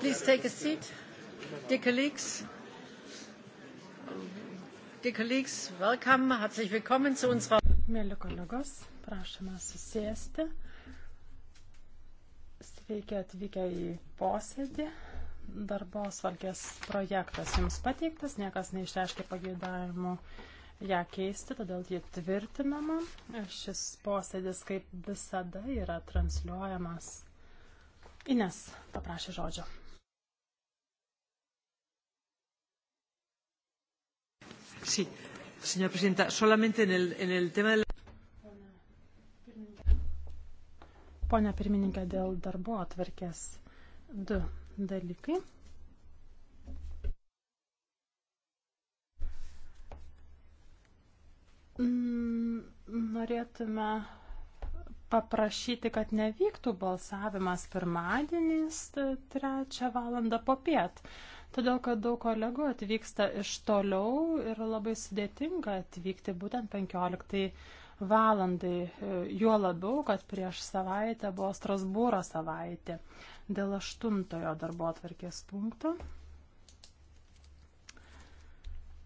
Please take a seat. Dear colleagues, dear colleagues, welcome. Herzlich willkommen zu unserer. Mėly kolegos, prašome susėsti. Sveiki atvykę į posėdį. Darbos valkės projektas jums pateiktas, niekas neišreiškė pageidavimų ją keisti, todėl ji tvirtinama. Šis posėdis kaip visada yra transliuojamas Ines paprašė žodžio. Sí, señora presidenta, solamente en el, en el tema del. Pone pirmininkė, dėl darbo atvarkės du dalykai. Mm, norėtume paprašyti, kad nevyktų balsavimas pirmadienys trečią valandą po piet. Todėl, kad daug kolegų atvyksta iš toliau ir labai sudėtinga atvykti būtent 15 valandai. E, juo labiau, kad prieš savaitę buvo Strasbūro savaitė dėl aštuntojo darbo atvarkės punkto.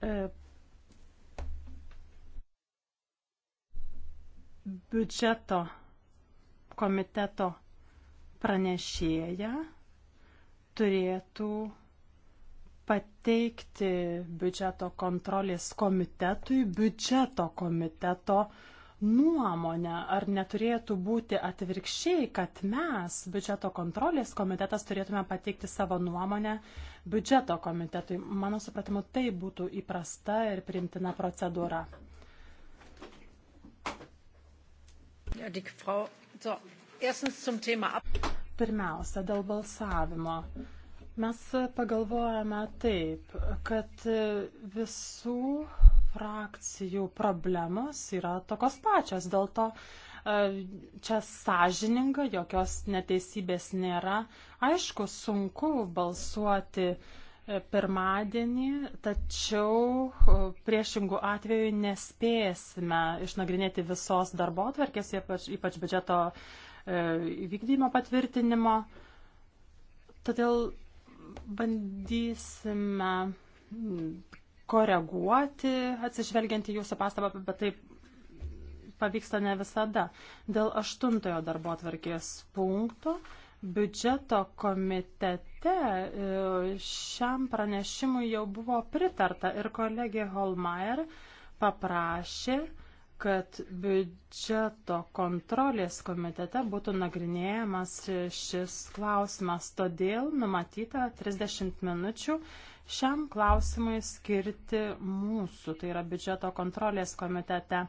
E, biudžeto komiteto pranešėja turėtų pateikti biudžeto kontrolės komitetui biudžeto komiteto nuomonę, ar neturėtų būti atvirkščiai, kad mes, biudžeto kontrolės komitetas, turėtume pateikti savo nuomonę biudžeto komitetui. Mano supratimu, tai būtų įprasta ir primtina procedūra. Ja, die Frau Pirmiausia, dėl balsavimo. Mes pagalvojame taip, kad visų frakcijų problemos yra tokios pačios, dėl to e, čia sąžininga, jokios neteisybės nėra. Aišku, sunku balsuoti uh, pirmadienį, tačiau e, priešingų atveju nespėsime išnagrinėti visos darbo atverkės, ypač, ypač biudžeto e, įvykdymo patvirtinimo. Todėl bandysime koreguoti, atsižvelgiant į jūsų pastabą, bet taip pavyksta ne visada. Dėl aštuntojo darbo atverkės punkto. Uh, biudžeto komitete e, šiam pranešimui jau buvo pritarta ir kolegė Holmeier paprašė, kad biudžeto kontrolės komitete būtų nagrinėjamas šis klausimas. Todėl numatyta 30 minučių šiam klausimui skirti mūsų, tai yra biudžeto kontrolės komitete.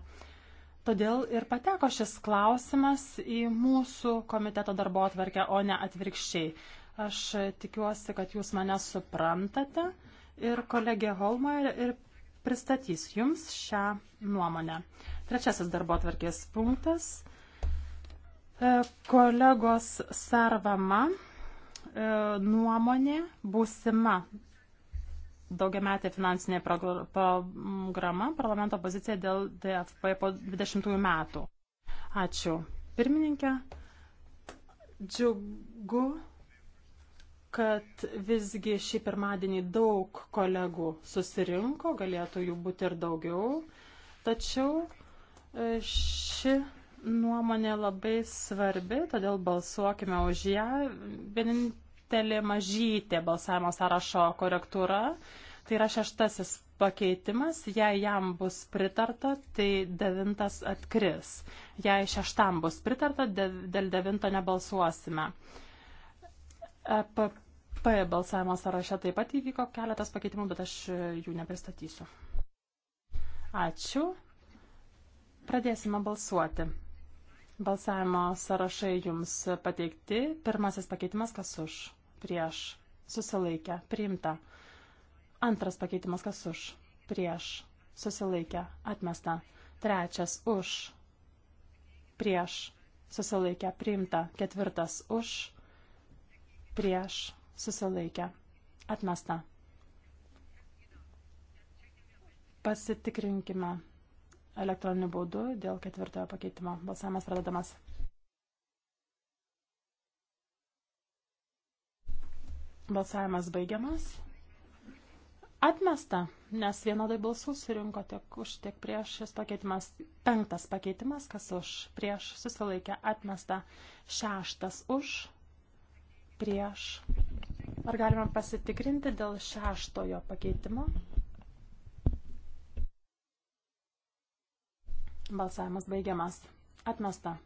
Todėl ir pateko šis klausimas į mūsų komiteto darbo atverkę, o ne atvirkščiai. Aš tikiuosi, kad jūs mane suprantate ir kolegė Holmaier ir pristatys jums šią nuomonę. Trečiasis darbo atverkės punktas. E, kolegos Sarvama e, nuomonė būsima daugiametė finansinė programa, parlamento pozicija dėl DFP po 20 metų. Ačiū. Pirmininkė, džiugu, kad visgi šį pirmadienį daug kolegų susirinko, galėtų jų būti ir daugiau, tačiau e, ši nuomonė labai svarbi, todėl balsuokime už ją. Vienintelė truputėlį mažytė balsavimo sąrašo korektūra. Tai yra šeštasis pakeitimas. Jei jam bus pritarta, tai devintas atkris. Jei šeštam bus pritarta, dėl devinto nebalsuosime. EPP balsavimo sąraše taip pat įvyko keletas pakeitimų, bet aš jų nepristatysiu. Ačiū. Pradėsime balsuoti. Balsavimo sąrašai jums pateikti. Pirmasis pakeitimas kas už? prieš, susilaikę, priimta. Antras pakeitimas, kas už, prieš, susilaikę, atmesta. Trečias, už, prieš, susilaikę, priimta. Ketvirtas, už, prieš, susilaikę, atmesta. Pasitikrinkime elektroniniu būdu dėl ketvirtojo pakeitimo. Balsavimas pradedamas. Balsavimas baigiamas. Atmesta, nes vienodai balsų surinko tiek už, tiek prieš šis pakeitimas. Penktas pakeitimas, kas už, prieš susilaikė, atmesta. Šeštas už, prieš. Ar galime pasitikrinti dėl šeštojo pakeitimo? Balsavimas baigiamas. Atmesta.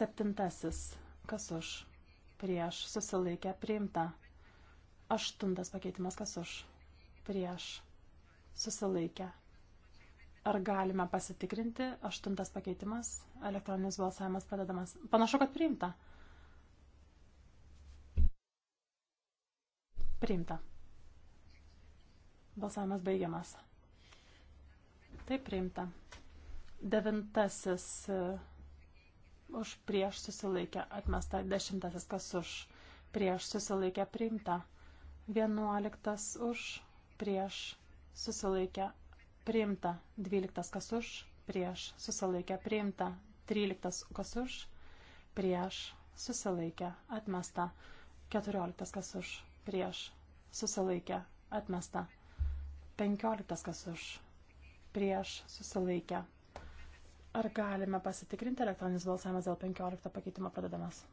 Septintasis, kas už, prieš susilaikė, priimta. Aštuntas pakeitimas, kas už, prieš, susilaikę. Ar galime pasitikrinti? Aštuntas pakeitimas, elektroninis balsavimas pradedamas. Panašu, kad priimta. Priimta. Balsavimas baigiamas. Taip priimta. Devintasis e, už prieš susilaikę atmesta, dešimtasis kas už prieš susilaikę priimta, 11 už, prieš, susilaikę, priimta. 12 kas už, prieš, susilaikę, priimta. 13 kas už, prieš, susilaikę, atmesta. 14 kas už, prieš, susilaikę, atmesta. 15 kas už, prieš, susilaikę. Ar galime pasitikrinti elektroninis balsavimas dėl 15 pakeitimo pradedamas?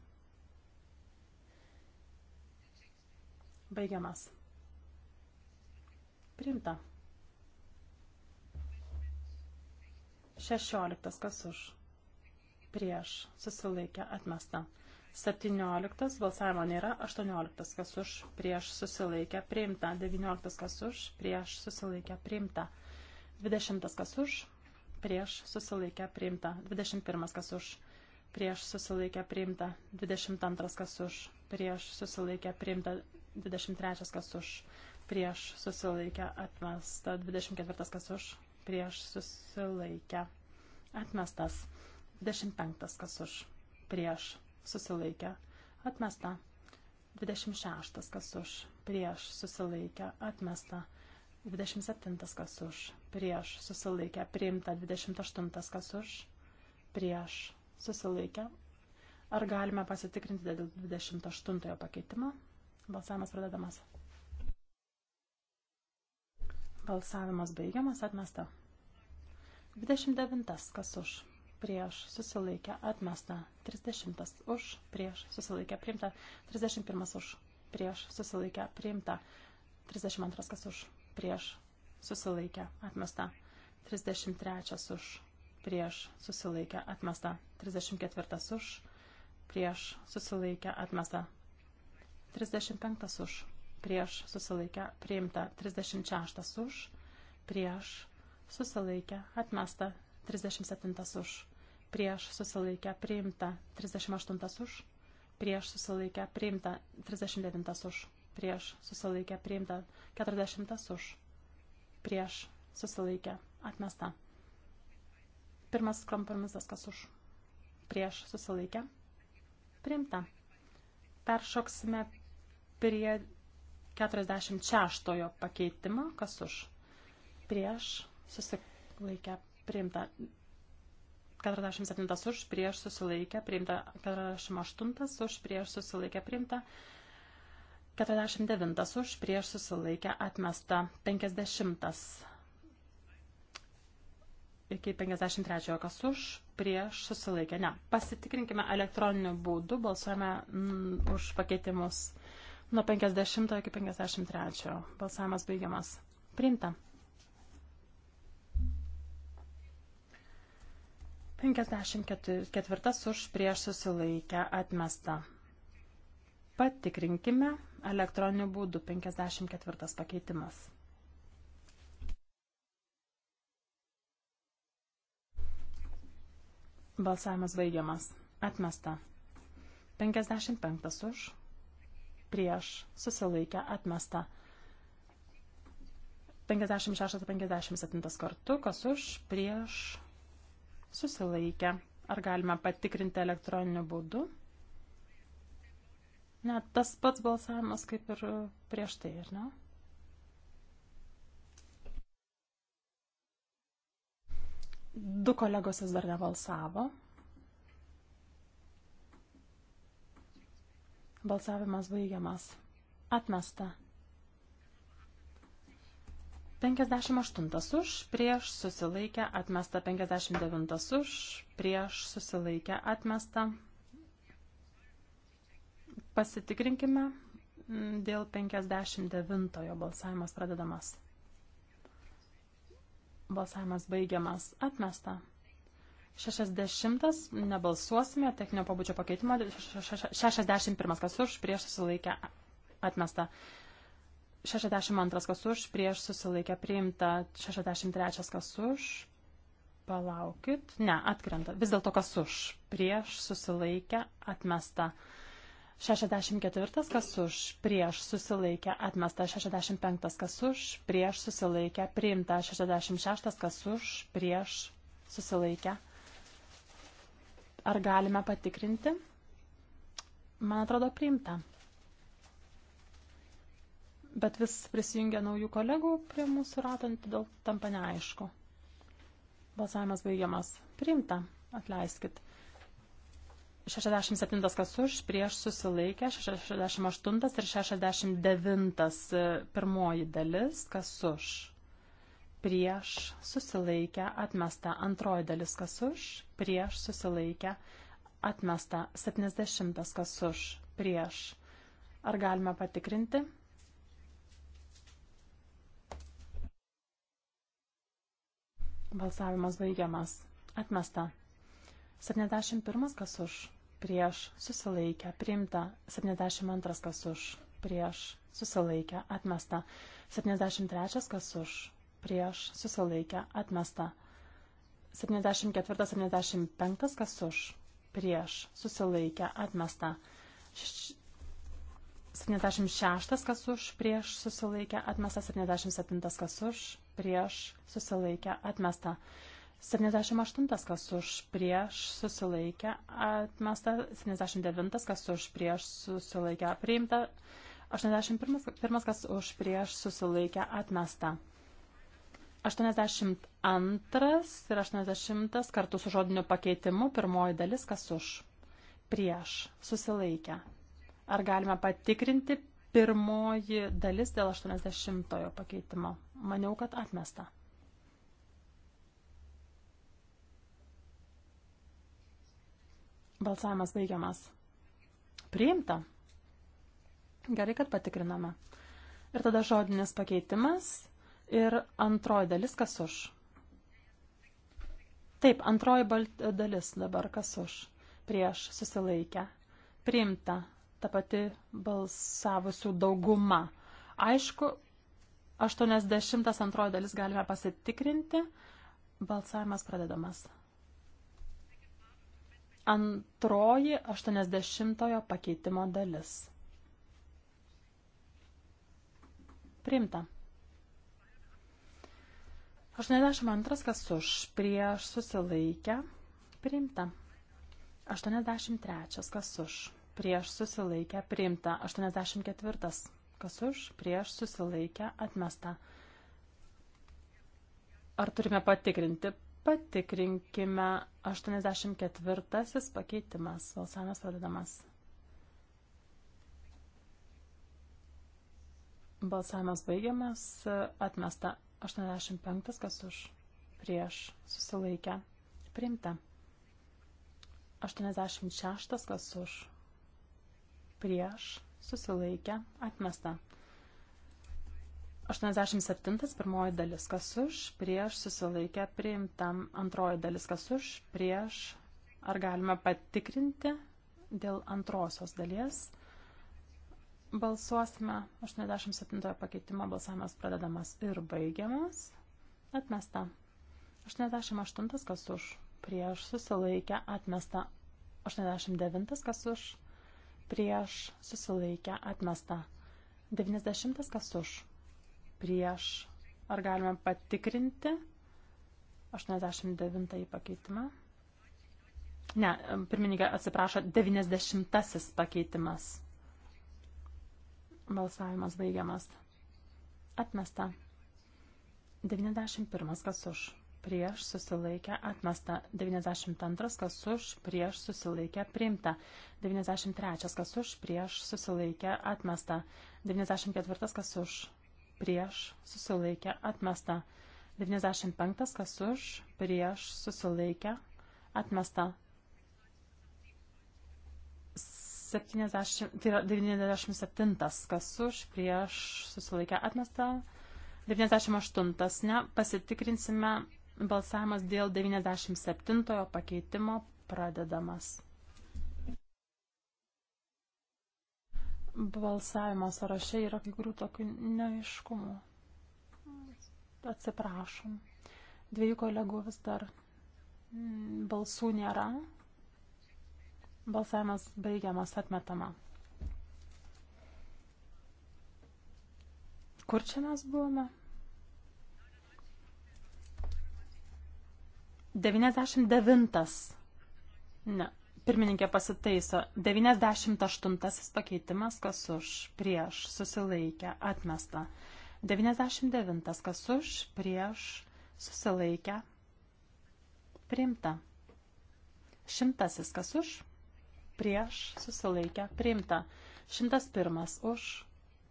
Baigiamas. Primta. 16. Kas už? Prieš. Susilaikė. Atmesta. 17. Balsavimo nėra. 18. Kas už? Prieš. Susilaikė. Priimta. 19. Kas už? Prieš. Susilaikė. Priimta. 20. Kas už? Prieš. Susilaikė. Priimta. 21. Kas už? Prieš. Susilaikė. Priimta. 22. Kas už? Prieš. Susilaikė. Priimta. 23 kas už prieš susilaikę atmesta, 24 kas už prieš susilaikę atmestas, 25 kas už prieš susilaikę atmesta, 26 kas už prieš susilaikę atmesta, 27 kas už prieš susilaikę priimta, 28 kas už prieš susilaikę. Ar galime pasitikrinti dėl 28 pakeitimo? Balsavimas pradedamas. Balsavimas baigiamas, atmesta. 29. Kas už? Prieš susilaikę atmesta. 30. Už? Prieš susilaikę priimta. 31. Už? Prieš susilaikę priimta. 32. Kas už? Prieš susilaikę atmesta. 33. Už? Prieš susilaikę atmesta. 34. Už? Prieš susilaikę atmesta. 35 už, prieš susilaikę priimta 36 už, prieš susilaikę atmesta 37 už, prieš susilaikę priimta 38 už, prieš susilaikę priimta 39 už, prieš susilaikę priimta 40 už, prieš susilaikę atmesta. Pirmas kompromisas kas už, prieš susilaikę priimta. Peršoksime prie 46 pakeitimo, kas už prieš susilaikę priimta 47 už prieš susilaikę priimta 48 už prieš susilaikę priimta 49 už prieš susilaikę atmesta 50 iki 53 kas už prieš susilaikę. Ne, pasitikrinkime elektroniniu būdu, balsuojame mm, už pakeitimus 49. Nuo 50 iki 53. Balsavimas baigiamas. Priimta. 54 už prieš susilaikę atmesta. Patikrinkime elektroniniu būdu 54 pakeitimas. Balsavimas baigiamas. Atmesta. 55 už prieš susilaikę atmesta. 56-57 kartu, kas už prieš susilaikę. Ar galime patikrinti elektroniniu būdu? Net tas pats balsavimas kaip ir prieš tai, ar ne? Du kolegos vis dar nebalsavo. Balsavimas baigiamas. Atmesta. 58 už, prieš susilaikę atmesta 59 už, prieš susilaikę atmesta. Pasitikrinkime mm, dėl 59 balsavimas pradedamas. Balsavimas baigiamas atmesta. 60 nebalsuosime, techninio pabudžio pakeitimo, 61 kas už, prieš susilaikę atmesta. 62 kas už, prieš susilaikę priimta, 63 kas už, palaukit, ne, atkrenta, vis dėlto kas už, prieš susilaikę atmesta. 64 kas už, prieš susilaikę atmesta, 65 kas už, prieš susilaikę priimta, 66 kas už, prieš susilaikę atmesta Ar galime patikrinti? Man atrodo priimta. Bet vis prisijungia naujų kolegų prie mūsų rato, todėl tai tampa neaišku. Balsavimas baigiamas. Priimta. Atleiskit. 67 kas už, prieš susilaikė, 68 ir 69 e, pirmoji dalis kas už prieš susilaikę atmesta antroji dalis kas už, prieš susilaikę atmesta 70 kas už, prieš. Ar galime patikrinti? Balsavimas baigiamas. Atmesta. 71 kas už, prieš susilaikę, priimta 72 kas už, prieš susilaikę, atmesta 73 kas už, prieš susilaikę atmesta. 74-75 kas už prieš susilaikę atmesta. 76 kas už prieš susilaikę atmesta. 77 kas už prieš susilaikę atmesta. 78 kas už prieš susilaikę atmesta. 79 kas už prieš susilaikę priimta. 81 kas už prieš susilaikę atmesta. 82 ir 80 kartu su žodiniu pakeitimu pirmoji dalis kas už. Prieš. Susilaikę. Ar galime patikrinti pirmoji dalis dėl 80 pakeitimo? Maniau, kad atmesta. Balsavimas baigiamas. Priimta. Gerai, kad patikriname. Ir tada žodinis pakeitimas Ir antroji dalis, kas už. Taip, antroji dalis dabar, kas už. Prieš susilaikę. Priimta ta pati balsavusių dauguma. Aišku, 82 dalis galime pasitikrinti. Balsavimas pradedamas. Antroji 80 pakeitimo dalis. Priimta. 82 kas už prieš susilaikę priimta. 83 kas už prieš susilaikę priimta. 84 kas už prieš susilaikę atmesta. Ar turime patikrinti? Patikrinkime 84 pakeitimas. Valsanas pradedamas. Balsavimas baigiamas, atmesta 85 kas už prieš susilaikę priimta. 86 kas už prieš susilaikę atmesta. 87 pirmoji dalis kas už prieš susilaikę priimta. Antroji dalis kas už prieš. Ar galime patikrinti dėl antrosios dalies? Balsuosime 87 pakeitimo balsavimas pradedamas ir baigiamas. Atmesta. 88 kas už. Prieš susilaikę atmesta. 89 kas už. Prieš susilaikę atmesta. 90 kas už. Prieš. Ar galime patikrinti 89 pakeitimą? Ne, pirmininkė atsiprašo, 90 pakeitimas. Balsavimas baigiamas. Atmesta. 91. Kas už? Prieš susilaikę atmesta. 92. Kas už? Prieš susilaikę priimta. 93. Kas už? Prieš susilaikę atmesta. 94. Kas už? Prieš susilaikę atmesta. 95. Kas už? Prieš susilaikę atmesta. 70, tai yra 97, kas už, prieš susilaikę atmestą. 98, ne, pasitikrinsime balsavimas dėl 97 pakeitimo pradedamas. Balsavimo sąraše yra kai kurių tokių neaiškumų. Atsiprašom. Dviejų kolegų vis dar mm, balsų nėra. Balsavimas baigiamas atmetama. Kur čia mes buvome? 99. Ne. Pirmininkė pasitaiso. 98 pakeitimas, kas už, prieš, susilaikę, atmesta. 99. kas už, prieš, susilaikę, priimta. Šimtasis kas už, prieš susilaikę priimta. 101 už,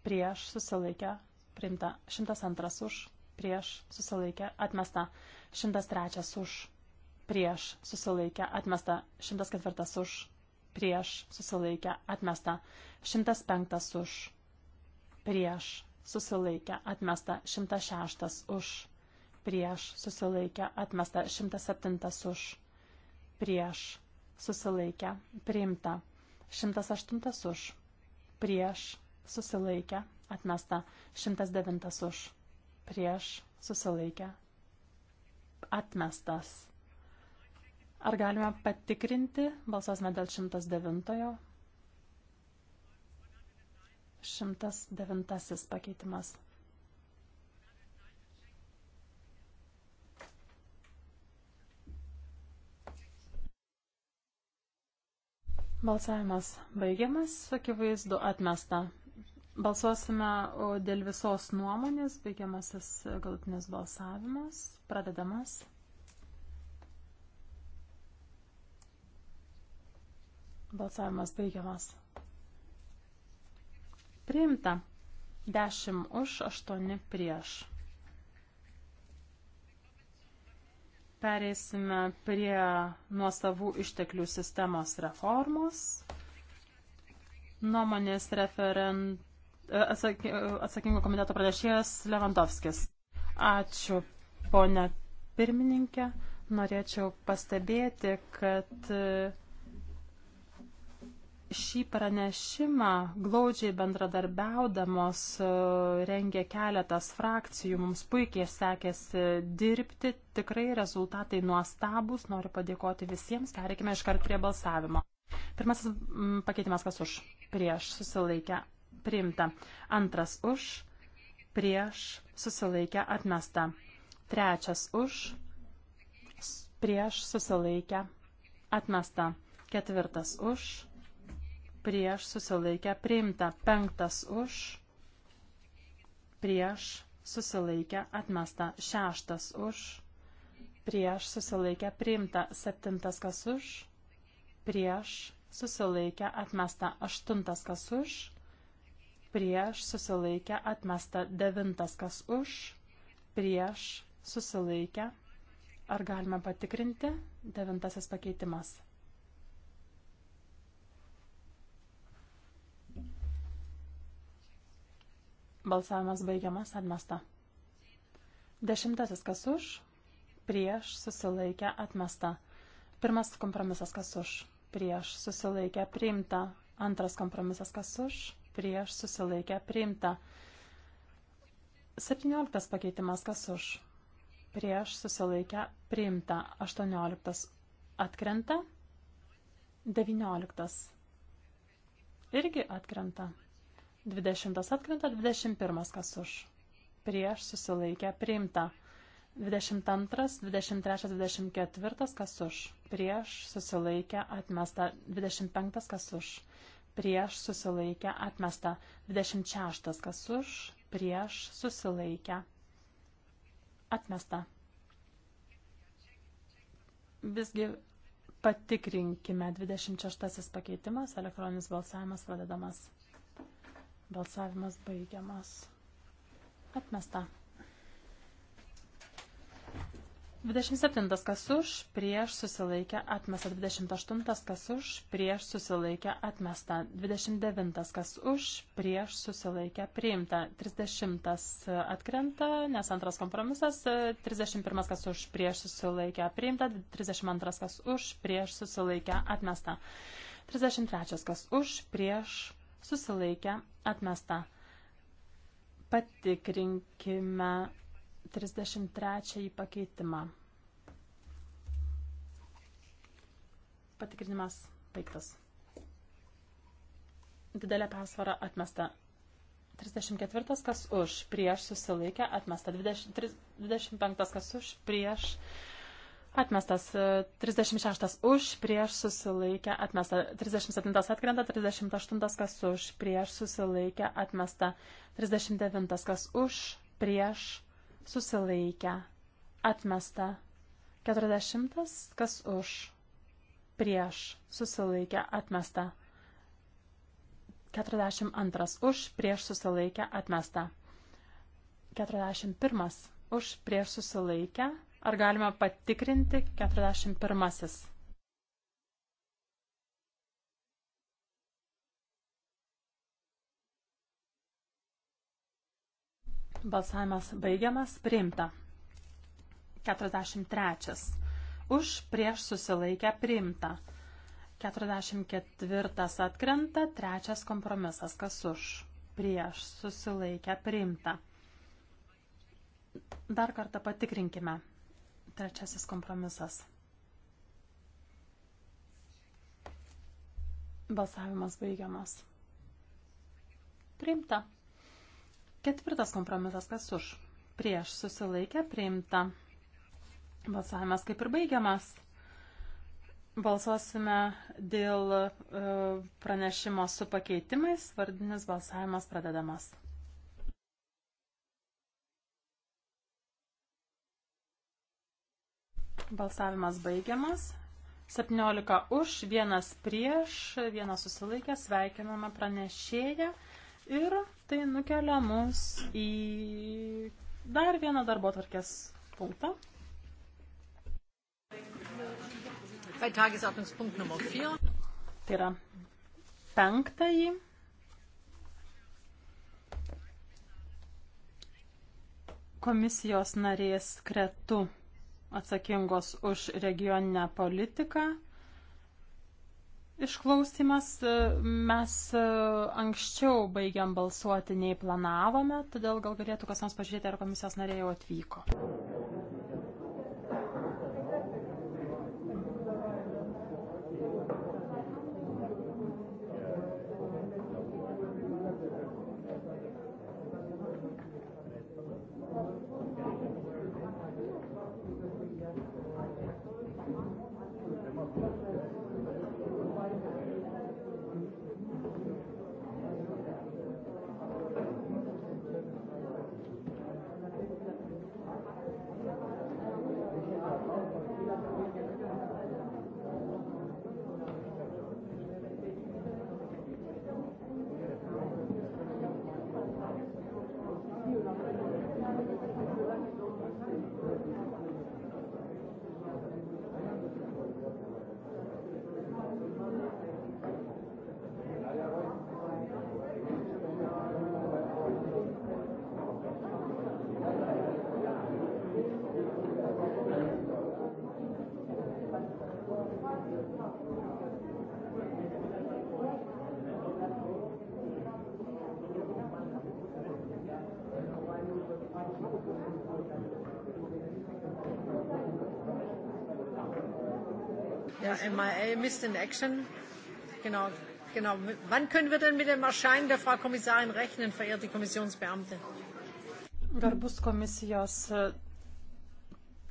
prieš susilaikę priimta. 102 už, prieš susilaikę atmesta. 103 už, prieš susilaikę atmesta. 104 už, prieš susilaikę atmesta. 105 už, prieš susilaikę atmesta. 106 už, prieš susilaikę atmesta. 107 už, prieš susilaikę, priimta. 108 už, prieš, susilaikę, atmesta. 109 už, prieš, susilaikę, atmestas. Ar galime patikrinti, balsuosime dėl 109. 109 pakeitimas. Balsavimas baigiamas, akivaizdu atmesta. Balsuosime dėl visos nuomonės, baigiamasis galutinis balsavimas, pradedamas. Balsavimas baigiamas. Priimta. 10 už, 8 prieš. Pereisime prie nuosavų išteklių sistemos reformos. Nuomonės referent... E, e, atsakingo komiteto pranešėjas Levandovskis. Ačiū, ponė pirmininkė. Norėčiau pastebėti, kad e, šį pranešimą glaudžiai bendradarbiaudamos e, rengė keletas frakcijų. Mums puikiai sekėsi dirbti, tikrai rezultatai nuostabus. Noriu padėkoti visiems. Pereikime iškart prie balsavimo. Pirmasis pakeitimas kas už? Prieš susilaikę priimta. Antras už? Prieš susilaikę atmesta. Trečias už? Prieš susilaikę atmesta. Ketvirtas už? prieš susilaikę priimta, penktas už, prieš susilaikę atmesta, šeštas už, prieš susilaikę priimta, septintas kas už, prieš susilaikę atmesta, aštuntas kas už, prieš susilaikę atmesta, devintas kas už, prieš susilaikę. Ar galime patikrinti? Devintasis pakeitimas. Balsavimas baigiamas atmesta. Dešimtasis kas už, prieš susilaikę atmesta. Pirmas kompromisas kas už, prieš susilaikę priimta. Antras kompromisas kas už, prieš susilaikę priimta. Septynioliktas pakeitimas kas už, prieš susilaikę priimta. Aštuonioliktas atkrenta. Devynioliktas irgi atkrenta. 20 atkrenta, 21 kas už. Prieš susilaikę priimta. 22, 23, 24 kas už. Prieš susilaikę atmesta. 25 kas už. Prieš susilaikę atmesta. 26 kas už. Prieš susilaikę atmesta. Visgi patikrinkime 26 pakeitimas, elektroninis balsavimas pradedamas. Balsavimas baigiamas. Atmesta. 27. Kas už, prieš susilaikę atmesta. 28. Kas už, prieš susilaikę atmesta. 29. Kas už, prieš susilaikę priimta. 30. E, atkrenta, nes antras kompromisas. 31. E, kas už, prieš susilaikę priimta. 32. Kas už, prieš susilaikę atmesta. 33. Kas už, prieš susilaikę, atmesta. Patikrinkime 33 pakeitimą. Patikrinimas baigtas. Didelė persvara atmesta. 34 kas už, prieš susilaikę, atmesta. 20, 25 kas už, prieš Atmestas 36 už, prieš susilaikę, atmesta 37 atkrenta, 38 kas už, prieš susilaikę, atmesta 39 kas už, prieš susilaikę, atmesta 40 kas už, prieš susilaikę, atmesta 42 už, prieš susilaikę, atmesta 41 už, prieš susilaikę, atmesta Ar galime patikrinti 41? Balsavimas baigiamas, priimta. 43. Už prieš susilaikę priimta. 44 atkrenta, trečias kompromisas, kas už, prieš, susilaikę, priimta. Dar kartą patikrinkime. Trečiasis kompromisas. Balsavimas baigiamas. Priimta. Ketvirtas kompromisas, kas už? Prieš susilaikę priimta. Balsavimas kaip ir baigiamas. Balsuosime dėl e, pranešimo su pakeitimais. Vardinis balsavimas pradedamas. Balsavimas baigiamas. 17 už, 1 prieš, 1 susilaikė, sveikiname pranešėją. Ir tai nukelia mus į dar vieną darbo tvarkės punktą. Bei Tagesordnungspunkt Nummer 4. Tai yra penktąjį. Komisijos narės kretu atsakingos už regioninę politiką. Išklausimas e, mes e, anksčiau baigiam balsuoti nei planavome, todėl gal galėtų kas nors pažiūrėti, ar komisijos nariai jau atvyko. MIA, Missed in Action. Genau, genau. Wann können wir denn mit dem Erscheinen der Frau Kommissarin rechnen, verehrte Kommissionsbeamte? Garbus komisijos e,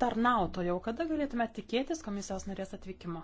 tarnautojau, kada galėtume tikėtis komisijos narės atvykimo?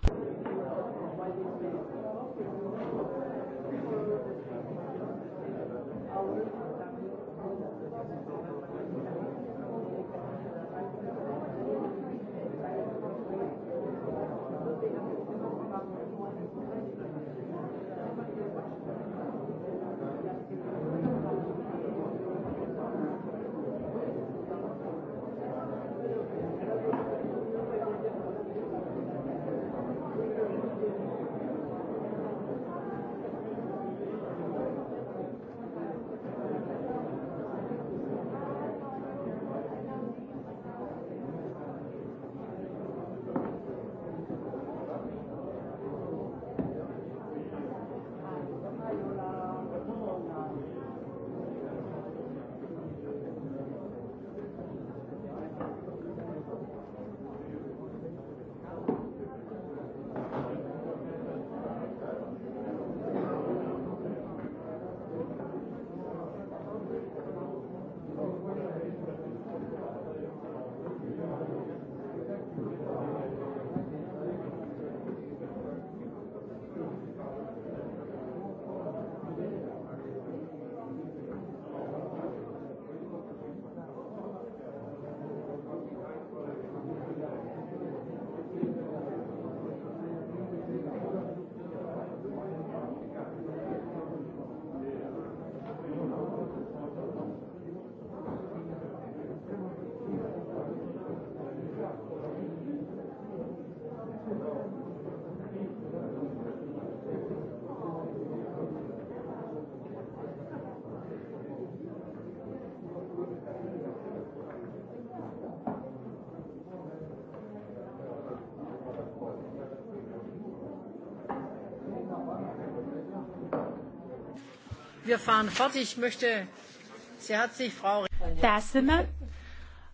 Tęsime.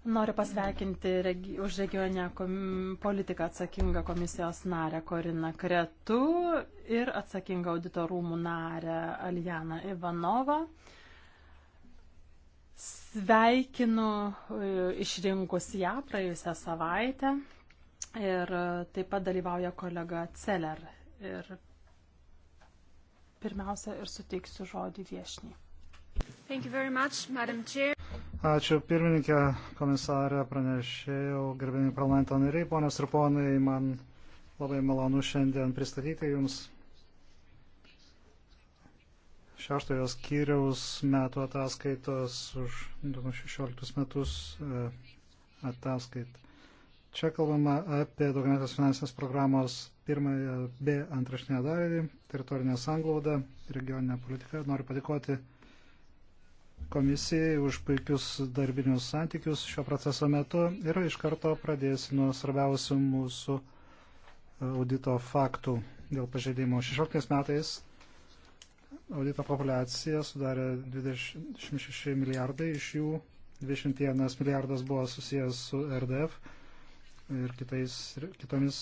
Noriu pasveikinti regi už regioninę politiką atsakingą komisijos narę Koriną Kretu ir atsakingą auditorumų narę Aljaną Ivanovą. Sveikinu e, išrinkus ją praėjusią savaitę ir e, taip pat dalyvauja kolega Celer ir pirmiausia ir suteiksiu žodį viešniai. Ačiū pirmininkė, komisarė, pranešėjau, gerbėjai parlamento nariai, ponios ir ponai, man labai malonu šiandien pristatyti Jums šeštojo skyriaus metų ataskaitos už 2016 metus e, ataskaitą. Čia kalbama apie daugiametės finansinės programos pirmąją B antrašinę dalį, teritorinę sanglaudą, regioninę politiką. Noriu padėkoti komisijai už puikius darbinius santykius šio proceso metu ir iš karto pradėsiu nuo svarbiausių mūsų audito faktų dėl pažeidimų. 16 metais audito populiacija sudarė 26 milijardai, iš jų 21 milijardas buvo susijęs su RDF ir kitais, kitomis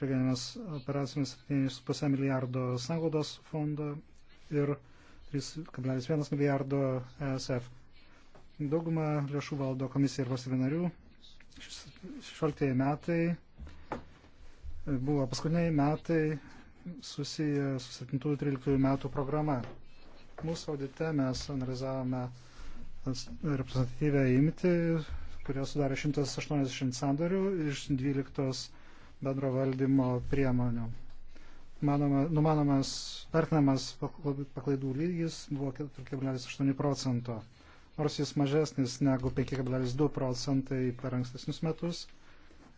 regioninėmis operacijomis 7,5 milijardo sanglaudos fondo ir 3,1 milijardo ESF. Daugumą lėšų valdo komisija ir valstybė narių. 16 metai buvo paskutiniai metai susiję su 7-13 metų programa. Mūsų audite mes analizavome reprezentatyvę imti kurie sudarė 180 sandorių iš 12 bendro valdymo priemonių. Manoma, numanomas, vertinamas paklaidų lygis buvo 4,8 procento, nors jis mažesnis negu 5,2 procentai per ankstesnius metus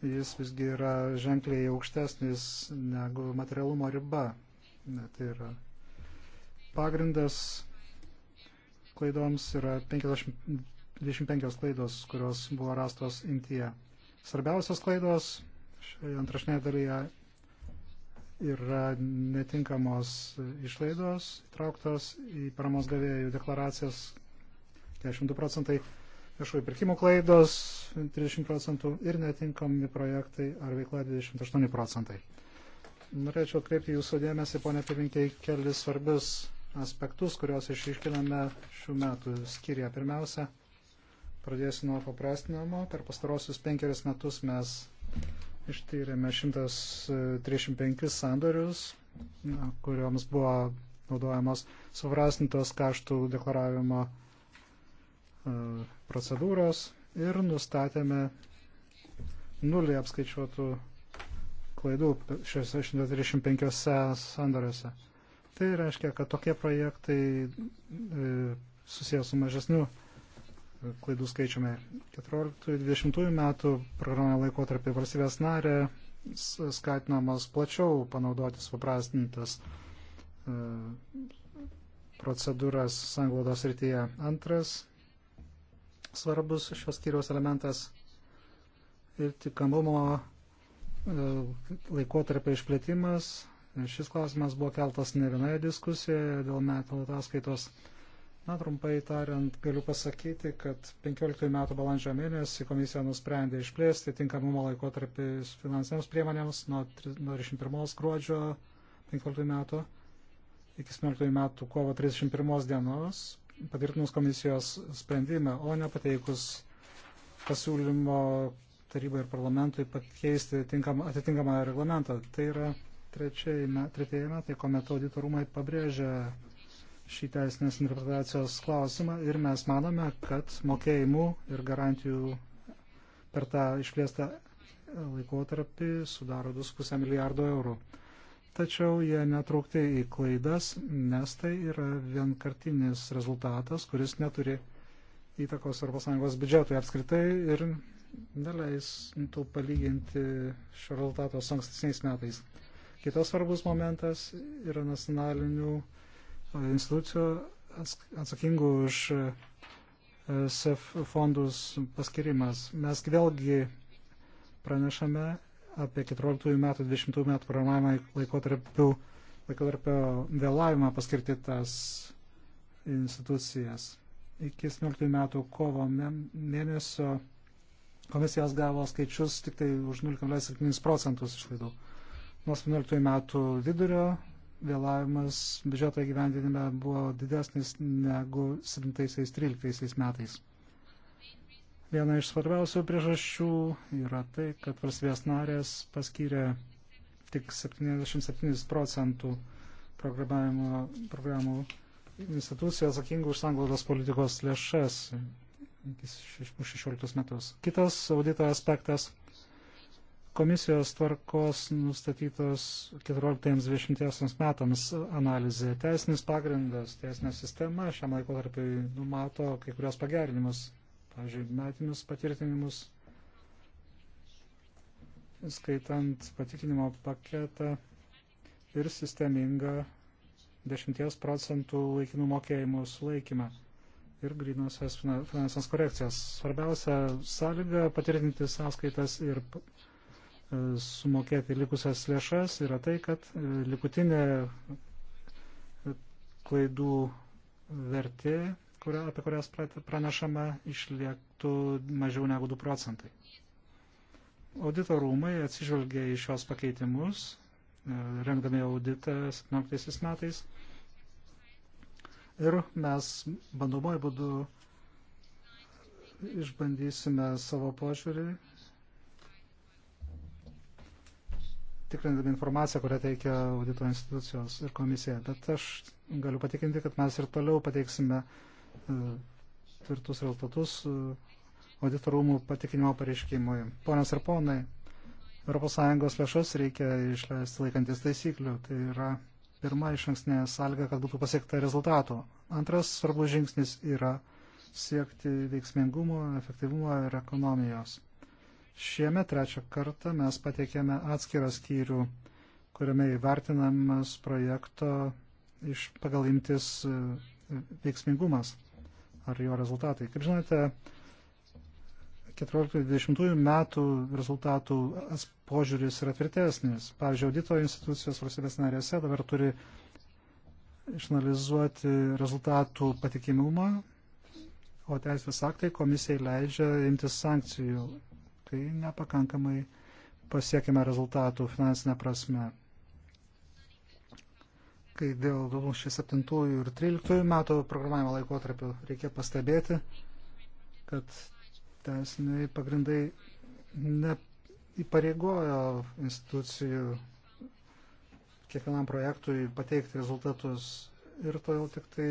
jis visgi yra ženkliai aukštesnis negu materialumo riba. Tai yra pagrindas klaidoms yra 50, 25 klaidos, kurios buvo rastos Intyje. Svarbiausios klaidos šioje antrašinėje dalyje yra netinkamos išlaidos įtrauktos į paramos gavėjų deklaracijas 42 procentai, viešųjų pirkimų klaidos 30 procentų ir netinkami projektai ar veikla 28 procentai. Norėčiau atkreipti jūsų dėmesį, ponė pirminkė, į kelis svarbius aspektus, kuriuos išiškiname šių metų skiria. Pirmiausia, Pradėsiu nuo paprastinamo. Per pastarosius penkerius metus mes ištyrėme 135 sandorius, kuriuoms buvo naudojamos suvrastintos kaštų deklaravimo e, procedūros ir nustatėme nulį apskaičiuotų klaidų šiuose 135 sandoriuose. Tai reiškia, kad tokie projektai e, susijęs su mažesniu klaidų skaičiumi. 14-20 metų programą laikotarpį valstybės narė skatinamas plačiau panaudoti suprastintas e, procedūras sanglaudos rytyje. Antras svarbus šios tyriaus elementas ir tikamumo e, laikotarpio išplėtimas. Šis klausimas buvo keltas ne vienoje diskusijoje dėl metų ataskaitos. Na, trumpai tariant, galiu pasakyti, kad 15 metų balandžio mėnesį komisija nusprendė išplėsti tinkamumo laikotarpį finansinėms priemonėms nuo 31 gruodžio 15 metų iki 17 metų kovo 31 dienos, patvirtinus komisijos sprendimą, o ne pateikus pasiūlymo tarybai ir parlamentui pakeisti tinkamą, atitinkamą reglamentą. Tai yra trečiai, me, tretieji metai, kuomet auditorumai pabrėžia šį teisinės interpretacijos klausimą ir mes manome, kad mokėjimų ir garantijų per tą išplėstą laikotarpį sudaro 2,5 milijardo eurų. Tačiau jie netraukti į klaidas, nes tai yra vienkartinis rezultatas, kuris neturi įtakos ES biudžetui apskritai ir neleis to palyginti šio rezultato su ankstesniais metais. Kitas svarbus momentas yra nacionalinių institucijų atsakingų už e, SEF fondus paskirimas. Mes vėlgi pranešame apie 14 metų, 20 metų programavimą laikotarpių, laikotarpio vėlavimą paskirti tas institucijas. Iki 17 metų kovo mėnesio komisijos gavo skaičius tik tai už 0,7 procentus išlaidų. Nuo 17 metų vidurio vėlavimas biudžeto įgyvendinime buvo didesnis negu 7-13 metais. Viena iš svarbiausių priežasčių yra tai, kad valstybės narės paskyrė tik 77 procentų programų institucijų atsakingų už sanglaudos politikos lėšas iki 16 metus. Kitas audito aspektas komisijos tvarkos nustatytos 14-20 metams analizė. Teisinis pagrindas, teisinė sistema šiam laikotarpiui numato kai kurios pagerinimus, pavyzdžiui, metinius patvirtinimus, skaitant patikrinimo paketą ir sistemingą 10 procentų laikinų mokėjimų sulaikymą ir grinosios finansinės korekcijas. Svarbiausia sąlyga patvirtinti sąskaitas ir E, sumokėti likusias lėšas yra tai, kad e, likutinė e, klaidų vertė, kurio, apie kurias pranešama, išliektų mažiau negu 2 procentai. Audito rūmai atsižvelgia į šios pakeitimus, rengdami auditą 17 metais. Ir mes bandomoji būdu išbandysime savo požiūrį tikrindami informaciją, kurią teikia audito institucijos ir komisija. Bet aš galiu patikinti, kad mes ir toliau pateiksime e, tvirtus rezultatus e, auditorumų patikinimo pareiškimui. Ponios ir ponai, ES lėšas reikia išleisti laikantis taisyklių. Tai yra pirma iš anksnė sąlyga, kad būtų pasiekta rezultato. Antras svarbus žingsnis yra siekti veiksmingumo, efektyvumo ir ekonomijos. Šiemet trečią kartą mes pateikėme atskirą skyrių, kuriame įvertinamas projekto iš pagal imtis e, veiksmingumas ar jo rezultatai. Kaip žinote, 14-20 metų rezultatų požiūris yra tvirtesnis. Pavyzdžiui, audito institucijos valstybės narėse dabar turi išanalizuoti rezultatų patikimumą, o teisės aktai komisijai leidžia imtis sankcijų kai nepakankamai pasiekime rezultatų finansinę prasme. Kai dėl 2007 ir 2013 metų programavimo laikotarpių reikia pastebėti, kad teisiniai pagrindai neįpareigojo institucijų kiekvienam projektui pateikti rezultatus ir todėl tik tai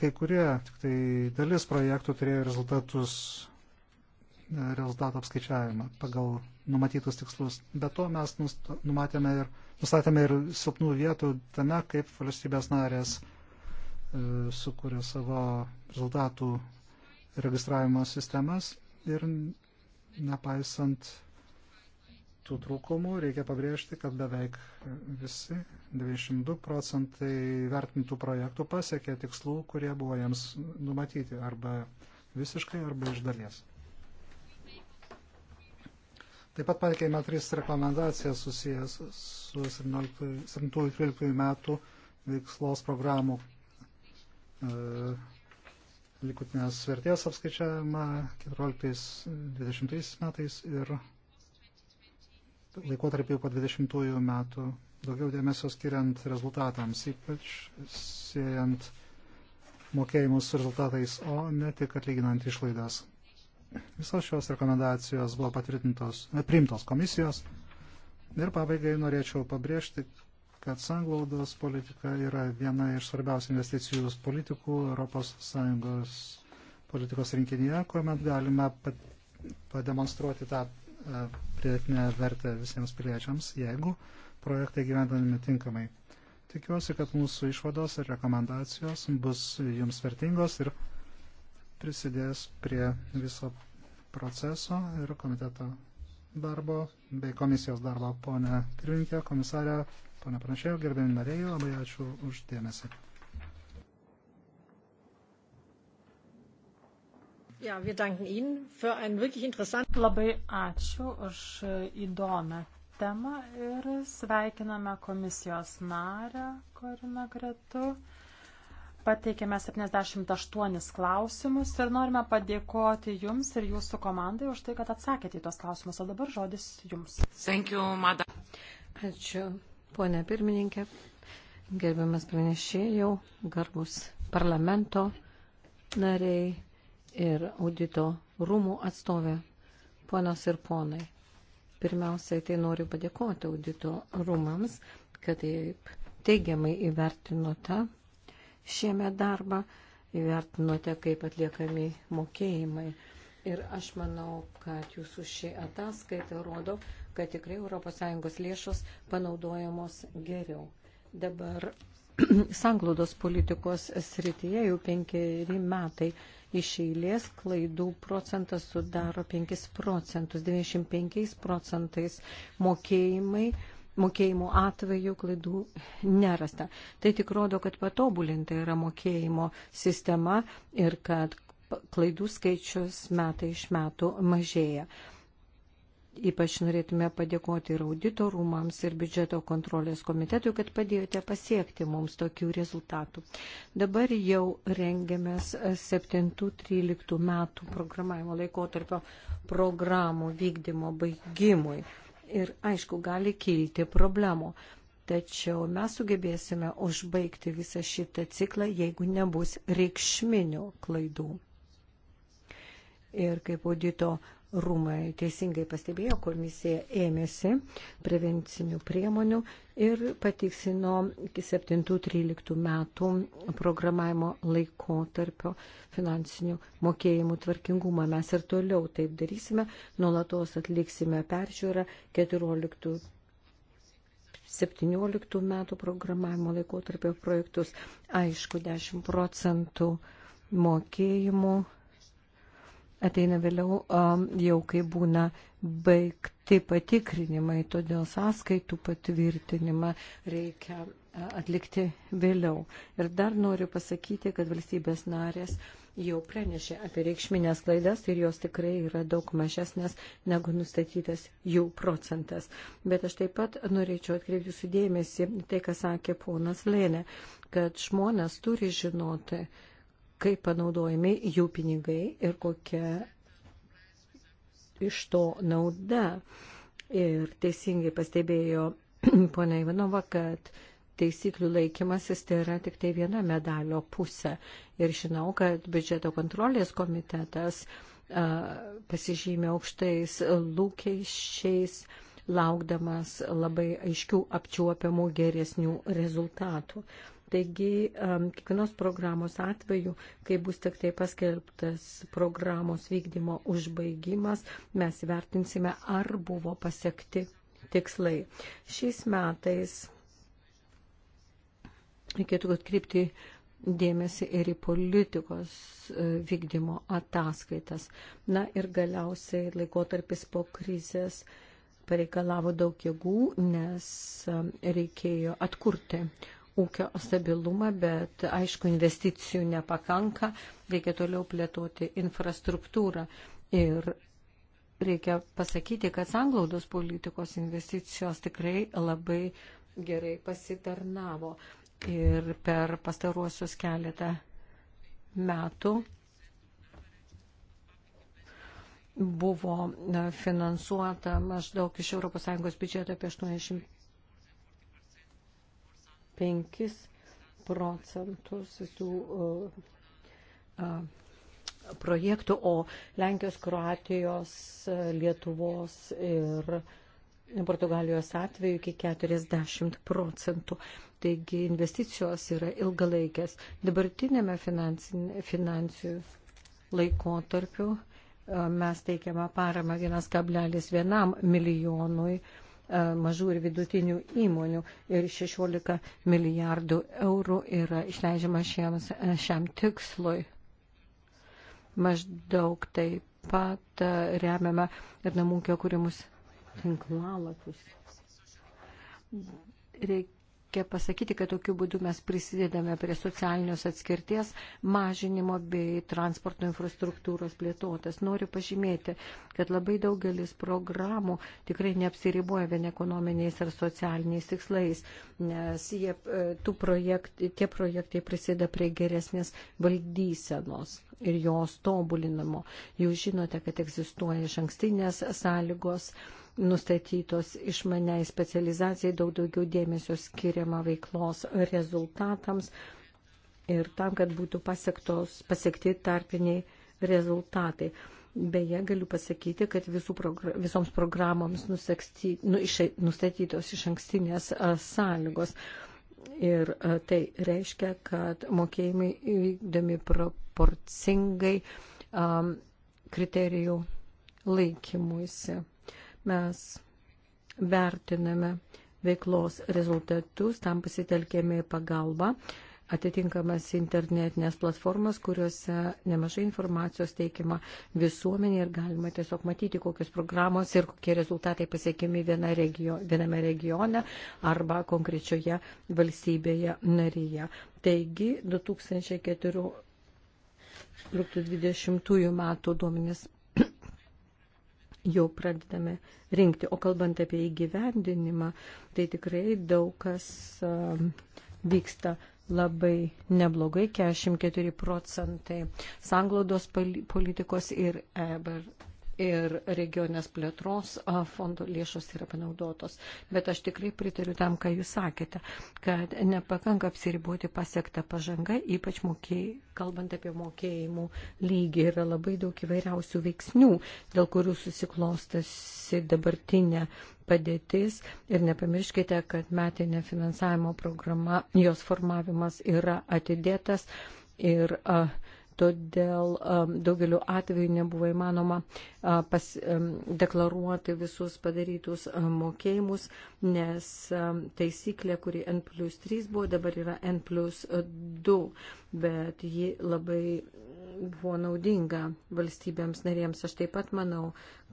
kai kurie, tik tai dalis projektų turėjo rezultatus rezultato apskaičiavimą pagal numatytus tikslus. Be to mes numatėme ir, nustatėme ir silpnų vietų tame, kaip valstybės narės e, sukūrė savo rezultatų registravimo sistemas ir nepaisant tų trūkumų reikia pabrėžti, kad beveik visi 92 procentai vertintų projektų pasiekė tikslų, kurie buvo jiems numatyti arba visiškai arba iš dalies. Taip pat pateikėme tris rekomendacijas susijęs su 17-13 metų veiklos programų e, likutinės vertės apskaičiavimą 14-20 metais ir laikotarpį po 20 metų daugiau dėmesio skiriant rezultatams, ypač siejant mokėjimus su rezultatais, o ne tik atlyginant išlaidas. Visos šios rekomendacijos buvo patvirtintos, e, priimtos komisijos. Ir pabaigai norėčiau pabrėžti, kad sanglaudos politika yra viena iš svarbiausių investicijų politikų ES politikos rinkinyje, kuomet galime pademonstruoti tą e, pridėtinę vertę visiems piliečiams, jeigu projektai gyvendami tinkamai. Tikiuosi, kad mūsų išvados ir rekomendacijos bus jums vertingos ir prisidės prie viso proceso ir komiteto darbo bei komisijos darbo. Pone pirmininkė, komisarė, pone pranešėjo, gerbėmi nariai, labai ačiū už dėmesį. Ja, wir danken Ihnen für einen wirklich interessanten. Labai ačiū už įdomią temą ir sveikiname komisijos narę Koriną Gretu pateikėme 78 klausimus ir norime padėkoti Jums ir Jūsų komandai už tai, kad atsakėte į tos klausimus. O dabar žodis Jums. Thank you, madam. Ačiū, ponė pirmininkė, gerbiamas pranešėjau, garbus parlamento nariai ir audito rūmų atstovė, ponos ir ponai. Pirmiausiai tai noriu padėkoti audito rūmams, kad taip teigiamai įvertinote ta šiame darbą, įvertinote, kaip atliekami mokėjimai. Ir aš manau, kad jūsų ši ataskaita rodo, kad tikrai ES lėšos panaudojamos geriau. Dabar sanglaudos politikos srityje jau penkeri metai iš eilės klaidų procentas sudaro 5 procentus, 95 procentais mokėjimai mokėjimų atveju klaidų nerasta. Tai tik rodo, kad patobulinta yra mokėjimo sistema ir kad klaidų skaičius metai iš metų mažėja. Ypač norėtume padėkoti ir auditorumams, ir biudžeto kontrolės komitetui, kad padėjote pasiekti mums tokių rezultatų. Dabar jau rengiamės 7-13 metų programavimo laikotarpio programų vykdymo baigimui ir aišku gali kilti problemų. Tačiau mes sugebėsime užbaigti visą šitą ciklą, jeigu nebus reikšminių klaidų. Ir kaip audito rūmai teisingai pastebėjo, komisija ėmėsi prevencinių priemonių ir patiksino iki 7-13 metų programavimo laikotarpio finansinių mokėjimų tvarkingumą. Mes ir toliau taip darysime, nuolatos atliksime peržiūrą 14 17 metų programavimo laikotarpio projektus. Aišku, 10 procentų mokėjimų ateina vėliau jau, kai būna baigti patikrinimai, todėl sąskaitų patvirtinimą reikia atlikti vėliau. Ir dar noriu pasakyti, kad valstybės narės jau pranešė apie reikšminės klaidas ir jos tikrai yra daug mažesnės negu nustatytas jų procentas. Bet aš taip pat norėčiau atkreipti jūsų dėmesį tai, ką sakė ponas Lėnė, kad žmonės turi žinoti, kaip panaudojami jų pinigai ir kokia iš to nauda. Ir teisingai pastebėjo ponia Ivanova, kad taisyklių laikymasis tai yra tik tai viena medalio pusė. Ir žinau, kad biudžeto kontrolės komitetas a, pasižymė aukštais lūkesčiais, laukdamas labai aiškių apčiuopiamų geresnių rezultatų. Taigi, kiekvienos programos atveju, kai bus tik tai paskelbtas programos vykdymo užbaigimas, mes vertinsime, ar buvo pasiekti tikslai. Šiais metais reikėtų atkreipti dėmesį ir į politikos e, vykdymo ataskaitas. Na ir galiausiai laikotarpis po krizės pareikalavo daug jėgų, nes reikėjo atkurti ūkio stabilumą, bet aišku, investicijų nepakanka, reikia toliau plėtoti infrastruktūrą. Ir reikia pasakyti, kad sanglaudos politikos investicijos tikrai labai gerai pasitarnavo. Ir per pastaruosius keletą metų buvo finansuota maždaug iš ES biudžeto apie 80 5 procentus visų uh, uh, projektų, o Lenkijos, Kroatijos, e, Lietuvos ir Portugalijos atveju iki 40 procentų. Taigi investicijos yra ilgalaikės. Dabartinėme finansijų laikotarpiu mes teikiame paramą 1,1 milijonui uh, E, mažų ir vidutinių įmonių ir 16 milijardų eurų yra išleidžiama šiems, e, šiam tikslui. Maždaug taip pat e, remiame ir namūkio kūrimus tinklalapius. Reik, reikia pasakyti, kad tokiu būdu mes prisidedame prie socialinios atskirties mažinimo bei transporto infrastruktūros plėtotas. Noriu pažymėti, kad labai daugelis programų tikrai neapsiriboja vien ekonominiais ar socialiniais tikslais, nes jie, e, projekt, tie projektai prisideda prie geresnės valdysenos ir jos tobulinimo. Jūs žinote, kad egzistuoja iš ankstinės sąlygos. Uh, nustatytos išmaniai specializacijai, daug daugiau dėmesio skiriama veiklos rezultatams ir tam, kad būtų pasiektos, pasiekti tarpiniai rezultatai. Beje, galiu pasakyti, kad progra visoms programoms nusaksti, nu, iš, nustatytos iš ankstinės a, sąlygos. Ir a, tai reiškia, kad mokėjimai vykdomi proporcingai a, kriterijų laikymuisi. Mes vertiname veiklos rezultatus, tam pasitelkėme pagalbą atitinkamas internetinės platformas, kuriuose nemažai informacijos teikiama visuomenė ir galima tiesiog matyti, kokios programos ir kokie rezultatai pasiekimi viena regio, viename regione arba konkrečioje valstybėje narėje. Taigi 2004-2020 metų duomenis jau pradedame rinkti. O kalbant apie įgyvendinimą, tai tikrai daug kas um, vyksta labai neblogai, 44 procentai sanglaudos politikos ir EBR ir regionės plėtros fondo lėšos yra panaudotos. Bet aš tikrai pritariu tam, ką jūs sakėte, kad nepakanka apsiriboti pasiektą pažangą, ypač mokėj, kalbant apie mokėjimų lygį. Yra labai daug įvairiausių veiksnių, dėl kurių susiklostasi dabartinė padėtis. Ir nepamirškite, kad metinė finansavimo programa, jos formavimas yra atidėtas. Ir uh, todėl um, daugeliu atveju nebuvo įmanoma uh, pas, um, deklaruoti visus padarytus um, mokėjimus, nes taisyklė, kuri N plus 3 buvo, dabar yra N plus 2, bet ji labai buvo naudinga valstybėms narėms. Aš taip pat manau,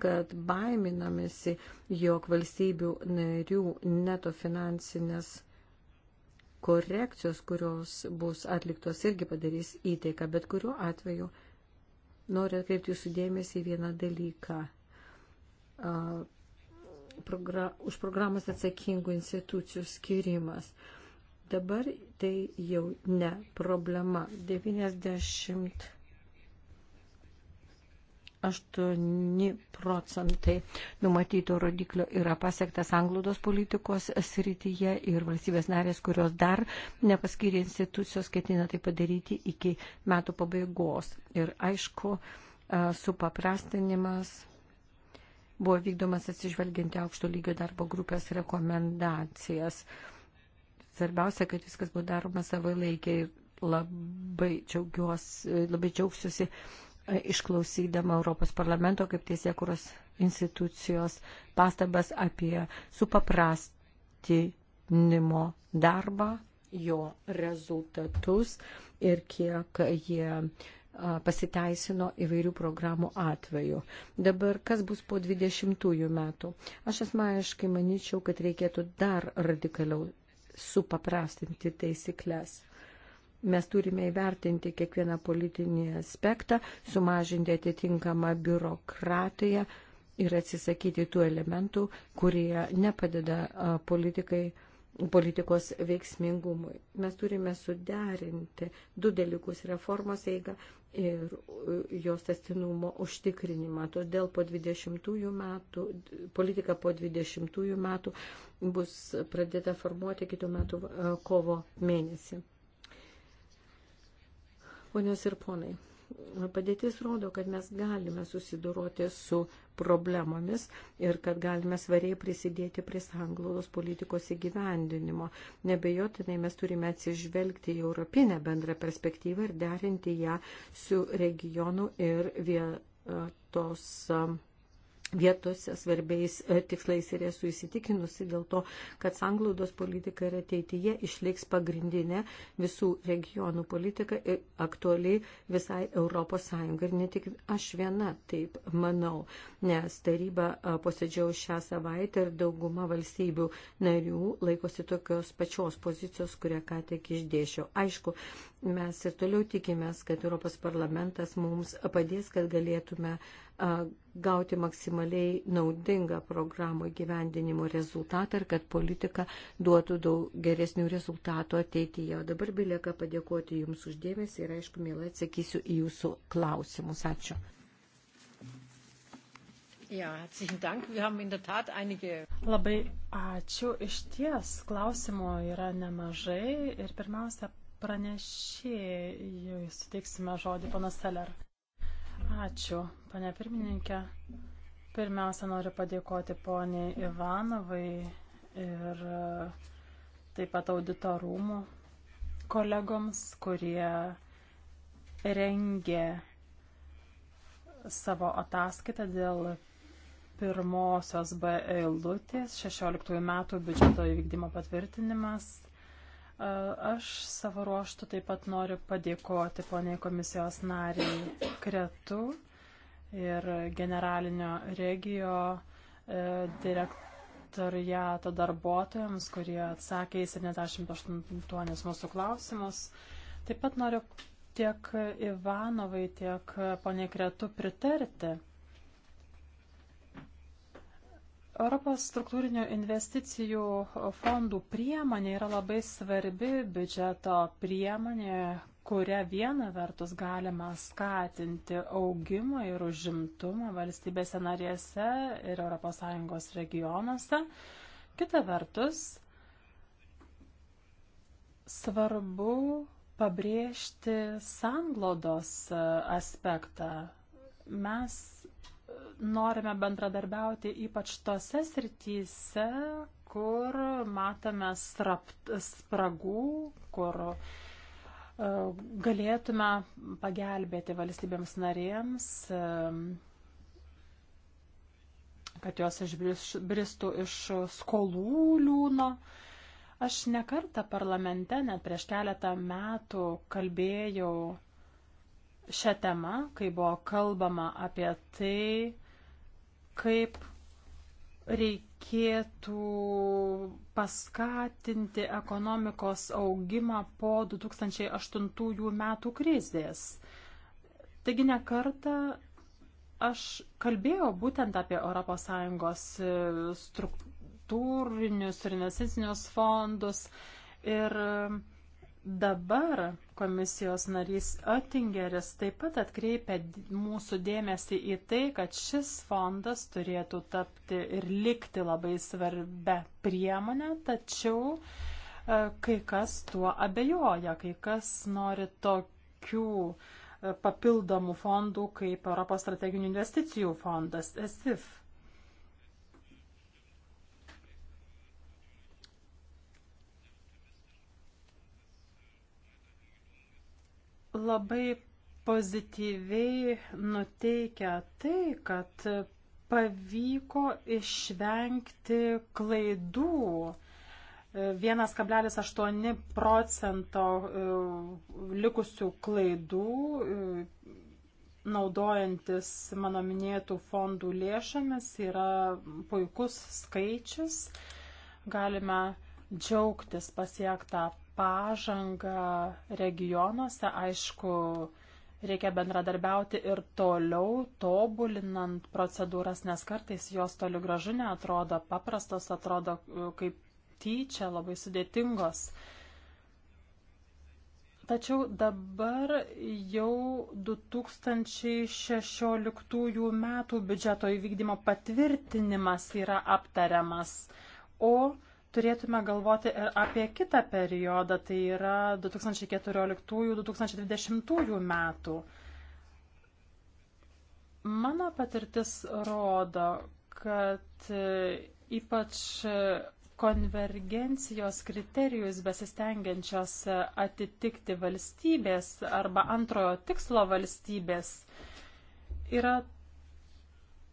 kad baiminamėsi, jog valstybių narių neto finansinės korekcijos, kurios bus atliktos, irgi padarys įteiką, bet kuriuo atveju noriu atkreipti jūsų dėmesį į vieną dalyką. Progra už programas atsakingų institucijų skirimas. Dabar tai jau ne problema. 90 8 procentai numatyto rodiklio yra pasiektas anglodos politikos srityje ir valstybės narės, kurios dar nepaskyrė institucijos, ketina tai padaryti iki metų pabaigos. Ir aišku, supaprastinimas buvo vykdomas atsižvelginti aukšto lygio darbo grupės rekomendacijas. Svarbiausia, kad viskas buvo daroma savai laikiai ir labai, džiaugiuos, labai džiaugsiuosi išklausydama Europos parlamento kaip teisėkuros institucijos pastabas apie supaprastinimo darbą, jo rezultatus ir kiek jie pasiteisino įvairių programų atveju. Dabar kas bus po 20 metų? Aš asmeniškai manyčiau, kad reikėtų dar radikaliau supaprastinti taisyklės mes turime įvertinti kiekvieną politinį aspektą, sumažinti atitinkamą biurokratiją ir atsisakyti tų elementų, kurie nepadeda politikai politikos veiksmingumui. Mes turime suderinti du dalykus - reformos eigą ir jos testinumo užtikrinimą. Todėl po 20 metų, politika po 20 metų bus pradėta formuoti kitų metų kovo mėnesį. Ponios ir ponai, padėtis rodo, kad mes galime susidoroti su problemomis ir kad galime svariai prisidėti prie sanglaudos politikos įgyvendinimo. Nebejotinai mes turime atsižvelgti į europinę bendrą perspektyvą ir derinti ją su regionu ir vietos. Uh, vietose svarbiais e, tikslais ir esu įsitikinusi dėl to, kad sanglaudos politika ir ateityje išliks pagrindinė visų regionų politika ir aktualiai visai Europos Sąjunga. Ir ne tik aš viena taip manau, nes taryba e, posėdžiau šią savaitę ir dauguma valstybių narių laikosi tokios pačios pozicijos, kurią ką tik išdėšiau. Aišku, mes ir toliau tikimės, kad Europos parlamentas mums padės, kad galėtume gauti maksimaliai naudingą programų įgyvendinimo rezultatą ir kad politika duotų daug geresnių rezultatų ateityje. O dabar belieka padėkoti Jums uždėmesį ir aišku, mielai atsakysiu į Jūsų klausimus. Ačiū. Ja, dank. Wir haben in der Tat einige... Labai ačiū. Iš ties klausimų yra nemažai ir pirmiausia pranešėjui suteiksime žodį, panas Seller. Ačiū, pane pirmininkė. Pirmiausia, noriu padėkoti poniai Ivanovai ir taip pat auditorumų kolegoms, kurie rengė savo ataskaitą dėl pirmosios B eilutės 16 metų biudžeto įvykdymo patvirtinimas. Aš savo ruoštų taip pat noriu padėkoti poniai komisijos nariai Kretu ir generalinio regijo e, direktoriato darbuotojams, kurie atsakė į 78 mūsų klausimus. Taip pat noriu tiek Ivanovai, tiek poniai Kretu pritarti. Europos struktūrinių investicijų fondų priemonė yra labai svarbi biudžeto priemonė, kuria viena vertus galima skatinti augimą ir užimtumą valstybėse narėse ir ES regionuose. Kita vertus, svarbu pabrėžti sanglodos aspektą. Mes norime bendradarbiauti ypač tose srityse, kur matome strapt, spragų, kur e, galėtume pagelbėti valstybėms narėms, e, kad jos išbristų iš skolų liūno. Aš nekartą parlamente, net prieš keletą metų kalbėjau šią temą, kai buvo kalbama apie tai, kaip reikėtų paskatinti ekonomikos augimą po 2008 metų krizės. Taigi nekarta aš kalbėjau būtent apie ES e, struktūrinius ir investicinius fondus ir Dabar komisijos narys Oettingeris taip pat atkreipia mūsų dėmesį į tai, kad šis fondas turėtų tapti ir likti labai svarbę priemonę, tačiau e, kai kas tuo abejoja, kai kas nori tokių e, papildomų fondų kaip Europos strateginių investicijų fondas ESIF. labai pozityviai nuteikia tai, kad pavyko išvengti klaidų. 1,8 procento e, likusių klaidų e, naudojantis mano minėtų fondų lėšomis yra puikus skaičius. Galime džiaugtis pasiektą pažangą regionuose, aišku, reikia bendradarbiauti ir toliau, tobulinant procedūras, nes kartais jos toli gražu neatrodo paprastos, atrodo e, kaip tyčia, labai sudėtingos. Tačiau dabar jau 2016 metų biudžeto įvykdymo patvirtinimas yra aptariamas, o turėtume galvoti ir apie kitą periodą, tai yra 2014-2020 metų. Mano patirtis rodo, kad ypač konvergencijos kriterijus besistengiančios atitikti valstybės arba antrojo tikslo valstybės yra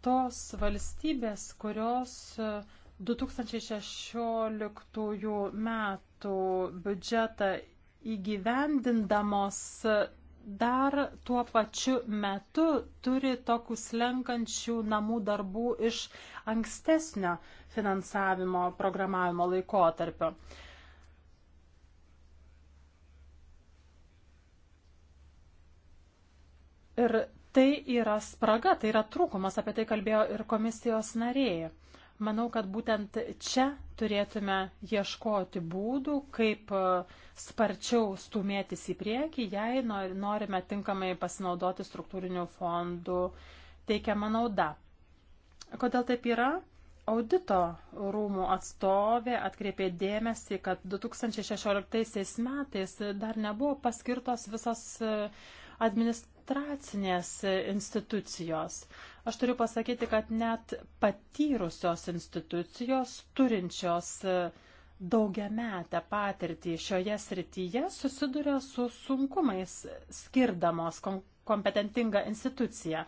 tos valstybės, kurios 2016 metų biudžetą įgyvendindamos dar tuo pačiu metu turi tokių slenkančių namų darbų iš ankstesnio finansavimo programavimo laikotarpio. Ir tai yra spraga, tai yra trūkumas, apie tai kalbėjo ir komisijos narėjai. Manau, kad būtent čia turėtume ieškoti būdų, kaip e, sparčiau stumėtis į priekį, jei norime tinkamai pasinaudoti struktūrinių fondų teikiamą naudą. Kodėl taip yra? Audito rūmų atstovė atkreipė dėmesį, kad 2016 metais dar nebuvo paskirtos visos e, administracijos administracinės institucijos. Aš turiu pasakyti, kad net patyrusios institucijos, turinčios e, daugiametę patirtį šioje srityje, susiduria su sunkumais skirdamos kompetentingą instituciją.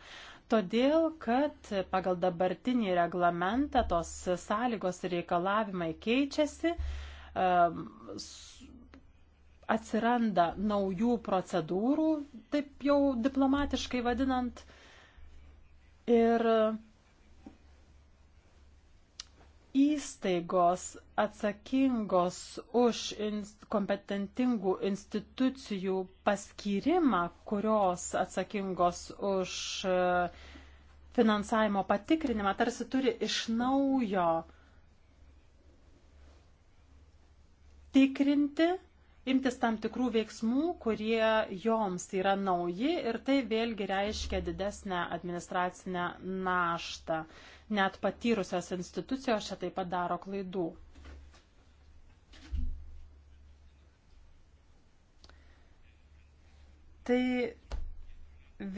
Todėl, kad pagal dabartinį reglamentą tos sąlygos ir reikalavimai keičiasi, e, atsiranda naujų procedūrų, taip jau diplomatiškai vadinant. Ir įstaigos atsakingos už inst kompetentingų institucijų paskyrimą, kurios atsakingos už e, finansavimo patikrinimą, tarsi turi iš naujo tikrinti imtis tam tikrų veiksmų, kurie joms yra nauji ir tai vėlgi reiškia didesnę administracinę naštą. Net patyrusios institucijos čia taip pat daro klaidų. Tai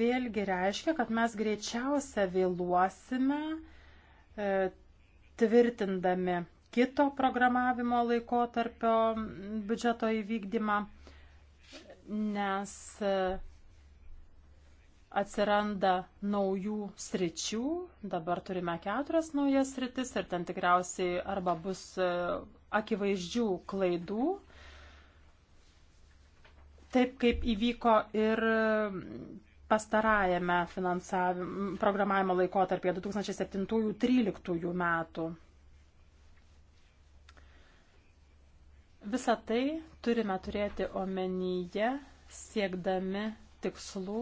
vėlgi reiškia, kad mes greičiausia vėluosime e, tvirtindami kito programavimo laikotarpio biudžeto įvykdymą, nes e, atsiranda naujų sričių, dabar turime keturias naujas sritis ir ten tikriausiai arba bus e, akivaizdžių klaidų, taip kaip įvyko ir pastarajame programavimo laikotarpėje 2007-2013 metų. Visą tai turime turėti omenyje, siekdami tikslų,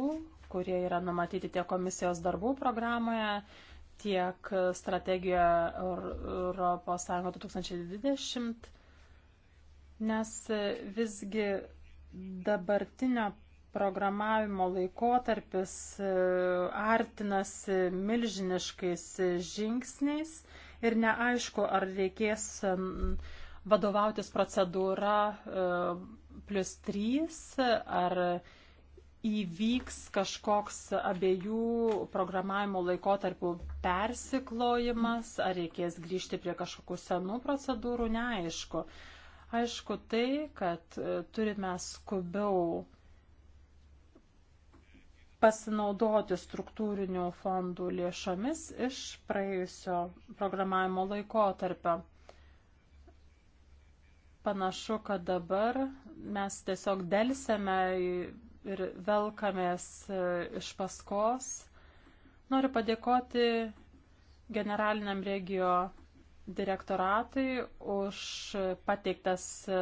kurie yra numatyti tiek komisijos darbų programoje, tiek strategijoje Europos Sąjungo 2020, nes visgi dabartinio programavimo laikotarpis e, artinasi milžiniškais e, žingsniais ir neaišku, ar reikės vadovautis procedūra e, plus 3 ar įvyks kažkoks abiejų programavimo laikotarpių persiklojimas, ar reikės grįžti prie kažkokių senų procedūrų, neaišku. Aišku tai, kad e, turime skubiau pasinaudoti struktūrinių fondų lėšomis iš praėjusio programavimo laikotarpio panašu, kad dabar mes tiesiog delsėme ir velkamės e, iš paskos. Noriu padėkoti generaliniam regio direktoratui už pateiktas e,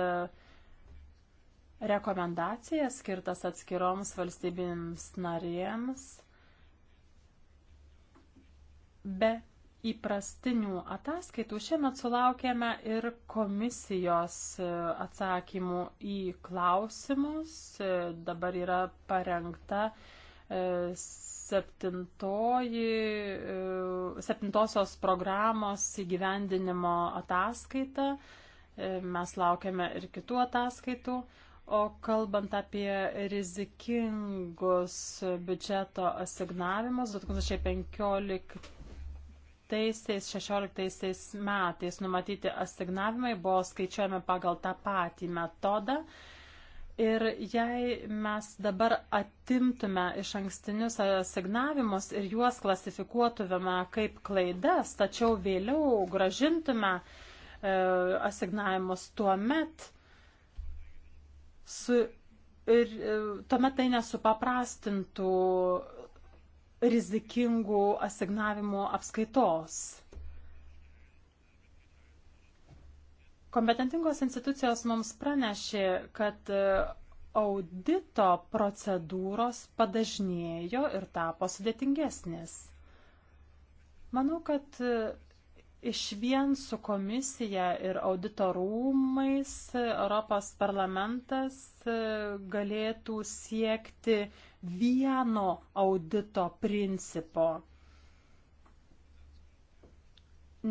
rekomendacijas skirtas atskiroms valstybėms narėms. Be įprastinių ataskaitų šiemet sulaukėme ir komisijos e, atsakymų į klausimus. E, dabar yra parengta e, septintoji, septintosios programos įgyvendinimo ataskaita. Mes laukiame ir kitų ataskaitų. O kalbant apie rizikingus biudžeto asignavimus, 2015 15-16 metais numatyti asignavimai buvo skaičiuojami pagal tą patį metodą. Ir jei mes dabar atimtume iš ankstinius asignavimus ir juos klasifikuotume kaip klaidas, tačiau vėliau gražintume e, asignavimus tuo met, su, ir, e, tuomet tai nesupaprastintų rizikingų asignavimų apskaitos. Kompetentingos institucijos mums pranešė, kad e, audito procedūros padažnėjo ir tapo sudėtingesnės. Manau, kad e, Iš vien su komisija ir auditorumais Europos parlamentas e, galėtų siekti vieno audito principo.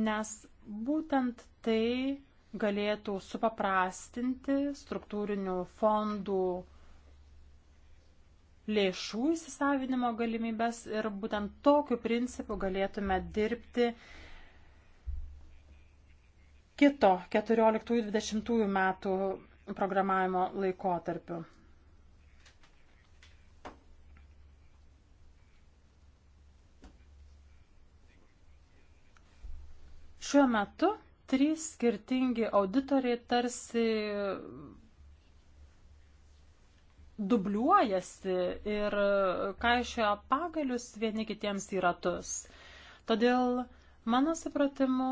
Nes būtent tai galėtų supaprastinti struktūrinių fondų lėšų įsisavinimo galimybės ir būtent tokiu principu galėtume dirbti uh, kito 14-20 metų programavimo laikotarpiu. Šiuo metu trys skirtingi auditoriai tarsi dubliuojasi ir kaišioja pagalius vieni kitiems į ratus. Todėl, mano supratimu,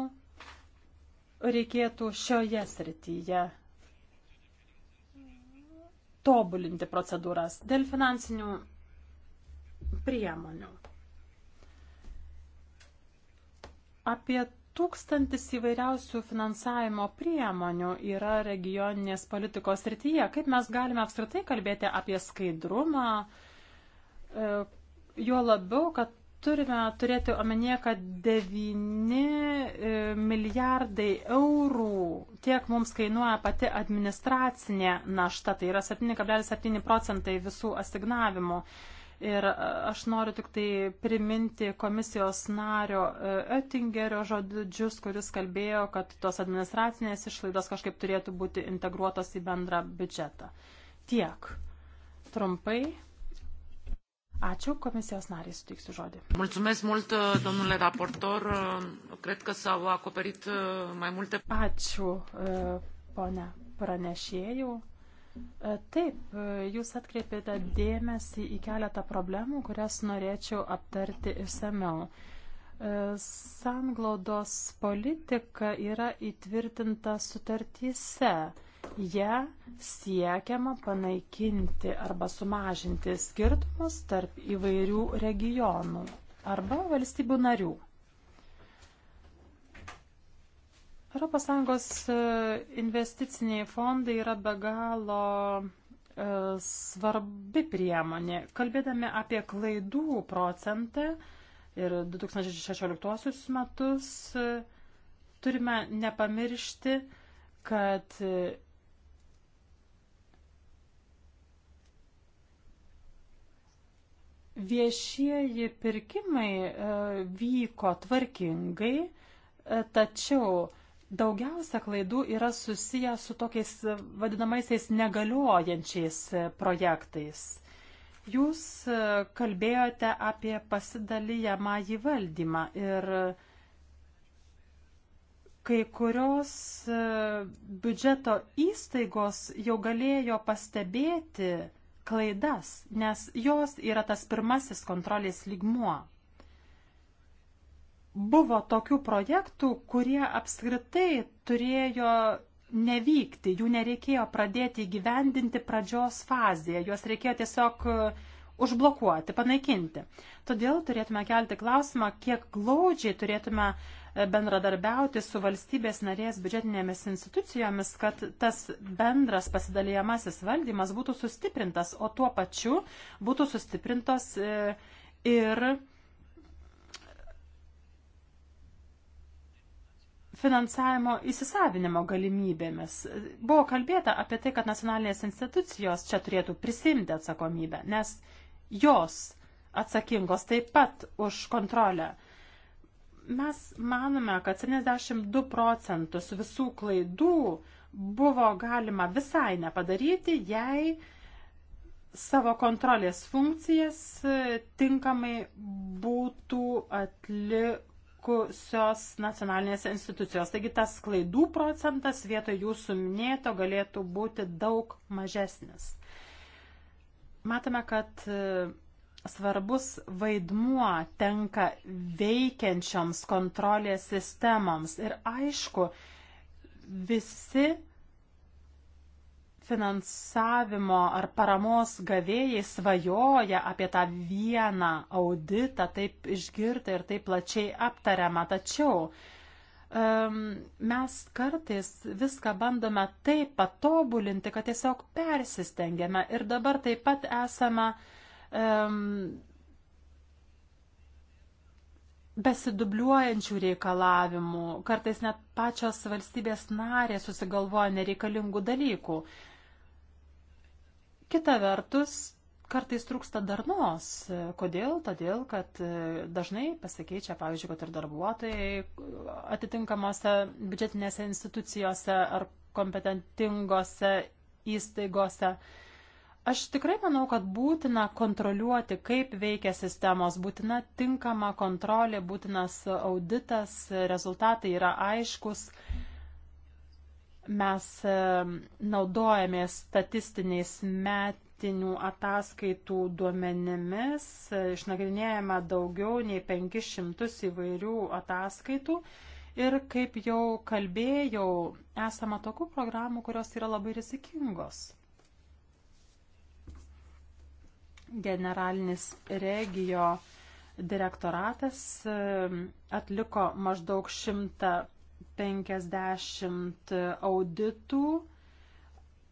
reikėtų šioje srityje tobulinti procedūras dėl finansinių priemonių. Apie tūkstantis įvairiausių finansavimo priemonių yra regioninės politikos srityje. Kaip mes galime apskritai kalbėti apie skaidrumą, e, jo labiau, kad turime turėti omenyje, kad 9 e, milijardai eurų tiek mums kainuoja pati administracinė našta, tai yra 7,7 procentai visų asignavimų. Ir e, aš noriu tik tai priminti komisijos nario e, Oettingerio žodžius, kuris kalbėjo, kad tos administracinės išlaidos kažkaip turėtų būti integruotos į bendrą biudžetą. Tiek. Trumpai Ačiū, komisijos nariai suteiksiu žodį. Mulțumesc mult, domnule raportor. Cred că s-au acoperit uh, mai multe. Ačiū, uh, ponia pranešėjų. Uh, taip, jūs atkreipėte dėmesį į keletą problemų, kurias norėčiau aptarti išsameu. Sanglaudos politika yra įtvirtinta sutartyse. Ja siekiama panaikinti arba sumažinti skirtumus tarp įvairių regionų arba valstybių narių. ES e, investiciniai fondai yra be galo e, svarbi priemonė. Kalbėdami apie klaidų procentą ir 2016 metus e, turime nepamiršti, kad Viešieji pirkimai e, vyko tvarkingai, e, tačiau daugiausia klaidų yra susiję su tokiais e, vadinamaisiais negaliojančiais projektais. Jūs kalbėjote apie pasidalyjamą į valdymą ir kai kurios biudžeto įstaigos jau galėjo pastebėti, klaidas, nes jos yra tas pirmasis kontrolės lygmuo. Buvo tokių projektų, kurie apskritai turėjo nevykti, jų nereikėjo pradėti įgyvendinti pradžios fazėje, juos reikėjo tiesiog uh, užblokuoti, panaikinti. Todėl turėtume kelti klausimą, kiek glaudžiai turėtume uh, bendradarbiauti su valstybės narės biudžetinėmis institucijomis, kad tas bendras pasidalijamasis valdymas būtų sustiprintas, o tuo pačiu būtų sustiprintos e, ir finansavimo įsisavinimo galimybėmis. Buvo kalbėta apie tai, kad nacionalinės institucijos čia turėtų prisimti atsakomybę, nes jos atsakingos taip pat už kontrolę. Mes manome, kad 72 procentus visų klaidų buvo galima visai nepadaryti, jei savo kontrolės funkcijas e, tinkamai būtų atlikusios nacionalinės institucijos. Taigi tas klaidų procentas vietoj jūsų minėto galėtų būti daug mažesnis. Matome, kad e, svarbus vaidmuo tenka veikiančioms kontrolės sistemoms. Ir aišku, visi finansavimo ar paramos gavėjai svajoja apie tą vieną auditą, taip išgirta ir taip plačiai aptariama. Tačiau um, mes kartais viską bandome taip patobulinti, kad tiesiog persistengiame. Ir dabar taip pat esame uh, um, besidubliuojančių reikalavimų, kartais net pačios valstybės narės susigalvoja nereikalingų dalykų. Kita vertus, kartais trūksta darnos. Kodėl? Todėl, kad e, dažnai pasikeičia, pavyzdžiui, kad ir darbuotojai atitinkamose biudžetinėse institucijose ar kompetentingose įstaigose. Uh, Aš tikrai manau, kad būtina kontroliuoti, kaip veikia sistemos, būtina tinkama kontrolė, būtinas auditas, rezultatai yra aiškus. Mes e, naudojamės statistiniais metinių ataskaitų duomenimis, e, išnagrinėjame daugiau nei 500 įvairių ataskaitų. Ir kaip jau kalbėjau, esama tokių programų, kurios yra labai rizikingos. generalinis regio direktoratas atliko maždaug 150 auditų.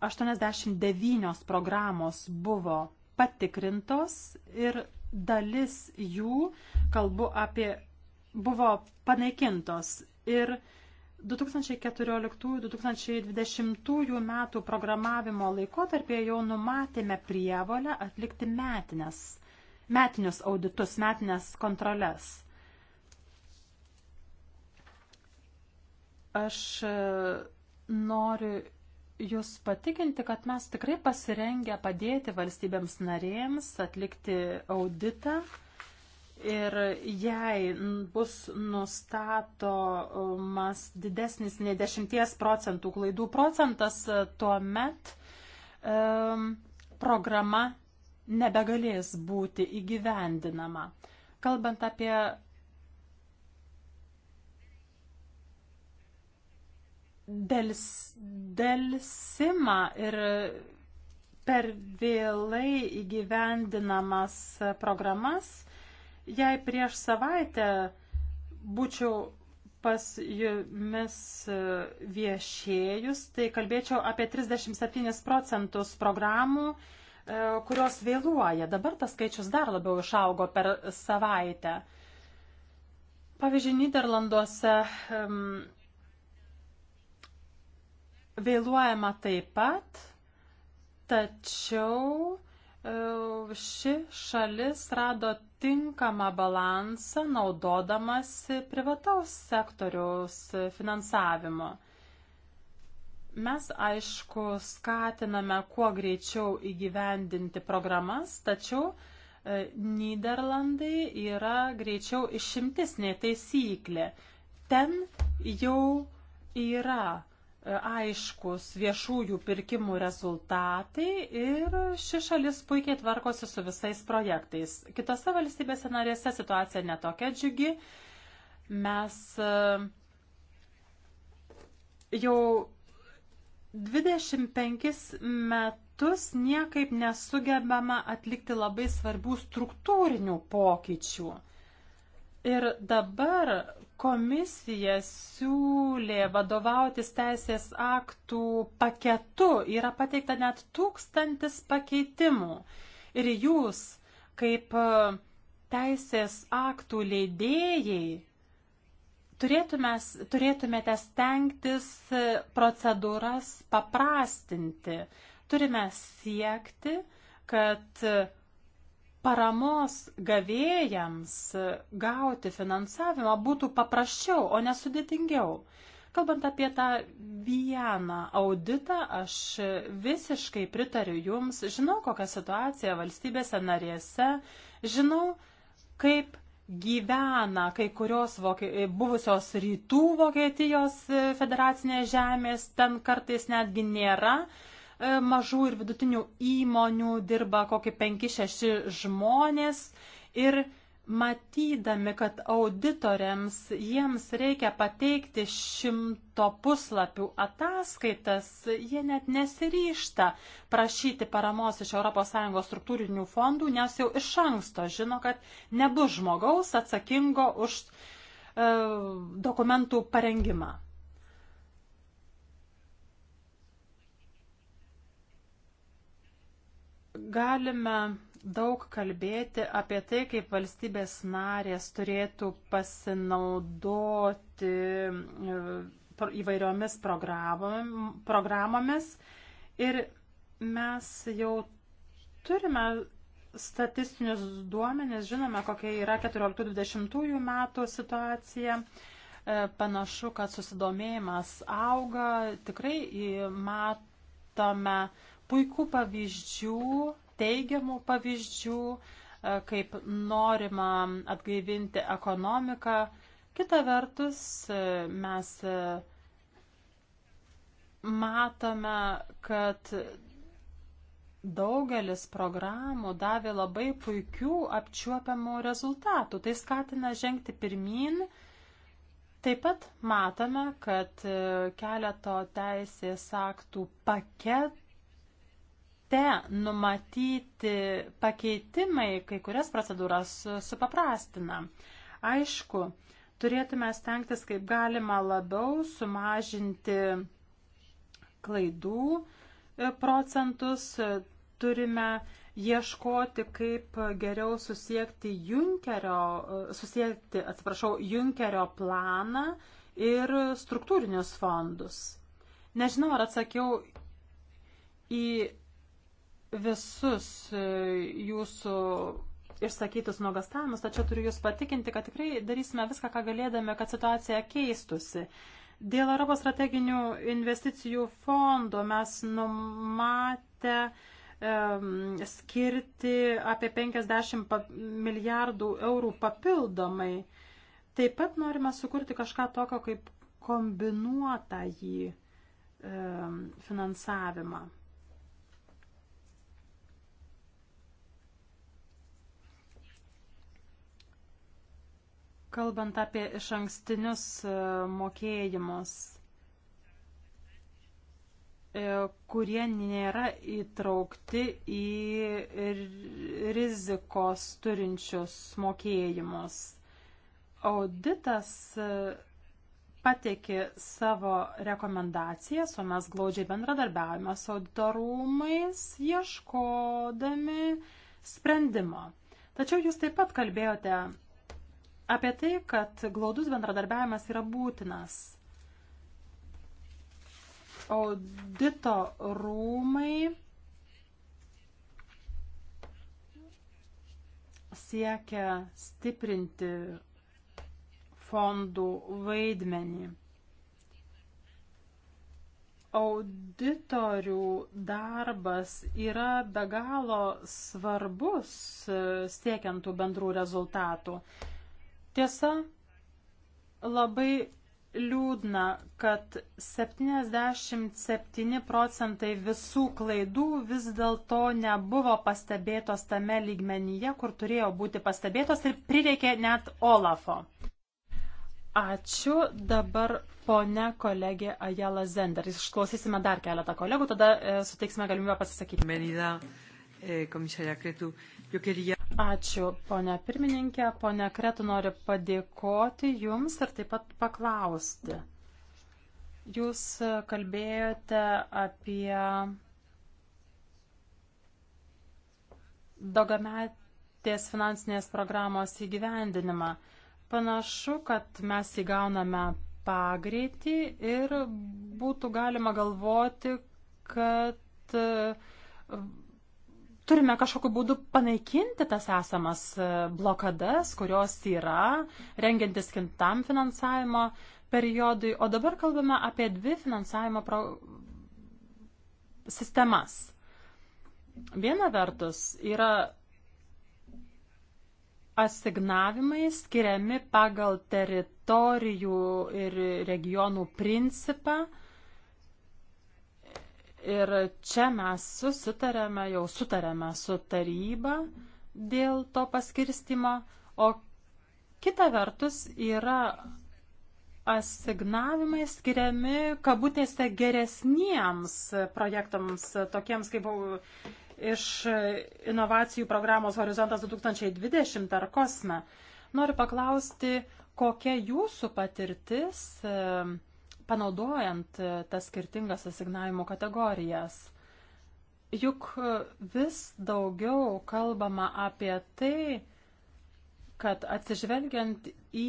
89 programos buvo patikrintos ir dalis jų, kalbu apie, buvo panaikintos ir 2014-2020 metų programavimo laikotarpėje jau numatėme prievolę atlikti metinės, metinius auditus, metinės kontrolės. Aš e, noriu Jūs patikinti, kad mes tikrai pasirengę padėti valstybėms narėms atlikti auditą Ir jei bus nustatomas didesnis nei 10 procentų klaidų procentas, tuomet um, programa nebegalės būti įgyvendinama. Kalbant apie dels, delsimą ir per vėlai įgyvendinamas programas, Jei prieš savaitę būčiau pas jumis e, viešėjus, tai kalbėčiau apie 37 procentus programų, e, kurios vėluoja. Dabar tas skaičius dar labiau išaugo per savaitę. Pavyzdžiui, Niderlanduose vėluojama taip pat, tačiau ši šalis rado tinkamą balansą naudodamasi privataus sektoriaus finansavimo. Mes, aišku, skatiname kuo greičiau įgyvendinti programas, tačiau e, Niderlandai yra greičiau išimtis nei taisyklė. Ten jau yra E, aiškus viešųjų pirkimų rezultatai ir ši šalis puikiai tvarkosi su visais projektais. Kitose valstybėse narėse situacija netokia džiugi. Mes e, jau 25 metus niekaip nesugebama atlikti labai svarbių struktūrinių pokyčių. Ir dabar komisija siūlė vadovautis teisės aktų paketu. Yra pateikta net tūkstantis pakeitimų. Ir jūs, kaip e, teisės aktų leidėjai, turėtumėte stengtis e, procedūras paprastinti. Turime siekti, kad e, paramos gavėjams gauti finansavimą būtų paprasčiau, o nesudėtingiau. Kalbant apie tą vieną auditą, aš visiškai pritariu Jums, žinau, kokia situacija valstybėse narėse, žinau, kaip gyvena kai kurios vokie, buvusios rytų Vokietijos federacinės žemės, ten kartais netgi nėra uh, E, mažų ir vidutinių įmonių dirba kokie 5-6 žmonės ir matydami, kad auditoriams jiems reikia pateikti šimto puslapių ataskaitas, jie net nesiryšta prašyti paramos iš ES struktūrinių fondų, nes jau iš anksto žino, kad nebus žmogaus atsakingo už e, dokumentų parengimą. Galime daug kalbėti apie tai, kaip valstybės narės turėtų pasinaudoti e, įvairiomis programomis. Ir mes jau turime statistinius duomenis, žinome, kokia yra 14-20 metų situacija. E, panašu, kad susidomėjimas auga. Tikrai matome puikų pavyzdžių teigiamų pavyzdžių, e, kaip norima atgaivinti ekonomiką. Kita vertus, e, mes e, matome, kad daugelis programų davė labai puikių apčiuopiamų rezultatų. Tai skatina žengti pirmin. Taip pat matome, kad keleto teisės aktų paketų akte numatyti pakeitimai kai kurias procedūras supaprastina. Aišku, turėtume stengtis kaip galima labiau sumažinti klaidų e, procentus, turime ieškoti, kaip geriau susiekti Junkerio, e, susiekti, atsiprašau, Junkerio planą ir struktūrinius fondus. Nežinau, ar atsakiau į visus e, jūsų išsakytus nuogastavimus, tačiau turiu jūs patikinti, kad tikrai darysime viską, ką galėdame, kad situacija keistusi. Dėl Europos strateginių investicijų fondo mes numatę um, skirti apie 50 milijardų eurų papildomai. Taip pat norime sukurti kažką tokio kaip kombinuotą jį um, finansavimą. Kalbant apie iš ankstinius e, mokėjimus, e, kurie nėra įtraukti į rizikos turinčius mokėjimus. Auditas e, pateikė savo rekomendacijas, o mes glaudžiai bendradarbiavime su auditorumais, ieškodami sprendimo. Tačiau jūs taip pat kalbėjote apie tai, kad glaudus bendradarbiavimas yra būtinas. Audito rūmai siekia stiprinti fondų vaidmenį. Auditorių darbas yra be galo svarbus siekiantų bendrų rezultatų. Tiesa, labai liūdna, kad 77 procentai visų klaidų vis dėlto nebuvo pastebėtos tame lygmenyje, kur turėjo būti pastebėtos ir prireikė net Olafo. Ačiū. Dabar ponia kolegė Ajala Zender. Išklausysime dar keletą kolegų, tada e, suteiksime galimybę pasisakyti. Benida, e, komisarė Kretų, jau kelia. Ačiū, ponia pirmininkė. Ponia Kretu nori padėkoti Jums ir taip pat paklausti. Jūs kalbėjote apie daugiametės finansinės programos įgyvendinimą. Panašu, kad mes įgauname pagreitį ir būtų galima galvoti, kad turime kažkokiu būdu panaikinti tas esamas e, blokadas, kurios yra, rengiantis kintam finansavimo periodui. O dabar kalbame apie dvi finansavimo pro... sistemas. Viena vertus yra asignavimai skiriami pagal teritorijų ir regionų principą Ir čia mes susitarėme, jau sutarėme su taryba dėl to paskirstimo, o kita vertus yra asignavimai skiriami kabutėse geresniems projektams, tokiems kaip iš inovacijų programos Horizontas 2020 ar Kosme. Noriu paklausti, kokia jūsų patirtis panaudojant e, tas skirtingas asignavimo kategorijas. Juk e, vis daugiau kalbama apie tai, kad atsižvelgiant į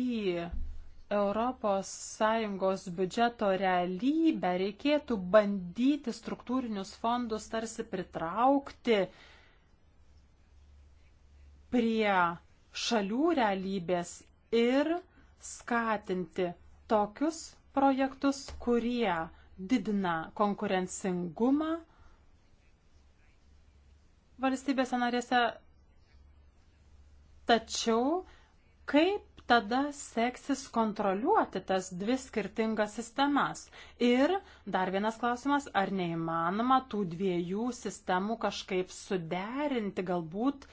ES biudžeto realybę reikėtų bandyti struktūrinius fondus tarsi pritraukti prie šalių realybės ir skatinti tokius projektus, kurie didina konkurencingumą valstybėse narėse. Tačiau kaip tada seksis kontroliuoti tas dvi skirtingas sistemas? Ir dar vienas klausimas, ar neįmanoma tų dviejų sistemų kažkaip suderinti, galbūt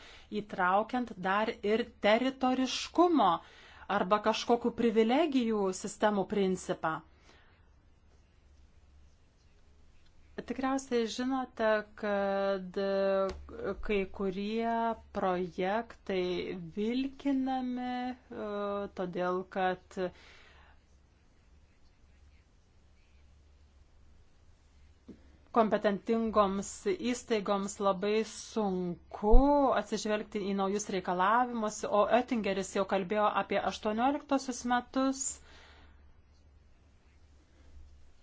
įtraukiant dar ir teritoriškumo uh, arba kažkokių privilegijų sistemų principą. Tikriausiai žinote, kad kai kurie projektai vilkinami, e, todėl kad kompetentingoms įstaigoms labai sunku atsižvelgti į naujus reikalavimus, o Oettingeris jau kalbėjo apie 18 metus.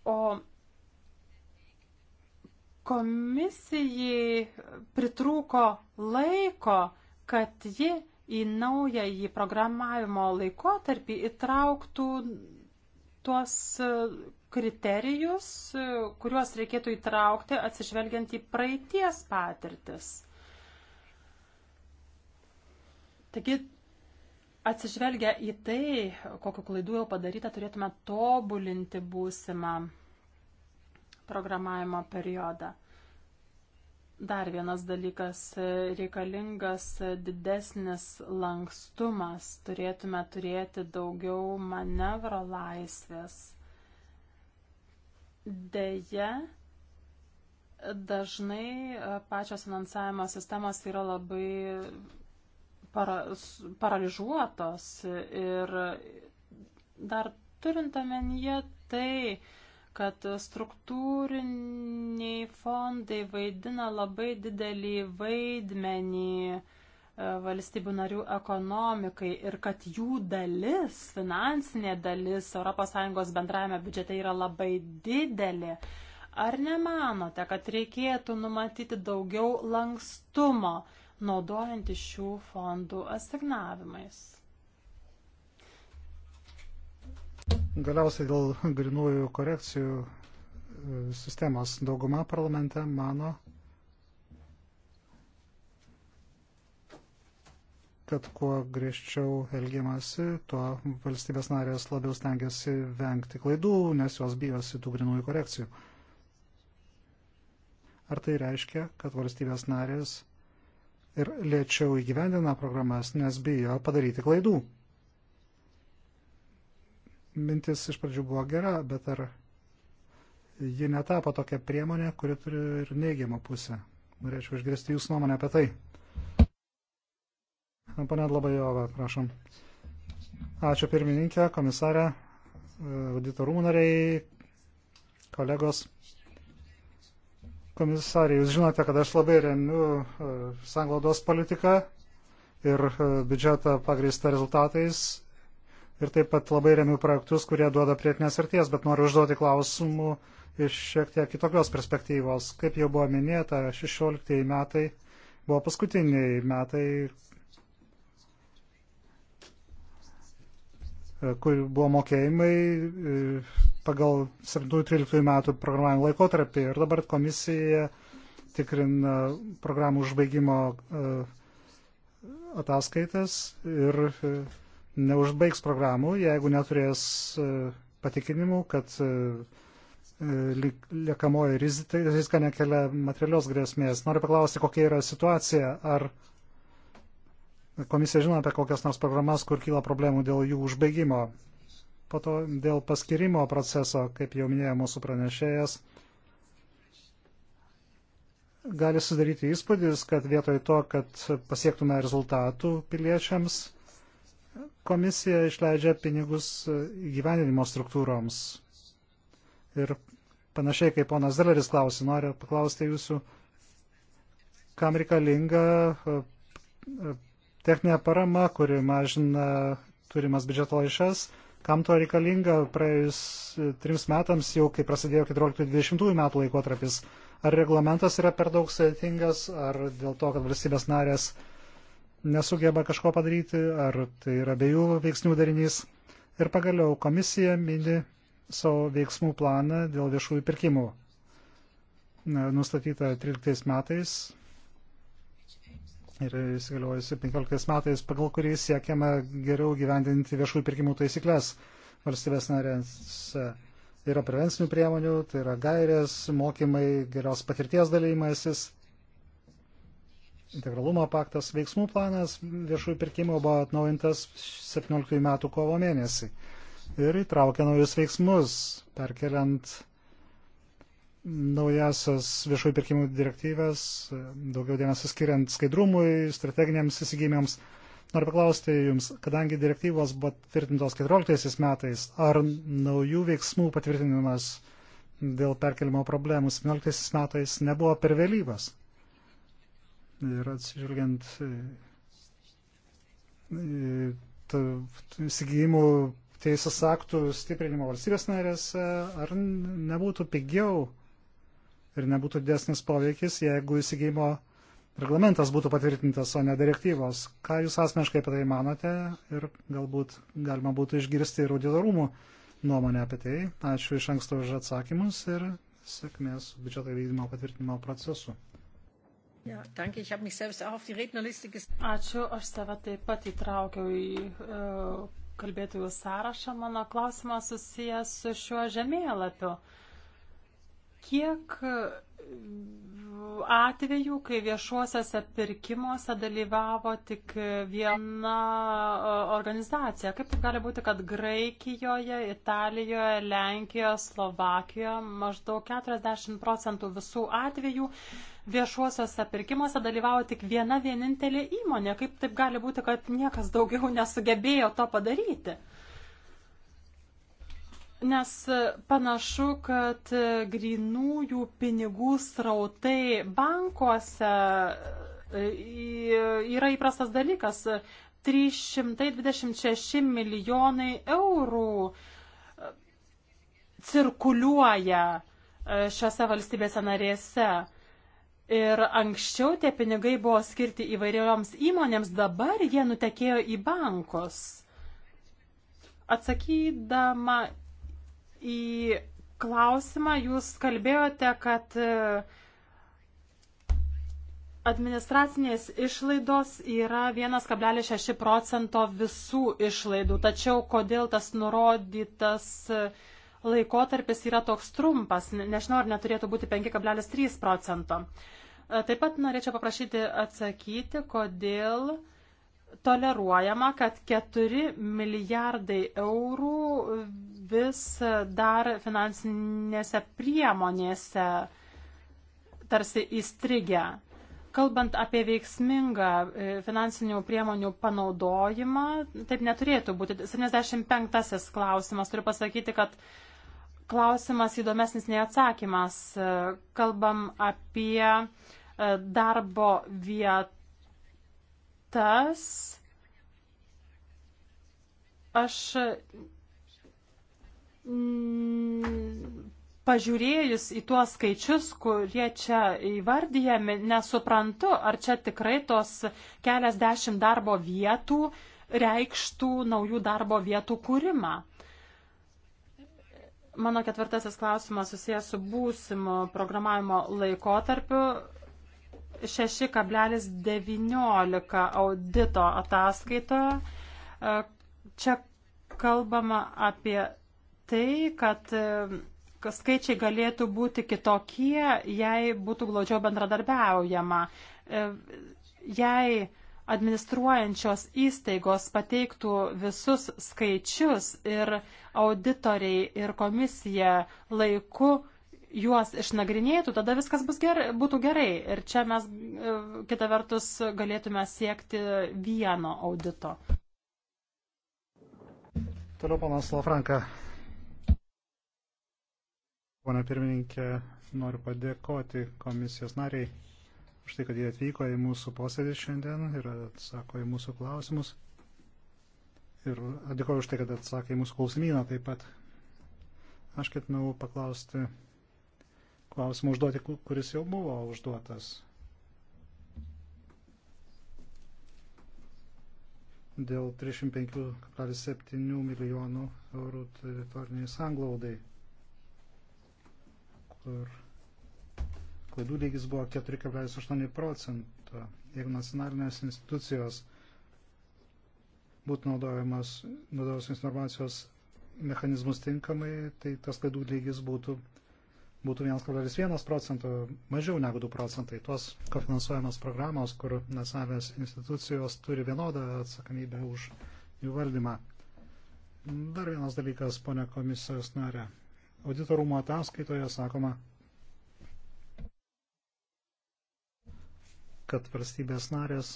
O komisijai pritrūko laiko, kad ji į naująjį programavimo laikotarpį įtrauktų tuos kriterijus, kuriuos reikėtų įtraukti atsižvelgiant į praeities patirtis. Taigi, atsižvelgia į tai, kokiu klaidu jau padaryta, turėtume tobulinti būsimą programavimo periodą. Dar vienas dalykas - reikalingas didesnis lankstumas, turėtume turėti daugiau manevro laisvės. Deja, dažnai e, pačios finansavimo sistemos yra labai para, paralyžuotos ir dar turint omenyje tai, kad struktūriniai fondai vaidina labai didelį vaidmenį valstybių narių ekonomikai ir kad jų dalis, finansinė dalis ES bendrajame biudžete yra labai didelė. Ar nemanote, kad reikėtų numatyti daugiau lankstumo naudojant šių fondų asignavimais? Galiausiai dėl grinųjų korekcijų e, sistemos dauguma parlamente mano, kad kuo griežčiau elgiamasi, tuo valstybės narės labiau stengiasi vengti klaidų, nes jos bijosi tų grinųjų korekcijų. Ar tai reiškia, kad valstybės narės ir lėčiau įgyvendina programas, nes bijo padaryti klaidų? Mintis iš pradžių buvo gera, bet ar ji netapo tokia priemonė, kuri turi ir neigiamą pusę? Norėčiau išgirsti jūsų nuomonę apie tai. Pane Labajova, prašom. Ačiū pirmininkė, komisarė, auditorumų nariai, kolegos. Komisarė, jūs žinote, kad aš labai remiu e, sanglaudos politiką ir e, biudžetą pagrįstą rezultatais ir taip pat labai remiu projektus, kurie duoda prietinės arties, bet noriu užduoti klausimų iš šiek tiek kitokios perspektyvos. Kaip jau buvo minėta, 16 metai buvo paskutiniai metai, E, kur buvo mokėjimai e, pagal 7-13 metų programavimo laikotarpį ir dabar komisija tikrina programų užbaigimo e, ataskaitas ir neužbaigs programų, jeigu neturės patikinimų, kad liekamoji rizika nekelia materialios grėsmės. Noriu paklausti, kokia yra situacija, ar Komisija žino apie kokias nors programas, kur kyla problemų dėl jų užbaigimo. Po to dėl paskirimo proceso, kaip jau minėjo mūsų pranešėjas, gali sudaryti įspūdis, kad vietoj to, kad pasiektume rezultatų piliečiams, komisija išleidžia pinigus gyvenimo struktūroms. Ir panašiai kaip ponas Zelleris klausė, noriu paklausti jūsų, kam reikalinga Techninė parama, kuri mažina turimas biudžeto laišas, kam to reikalinga praėjus e, trims metams, jau kai prasidėjo 14-20 metų laikotarpis. Ar reglamentas yra per daug sudėtingas, ar dėl to, kad valstybės narės nesugeba kažko padaryti, ar tai yra abiejų veiksnių darinys. Ir pagaliau komisija mini savo veiksmų planą dėl viešųjų pirkimų. Nustatyta 13 metais ir įsigaliojusi 15 metais, pagal kurį siekiama geriau gyvendinti viešųjų pirkimų taisyklės valstybės narėse. Yra prevencinių priemonių, tai yra gairės, mokymai, geros patirties dalymasis, integralumo paktas, veiksmų planas viešųjų pirkimų buvo atnaujintas 17 metų kovo mėnesį ir įtraukė naujus veiksmus, perkeliant naujasias viešųjų pirkimų direktyvas, daugiau dėmesio skiriant skaidrumui, strateginiams įsigymėms. Noriu paklausti Jums, kadangi direktyvos buvo tvirtintos 14 metais, ar naujų veiksmų patvirtinimas dėl perkelimo problemų 17 metais nebuvo per vėlyvas? Ir atsižvelgiant įsigijimų teisės aktų stiprinimo valstybės narėse, ar nebūtų pigiau ir nebūtų didesnis poveikis, jeigu įsigijimo reglamentas būtų patvirtintas, o ne direktyvos. Ką Jūs asmeniškai apie tai manote ir galbūt galima būtų išgirsti ir auditorumų nuomonę apie tai. Ačiū iš anksto už atsakymus ir sėkmės biudžeto vykdymo patvirtinimo procesu. Ačiū, aš save taip pat įtraukiau į uh, kalbėtojų sąrašą. Mano klausimas susijęs su šiuo žemėlapiu. Uh, Kiek uh, atvejų, kai viešuosiuose pirkimuose dalyvavo tik viena uh, organizacija. Kaip tai gali būti, kad Graikijoje, Italijoje, Lenkijoje, Slovakijoje maždaug 40 procentų visų atvejų viešuosiuose pirkimuose dalyvavo tik viena vienintelė įmonė. Kaip taip gali būti, kad niekas daugiau nesugebėjo to padaryti? Nes panašu, kad grinųjų pinigų srautai bankuose e, yra įprastas dalykas. 326 milijonai eurų e, cirkuliuoja e, šiose valstybėse narėse. Ir anksčiau tie pinigai buvo skirti įvairioms įmonėms, dabar jie nutekėjo į bankus. Atsakydama į klausimą. Jūs kalbėjote, kad e, administracinės išlaidos yra 1,6 procento visų išlaidų, tačiau kodėl tas nurodytas e, laikotarpis yra toks trumpas, nežinau, ar neturėtų būti 5,3 procento. E, taip pat norėčiau paprašyti atsakyti, kodėl toleruojama, kad 4 milijardai eurų vis dar finansinėse priemonėse tarsi įstrigę. Kalbant apie veiksmingą e, finansinių priemonių panaudojimą, taip neturėtų būti. 75 klausimas, turiu pasakyti, kad klausimas įdomesnis nei atsakymas. E, kalbam apie e, darbo vietas. Aš Mm, pažiūrėjus į tuos skaičius, kurie čia įvardyjami, nesuprantu, ar čia tikrai tos keliasdešimt darbo vietų reikštų naujų darbo vietų kūrimą. Mano ketvirtasis klausimas susijęs su būsimu programavimo laikotarpiu. 6,19 audito ataskaitoje. Čia kalbama apie tai, kad e, skaičiai galėtų būti kitokie, jei būtų glaudžiau bendradarbiaujama. E, jei administruojančios įstaigos pateiktų visus skaičius ir auditoriai ir komisija laiku juos išnagrinėtų, tada viskas bus gerai, būtų gerai. Ir čia mes e, kitą vertus galėtume siekti vieno audito. Toliau panas Lafranka. Pone pirmininkė, noriu padėkoti komisijos nariai už tai, kad jie atvyko į mūsų posėdį šiandien ir atsako į mūsų klausimus. Ir dėkoju už tai, kad atsakė į mūsų klausimyną taip pat. Aš ketinau paklausti klausimą užduoti, kuris jau buvo užduotas. Dėl 35,7 milijonų eurų teritoriniai sanglaudai kur klaidų lygis buvo 4,8 procento. Jeigu nacionalinės institucijos būtų naudojamos informacijos mechanizmus tinkamai, tai tas klaidų lygis būtų, būtų 1,1 procento, mažiau negu 2 procentai. Tuos kofinansuojamos programos, kur nacionalinės institucijos turi vienodą atsakomybę už jų valdymą. Dar vienas dalykas, ponia komisijos narė. Auditorumo ataskaitoje sakoma, kad valstybės narės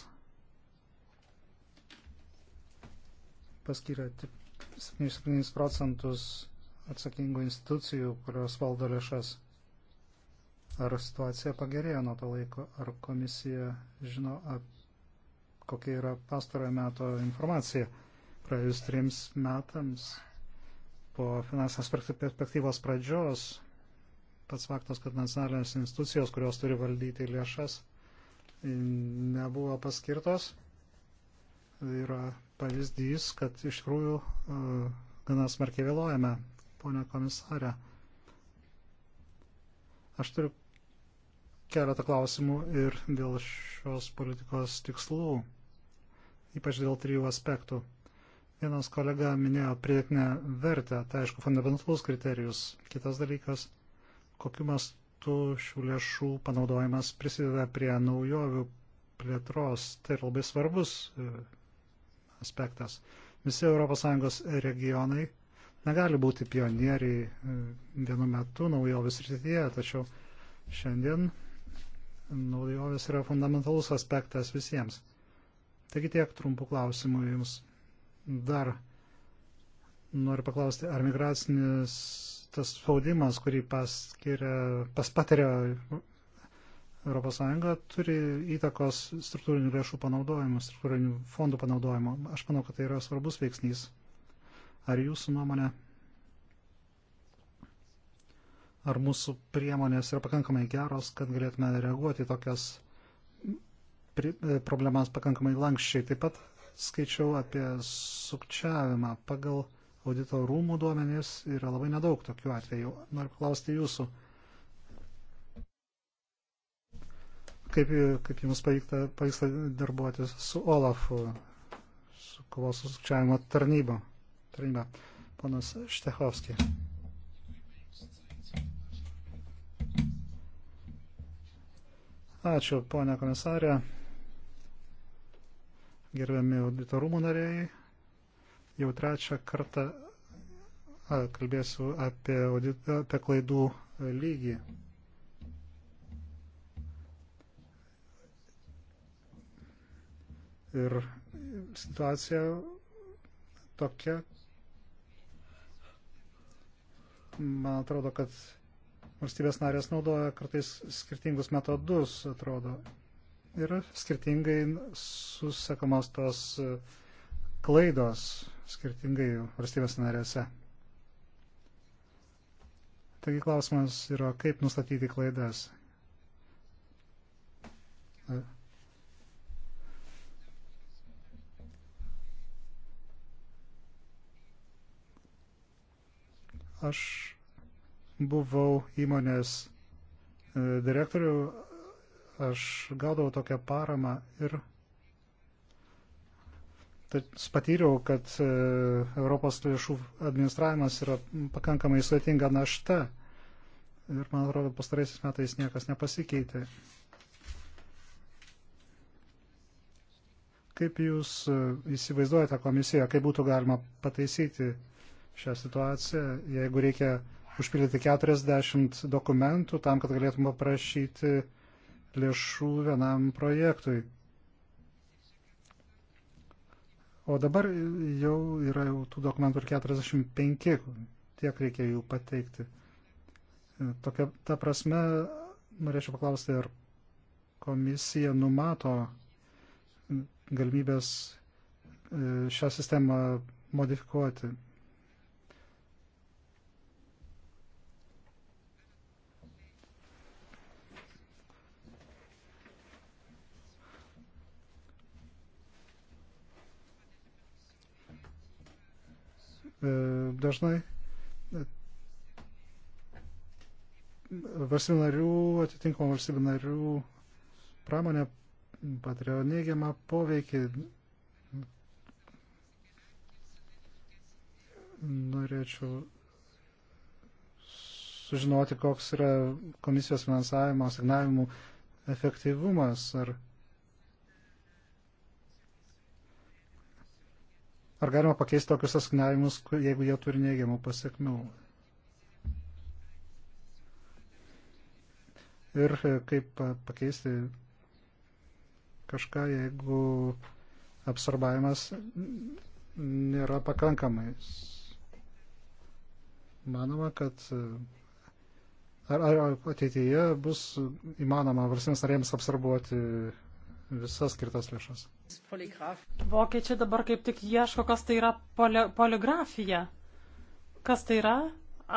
paskyrė 77 procentus atsakingų institucijų, kurios valdo lėšas. Ar situacija pagerėjo nuo to laiko, ar komisija žino, ap, kokia yra pastarojo meto informacija praėjus trims metams po finansinės perspektyvos pradžios pats faktas, kad nacionalinės institucijos, kurios turi valdyti lėšas, nebuvo paskirtos, yra pavyzdys, kad iš tikrųjų e, gana smarkiai vėluojame, ponia komisarė. Aš turiu keletą klausimų ir dėl šios politikos tikslų, ypač dėl trijų aspektų. Vienas kolega minėjo pridėtinę vertę, tai aišku, fundamentalus kriterijus. Kitas dalykas, kokiu mastu šių lėšų panaudojimas prisideda prie naujovių plėtros. Tai yra labai svarbus e, aspektas. Visi ES regionai negali būti pionieriai e, vienu metu naujovis rytyje, tačiau šiandien naujovės yra fundamentalus aspektas visiems. Taigi tiek trumpų klausimų jums dar noriu paklausti, ar migracinis tas spaudimas, kurį paskiria, paspatiria ES, turi įtakos struktūrinių lėšų panaudojimo, struktūrinių fondų panaudojimo. Aš manau, kad tai yra svarbus veiksnys. Ar jūsų nuomonė, ar mūsų priemonės yra pakankamai geros, kad galėtume reaguoti į tokias problemas pakankamai lankščiai. Taip pat skaičiau apie sukčiavimą. Pagal audito rūmų duomenys yra labai nedaug tokių atvejų. Noriu klausti jūsų. Kaip, kaip jums pavyksta, pavyksta darbuotis su Olafu, su kovos su sukčiavimo tarnyba? tarnyba. Ponas Štechovskis. Ačiū, ponia komisarė gerbiami auditorumų nariai. Jau trečią kartą a, kalbėsiu apie, audit, apie klaidų lygį. Ir situacija tokia, man atrodo, kad valstybės narės naudoja kartais skirtingus metodus, atrodo ir skirtingai susakamos tos e, klaidos skirtingai valstybės narėse. Taigi klausimas yra, kaip nustatyti klaidas. E, aš buvau įmonės e, direktorių aš gaudavau tokią paramą ir patyriau, kad e, Europos lėšų administravimas yra pakankamai sudėtinga našta. Ir man atrodo, pastaraisiais metais niekas nepasikeitė. Kaip Jūs e, įsivaizduojate komisiją, kaip būtų galima pataisyti šią situaciją, jeigu reikia užpildyti 40 dokumentų tam, kad galėtume paprašyti lėšų vienam projektui. O dabar jau yra jau tų dokumentų ir 45, tiek reikia jų pateikti. Tokia ta prasme, norėčiau paklausti, ar komisija numato galimybės e, šią sistemą modifikuoti. E, dažnai e, valstybių narių, atitinkamų valstybių narių pramonė patiria neigiamą poveikį. Norėčiau sužinoti, koks yra komisijos finansavimo asignavimų efektyvumas. Ar Ar galima pakeisti tokius asignavimus, jeigu jie turi neigiamų pasiekmių? Ir e, kaip pakeisti kažką, jeigu absorbavimas nėra pakankamai. Manoma, kad e, ar, ar ateityje bus įmanoma valstybės narėms absorbuoti visas skirtas lėšas. Vokiečiai dabar kaip tik ieško, kas tai yra poli poligrafija. Kas tai yra?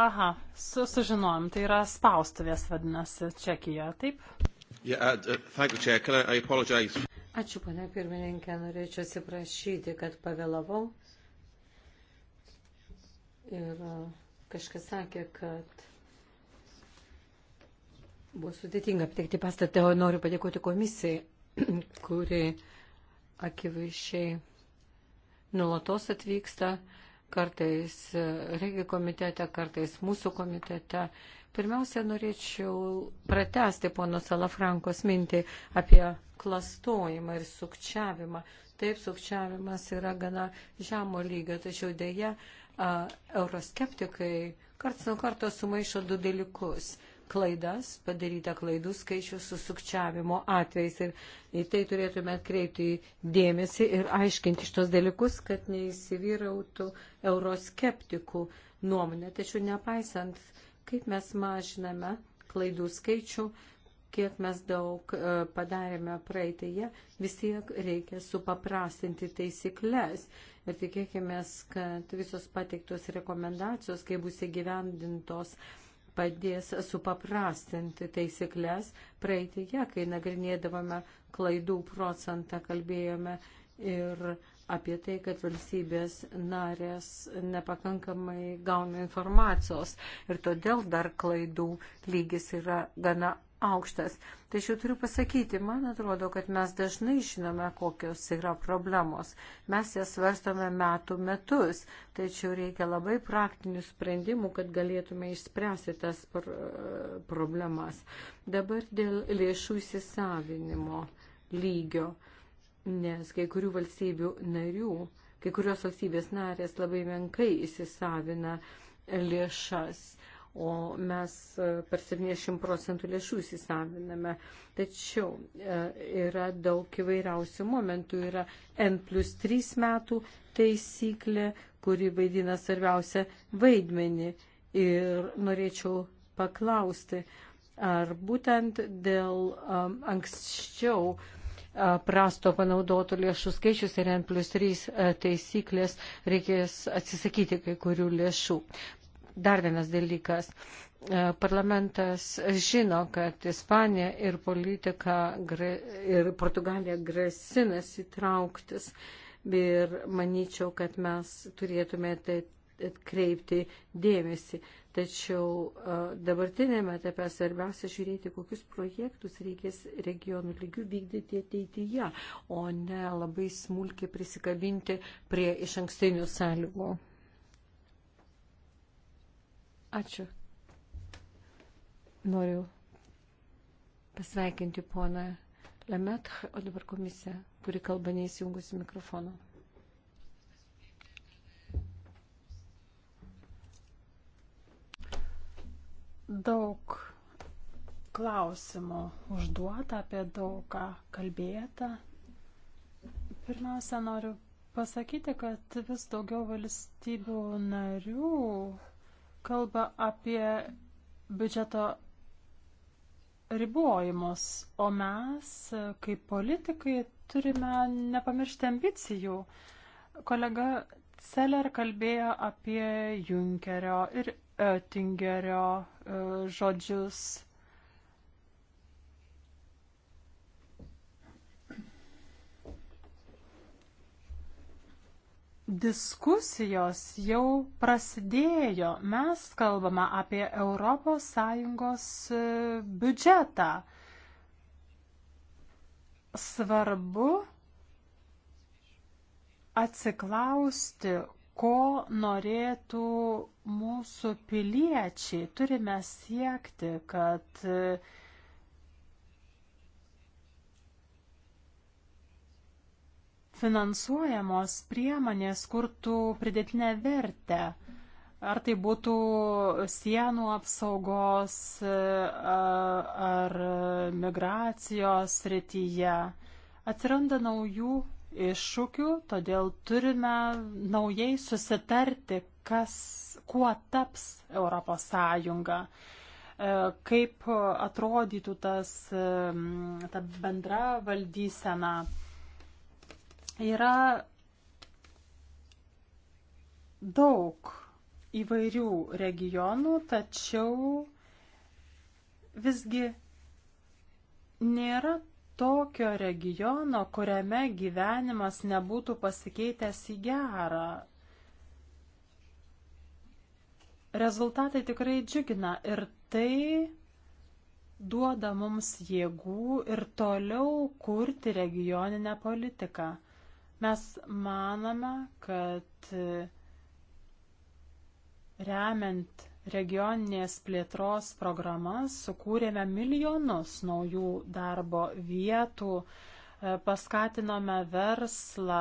Aha, su, sužinojom, tai yra spaustuvės vadinasi Čekijoje, taip? Yeah, uh, thank you, Chair. Can I, I apologize? Ačiū, pane pirmininkė, norėčiau atsiprašyti, kad pavėlavau. Ir uh, kažkas sakė, kad buvo sudėtinga aptekti pastatą, o noriu padėkoti komisijai, kuri uh, akivaizdžiai nulatos atvyksta, kartais regi komitete, kartais mūsų komitete. Pirmiausia, norėčiau pratesti pono Salafrankos mintį apie klastojimą ir sukčiavimą. Taip, sukčiavimas yra gana žemo lygio, tačiau dėja euroskeptikai karts nuo karto sumaišo du dalykus klaidas, padarytą klaidų skaičių su sukčiavimo atvejais. Ir į tai turėtume atkreipti dėmesį ir aiškinti šitos dalykus, kad neįsivyrautų euroskeptikų nuomonė. Tačiau nepaisant, kaip mes mažiname klaidų skaičių, kiek mes daug e, padarėme praeitėje, vis tiek reikia supaprastinti taisyklės. Ir tikėkime, kad visos pateiktos rekomendacijos, kai bus įgyvendintos, uh, padės supaprastinti taisyklės. Praeitėje, kai nagrinėdavome klaidų procentą, kalbėjome ir apie tai, kad valstybės narės nepakankamai gauna informacijos ir todėl dar klaidų lygis yra gana aukštas. Tačiau turiu pasakyti, man atrodo, kad mes dažnai žinome, kokios yra problemos. Mes jas svarstome metų metus, tačiau reikia labai praktinių sprendimų, kad galėtume išspręsti tas problemas. Dabar dėl lėšų įsisavinimo lygio, nes kai kurių valstybių narių, kai kurios valstybės narės labai menkai įsisavina lėšas o mes e, per 70 procentų lėšų įsisaviname. Tačiau e, yra daug įvairiausių momentų. Yra N plus 3 metų taisyklė, kuri vaidina svarbiausią vaidmenį. Ir norėčiau paklausti, ar būtent dėl um, anksčiau uh, prasto panaudotų lėšų skaičius ir N plus 3 uh, taisyklės reikės atsisakyti kai kurių lėšų. Dar vienas dalykas. E, parlamentas žino, kad Ispanija ir politika ir Portugalija grasinasi trauktis. Ir manyčiau, kad mes turėtume tai atkreipti dėmesį. Tačiau e, dabartinėme etape svarbiausia žiūrėti, kokius projektus reikės regionų lygių vykdyti ateityje, o ne labai smulkiai prisikabinti prie iš ankstinių sąlygų. Ačiū. Noriu pasveikinti poną Lemetch, o dabar komisija, kuri kalba neįsijungusi mikrofono. Daug klausimų užduota, apie daug ką kalbėta. Pirmiausia, noriu pasakyti, kad vis daugiau valstybių narių kalba apie biudžeto ribojimus, o mes, kaip politikai, turime nepamiršti ambicijų. Kolega Celer kalbėjo apie Junkerio ir Oettingerio e, žodžius. diskusijos jau prasidėjo. Mes kalbame apie ES e, biudžetą. Svarbu atsiklausti, ko norėtų mūsų piliečiai. Turime siekti, kad uh, finansuojamos priemonės kurtų pridėtinę vertę. Ar tai būtų sienų apsaugos e, ar migracijos srityje. Atsiranda naujų iššūkių, todėl turime naujai susitarti, kas, kuo taps Europos Sąjunga e, kaip atrodytų tas, e, ta bendra valdysena yra daug įvairių regionų, tačiau visgi nėra tokio regiono, kuriame gyvenimas nebūtų pasikeitęs į gerą. Rezultatai tikrai džiugina ir tai duoda mums jėgų ir toliau kurti regioninę politiką. Mes manome, kad remiant regioninės plėtros programas sukūrėme milijonus naujų darbo vietų, e, paskatinome verslą.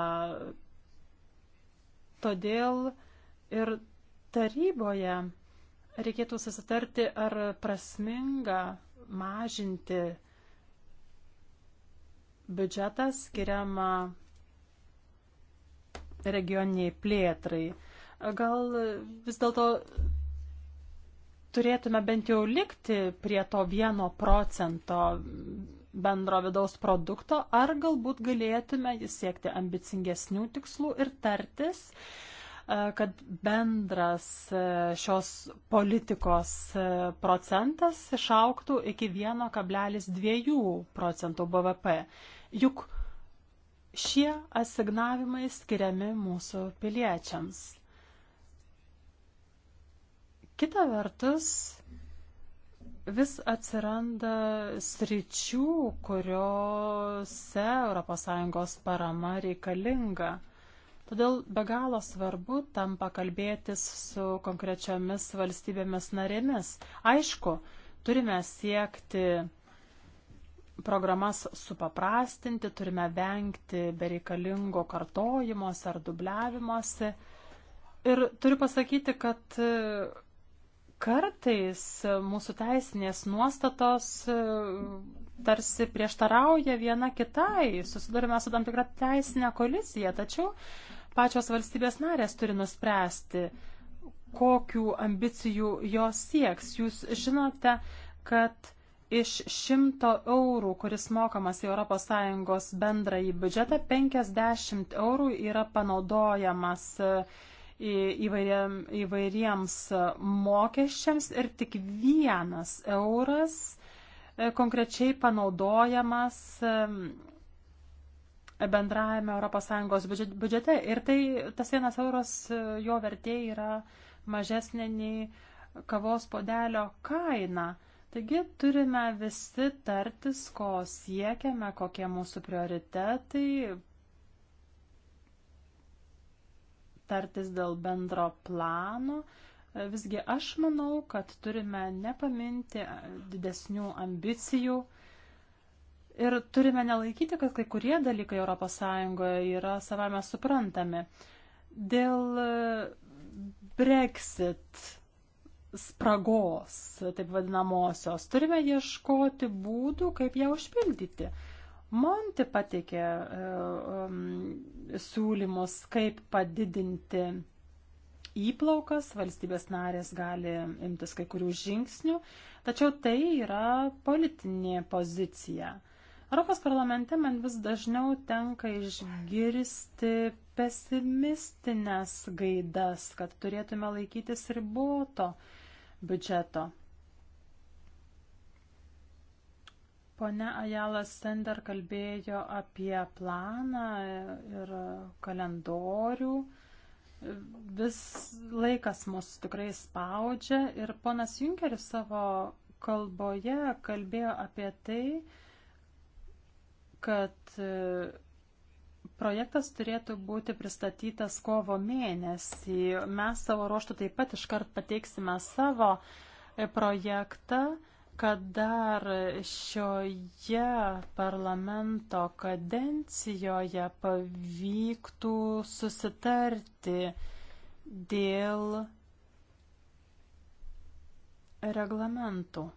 Todėl ir taryboje reikėtų susitarti, ar prasminga mažinti biudžetą skiriamą regioniniai plėtrai. Gal vis dėlto turėtume bent jau likti prie to vieno procento bendro vidaus produkto, ar galbūt galėtume siekti ambicingesnių tikslų ir tartis, e, kad bendras e, šios politikos e, procentas išauktų iki 1,2 procentų BVP. Juk Šie asignavimai skiriami mūsų piliečiams. Kita vertus, vis atsiranda sričių, kuriuose ES parama reikalinga. Todėl be galo svarbu tampa kalbėtis su konkrečiomis valstybėmis narėmis. Aišku, turime siekti programas supaprastinti, turime vengti bereikalingo kartojimuose ar dubliavimuose. Ir turiu pasakyti, kad e, kartais mūsų teisinės nuostatos e, tarsi prieštarauja viena kitai, susidurime su tam tikra teisinė kolizija, tačiau pačios valstybės narės turi nuspręsti, kokių ambicijų jos sieks. Jūs žinote, kad iš 100 eurų, kuris mokamas į ES bendrąjį biudžetą, 50 eurų yra panaudojamas e, įvairiam, įvairiems mokesčiams ir tik vienas euras e, konkrečiai panaudojamas e, bendrajame ES biudžete. Ir tai tas vienas euras, jo vertė yra mažesnė nei kavos podelio kaina. Taigi turime visi tartis, ko siekiame, kokie mūsų prioritetai, tartis dėl bendro plano. Visgi aš manau, kad turime nepaminti didesnių ambicijų ir turime nelaikyti, kad kai kurie dalykai ES yra savame suprantami. Dėl Brexit spragos, taip vadinamosios. Turime ieškoti būdų, kaip ją užpildyti. Monti pateikė e, e, siūlymus, kaip padidinti įplaukas, valstybės narės gali imtis kai kurių žingsnių, tačiau tai yra politinė pozicija. Europos parlamente man vis dažniau tenka išgirsti pesimistinės gaidas, kad turėtume laikytis riboto biudžeto. Pone Ajalas Sender kalbėjo apie planą ir kalendorių. Vis laikas mus tikrai spaudžia ir ponas Junkeris savo kalboje kalbėjo apie tai, kad Projektas turėtų būti pristatytas kovo mėnesį. Mes savo ruoštų taip pat iškart pateiksime savo e, projektą, kad dar šioje parlamento kadencijoje pavyktų susitarti dėl reglamentų.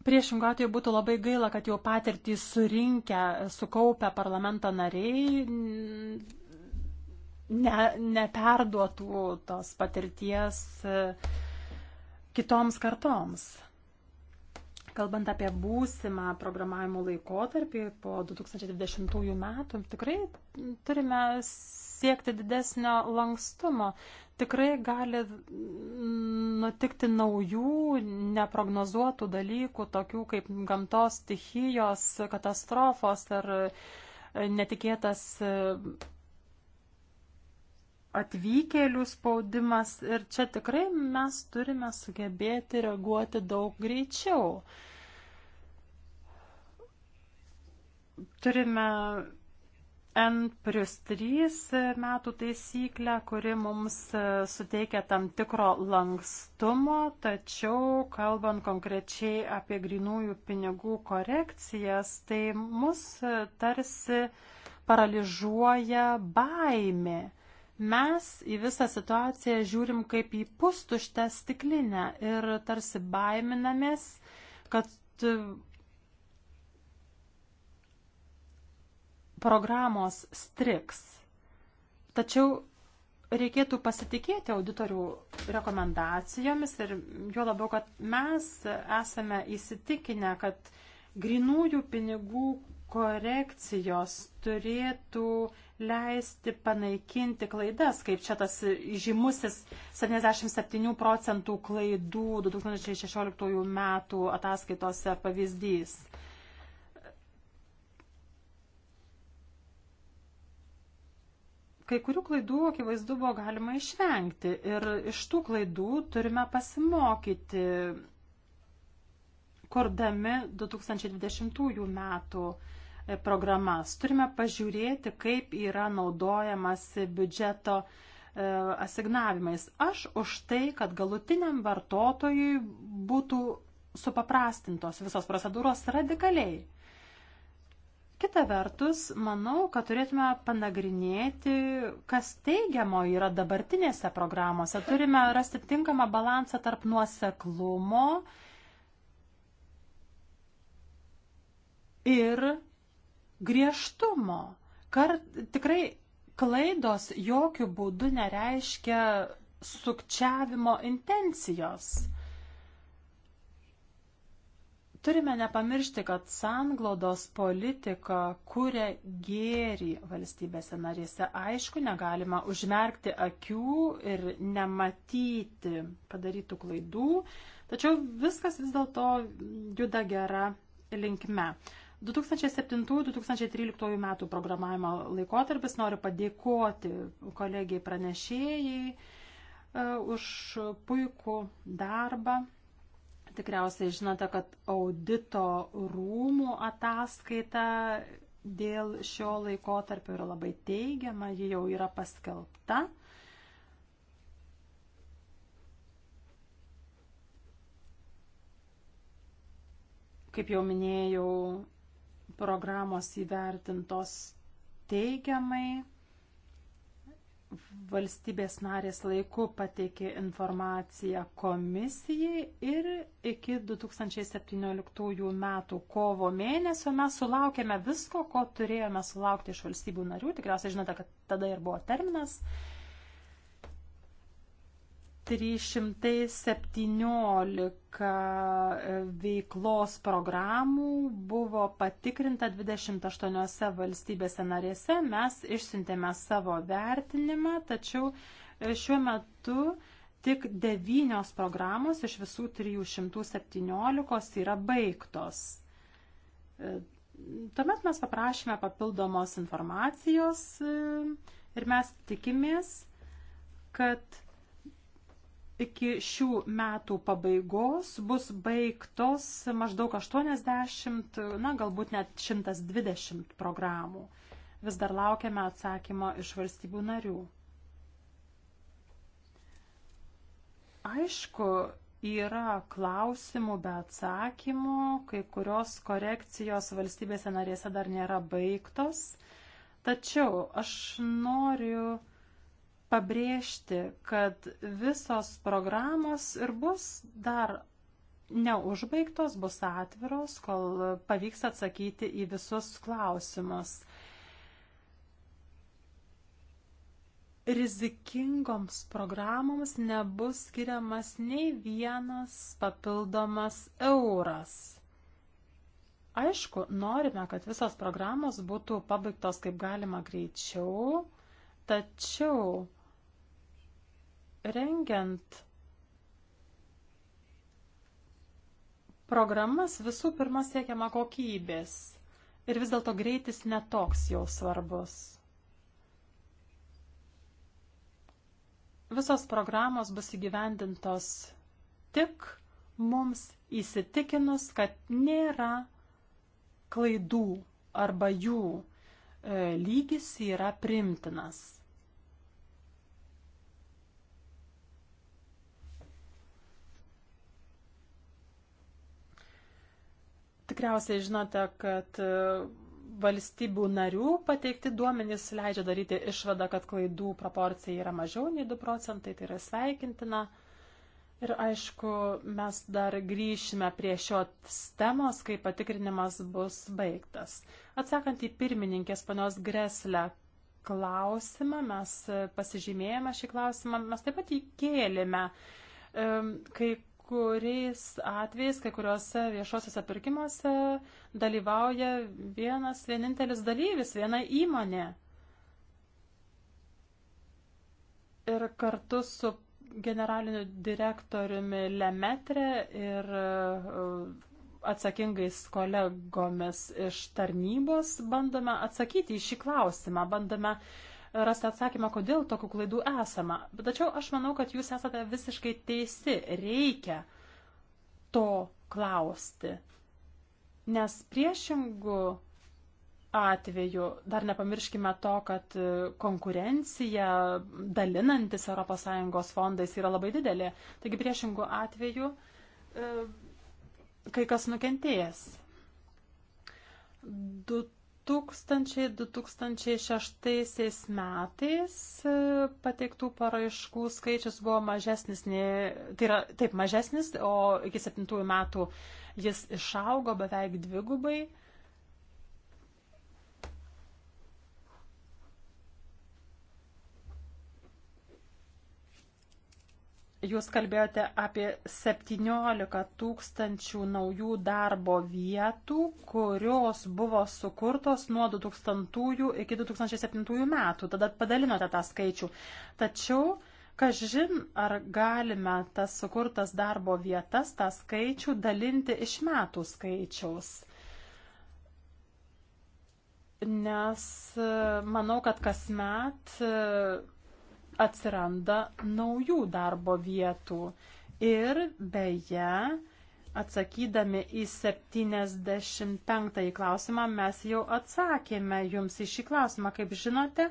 Priešingų atveju būtų labai gaila, kad jau patirtį surinkę, sukaupę parlamento nariai ne, neperduotų tos patirties e, kitoms kartoms. Kalbant apie būsimą programavimo laikotarpį po 2020 metų, tikrai turime siekti didesnio lankstumo. Tikrai gali nutikti naujų, neprognozuotų dalykų, tokių kaip gamtos stichijos, katastrofos ar e, netikėtas e, atvykėlių spaudimas ir čia tikrai mes turime sugebėti reaguoti daug greičiau. Turime N plus 3 metų taisyklę, kuri mums e, suteikia tam tikro lankstumo, tačiau kalbant konkrečiai apie grinųjų pinigų korekcijas, tai mus e, tarsi paralyžuoja baimė. Mes į visą situaciją žiūrim kaip į pustuštę stiklinę ir tarsi baiminamės, kad programos striks. Tačiau reikėtų pasitikėti auditorių rekomendacijomis ir jo labiau, kad mes esame įsitikinę, kad grinųjų pinigų korekcijos turėtų leisti panaikinti klaidas, kaip čia tas žymusis 77 procentų klaidų 2016 metų ataskaitose pavyzdys. Kai kurių klaidų akivaizdu buvo galima išvengti ir iš tų klaidų turime pasimokyti, kurdami 2020 metų e, programas. Turime pažiūrėti, kaip yra naudojamas biudžeto e, asignavimais. Aš už tai, kad galutiniam vartotojui būtų supaprastintos visos procedūros radikaliai. Kita vertus, manau, kad turėtume panagrinėti, kas teigiamo yra dabartinėse programuose. Turime rasti tinkamą balansą tarp nuoseklumo ir griežtumo. Kar, tikrai klaidos jokių būdų nereiškia sukčiavimo intencijos. Turime nepamiršti, kad sanglodos politika kuria gėrį valstybėse narėse. Aišku, negalima užmerkti akių ir nematyti padarytų klaidų, tačiau viskas vis dėlto juda gera linkme. 2007-2013 metų programavimo laikotarpis noriu padėkoti kolegijai pranešėjai e, už puikų darbą. Tikriausiai žinote, kad audito rūmų ataskaita dėl šio laiko tarp yra labai teigiama, ji jau yra paskelbta. Kaip jau minėjau, programos įvertintos teigiamai valstybės narės laiku pateikė informaciją komisijai ir iki 2017 metų kovo mėnesio mes sulaukėme visko, ko turėjome sulaukti iš valstybių narių. Tikriausiai žinote, kad tada ir buvo terminas. Uh, 317 veiklos programų buvo patikrinta 28 valstybėse narėse. Mes išsintėme savo vertinimą, tačiau e, šiuo metu tik 9 programos iš visų 317 yra baigtos. E, tuomet mes paprašėme papildomos informacijos e, ir mes tikimės, kad iki šių metų pabaigos bus baigtos maždaug 80, na galbūt net 120 programų. Vis dar laukiame atsakymo iš valstybių narių. Aišku, yra klausimų be atsakymų, kai kurios korekcijos valstybėse narėse dar nėra baigtos. Tačiau aš noriu pabrėžti, kad visos programos ir bus dar neužbaigtos, bus atviros, kol pavyks atsakyti į visus klausimus. Rizikingoms programoms nebus skiriamas nei vienas papildomas euras. Aišku, norime, kad visos programos būtų pabaigtos kaip galima greičiau, tačiau rengiant programas visų pirma siekiama kokybės ir vis dėlto greitis netoks jau svarbus. Visos programos bus įgyvendintos tik mums įsitikinus, kad nėra klaidų arba jų e, lygis yra primtinas. Tikriausiai žinote, kad e, valstybių narių pateikti duomenys leidžia daryti išvadą, kad klaidų proporcija yra mažiau nei 2 procentai, tai yra sveikintina. Ir aišku, mes dar grįšime prie šios temos, kai patikrinimas bus baigtas. Atsakant į pirmininkės panios Greslę klausimą, mes pasižymėjome šį klausimą, mes taip pat jį kėlėme, kai kuriais atvejais, kai kuriuose viešuosiuose pirkimuose dalyvauja vienas vienintelis dalyvis, viena įmonė. Ir kartu su generaliniu direktoriumi Lemetre ir uh, atsakingais kolegomis iš tarnybos bandome atsakyti į šį klausimą, bandome uh, rasti atsakymą, kodėl tokių klaidų esama. Bet tačiau aš manau, kad jūs esate visiškai teisi. Reikia to klausti. Nes priešingų atveju dar nepamirškime to, kad konkurencija dalinantis ES fondais yra labai didelė. Taigi priešingų atveju e, kai kas nukentėjęs. 2000 2000-2006 metais e, pateiktų paraiškų skaičius buvo mažesnis, nei, tai yra taip mažesnis, o iki 7 metų jis išaugo beveik dvigubai. Jūs kalbėjote apie 17 tūkstančių naujų darbo vietų, kurios buvo sukurtos nuo 2000 iki 2007 metų. Tada padalinote tą skaičių. Tačiau, kažin, ar galime tas sukurtas darbo vietas, tą skaičių dalinti iš metų skaičiaus. Nes e, manau, kad kasmet e, atsiranda naujų darbo vietų. Ir beje, atsakydami į 75 klausimą, mes jau atsakėme jums į šį klausimą. Kaip žinote,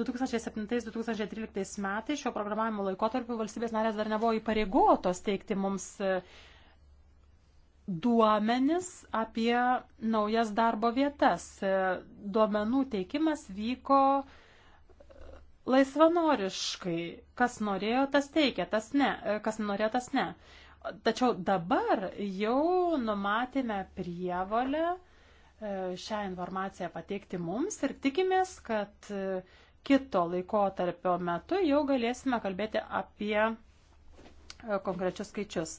2007-2013 metais šio programavimo laikotarpiu valstybės narės dar nebuvo įpareigotos teikti mums e, duomenis apie naujas darbo vietas. E, duomenų teikimas vyko laisvanoriškai. Kas norėjo, tas teikė, tas ne, e, kas norėjo, tas ne. Tačiau dabar jau numatėme prievalę e, šią informaciją pateikti mums ir tikimės, kad e, kito laiko tarpio metu jau galėsime kalbėti apie konkrečius skaičius.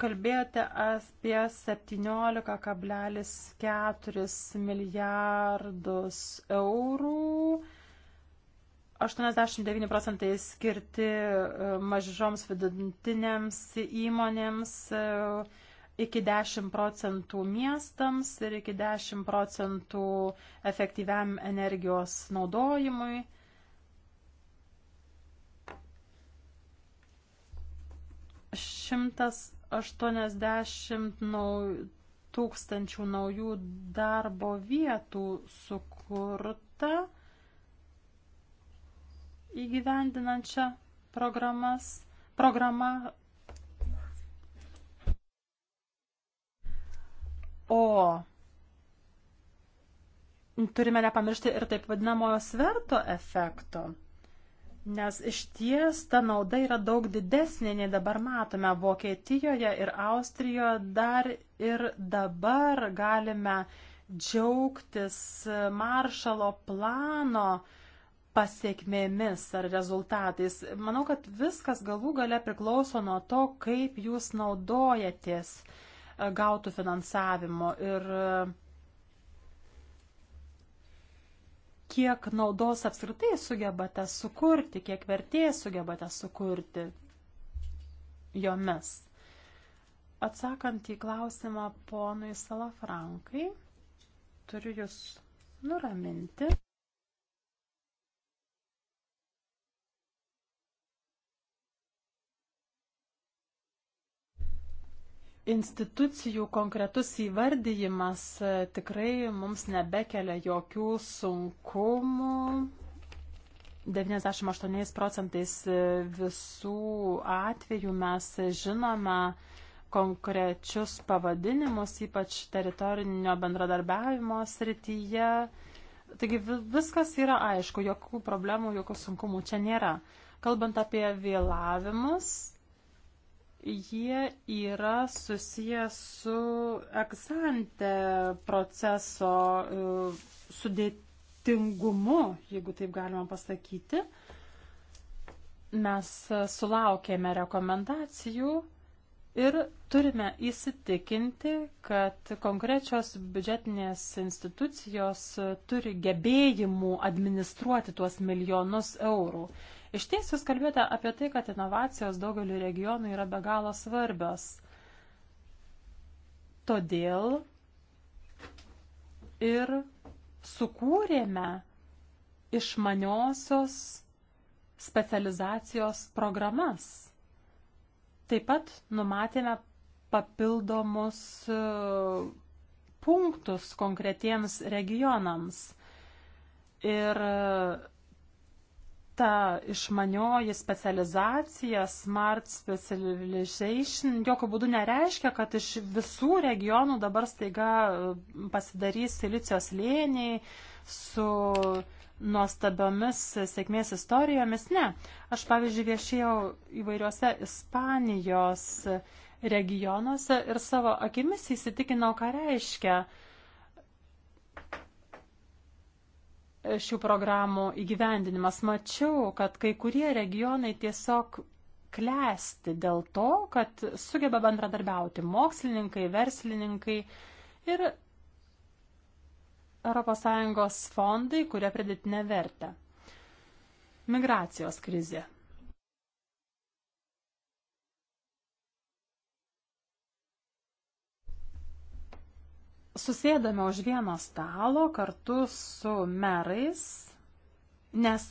Kalbėjote apie 17,4 milijardus eurų 89 procentai skirti e, mažoms vidutinėms įmonėms, e, iki 10 procentų miestams ir iki 10 procentų efektyviam energijos naudojimui. Šimtas 80 nau, tūkstančių naujų darbo vietų sukurta įgyvendinančia programas, programa. O turime nepamiršti ir taip vadinamojo sverto efekto, nes iš ties ta nauda yra daug didesnė nei dabar matome. Vokietijoje ir Austrijoje dar ir dabar galime džiaugtis maršalo plano uh, pasiekmėmis ar rezultatais. Manau, kad viskas galų gale priklauso nuo to, kaip jūs naudojatės e, gautų finansavimo ir e, kiek naudos apskritai sugebate sukurti, kiek vertės sugebate sukurti jomis. Atsakant į klausimą ponui Salafrankai, turiu jūs nuraminti. institucijų konkretus įvardyjimas e, tikrai mums nebekelia jokių sunkumų. 98 procentais e, visų atvejų mes žinome konkrečius pavadinimus, ypač teritorinio bendradarbiavimo srityje. Taigi viskas yra aišku, jokių problemų, jokių sunkumų čia nėra. Kalbant apie vėlavimus, jie yra susiję su egzante proceso e, sudėtingumu, jeigu taip galima pasakyti. Mes sulaukėme rekomendacijų ir turime įsitikinti, kad konkrečios biudžetinės institucijos turi gebėjimų administruoti tuos milijonus eurų. Iš ties jūs kalbėjote apie tai, kad inovacijos daugeliu regionų yra be galo svarbios. Todėl ir sukūrėme išmaniosios specializacijos programas. Taip pat numatėme papildomus e, punktus konkretiems regionams. Ir e, ta išmanioji specializacija, smart specialization, jokių būdų nereiškia, kad iš visų regionų dabar staiga e, pasidarys silicijos lėniai su uh, nuostabiomis sėkmės istorijomis. Ne, aš pavyzdžiui viešėjau įvairiuose Ispanijos regionuose ir savo akimis įsitikinau, ką reiškia šių programų įgyvendinimas. Mačiau, kad kai kurie regionai tiesiog klesti dėl to, kad sugeba bendradarbiauti mokslininkai, verslininkai ir ES fondai, kurie pridėtinę vertę. Migracijos krizė. Susėdame už vieno stalo kartu su merais, nes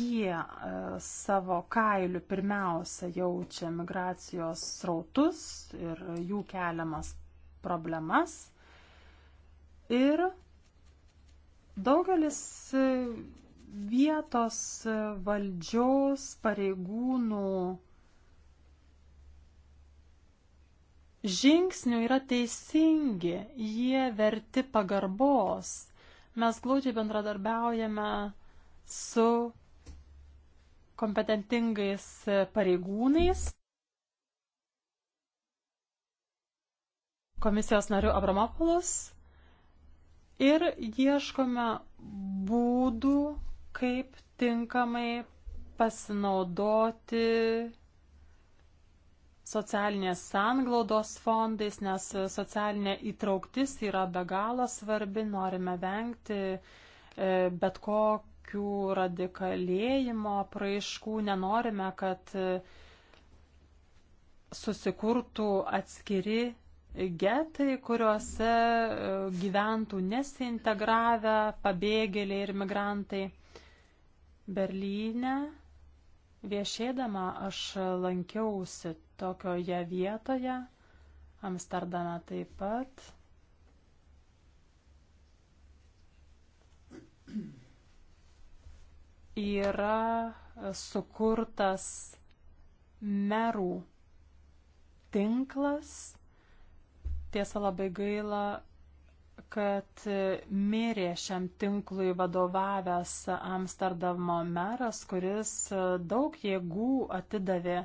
jie e, savo kailiu pirmiausia jaučia migracijos srautus ir jų keliamas problemas. Ir Daugelis e, vietos e, valdžios pareigūnų žingsnių yra teisingi, jie verti pagarbos. Mes glaudžiai bendradarbiaujame su kompetentingais e, pareigūnais. Komisijos nariu Abramopoulos ir ieškome būdų, kaip tinkamai pasinaudoti socialinės sanglaudos fondais, nes socialinė įtrauktis yra be galo svarbi, norime vengti e, bet kokių radikalėjimo praiškų, nenorime, kad e, susikurtų atskiri getai, kuriuose e, gyventų nesiintegravę pabėgėliai ir migrantai. Berlyne viešėdama aš lankiausi tokioje vietoje, Amsterdame taip pat. Yra sukurtas merų tinklas Tiesa labai gaila, kad mirė šiam tinklui vadovavęs Amsterdamo meras, kuris daug jėgų atidavė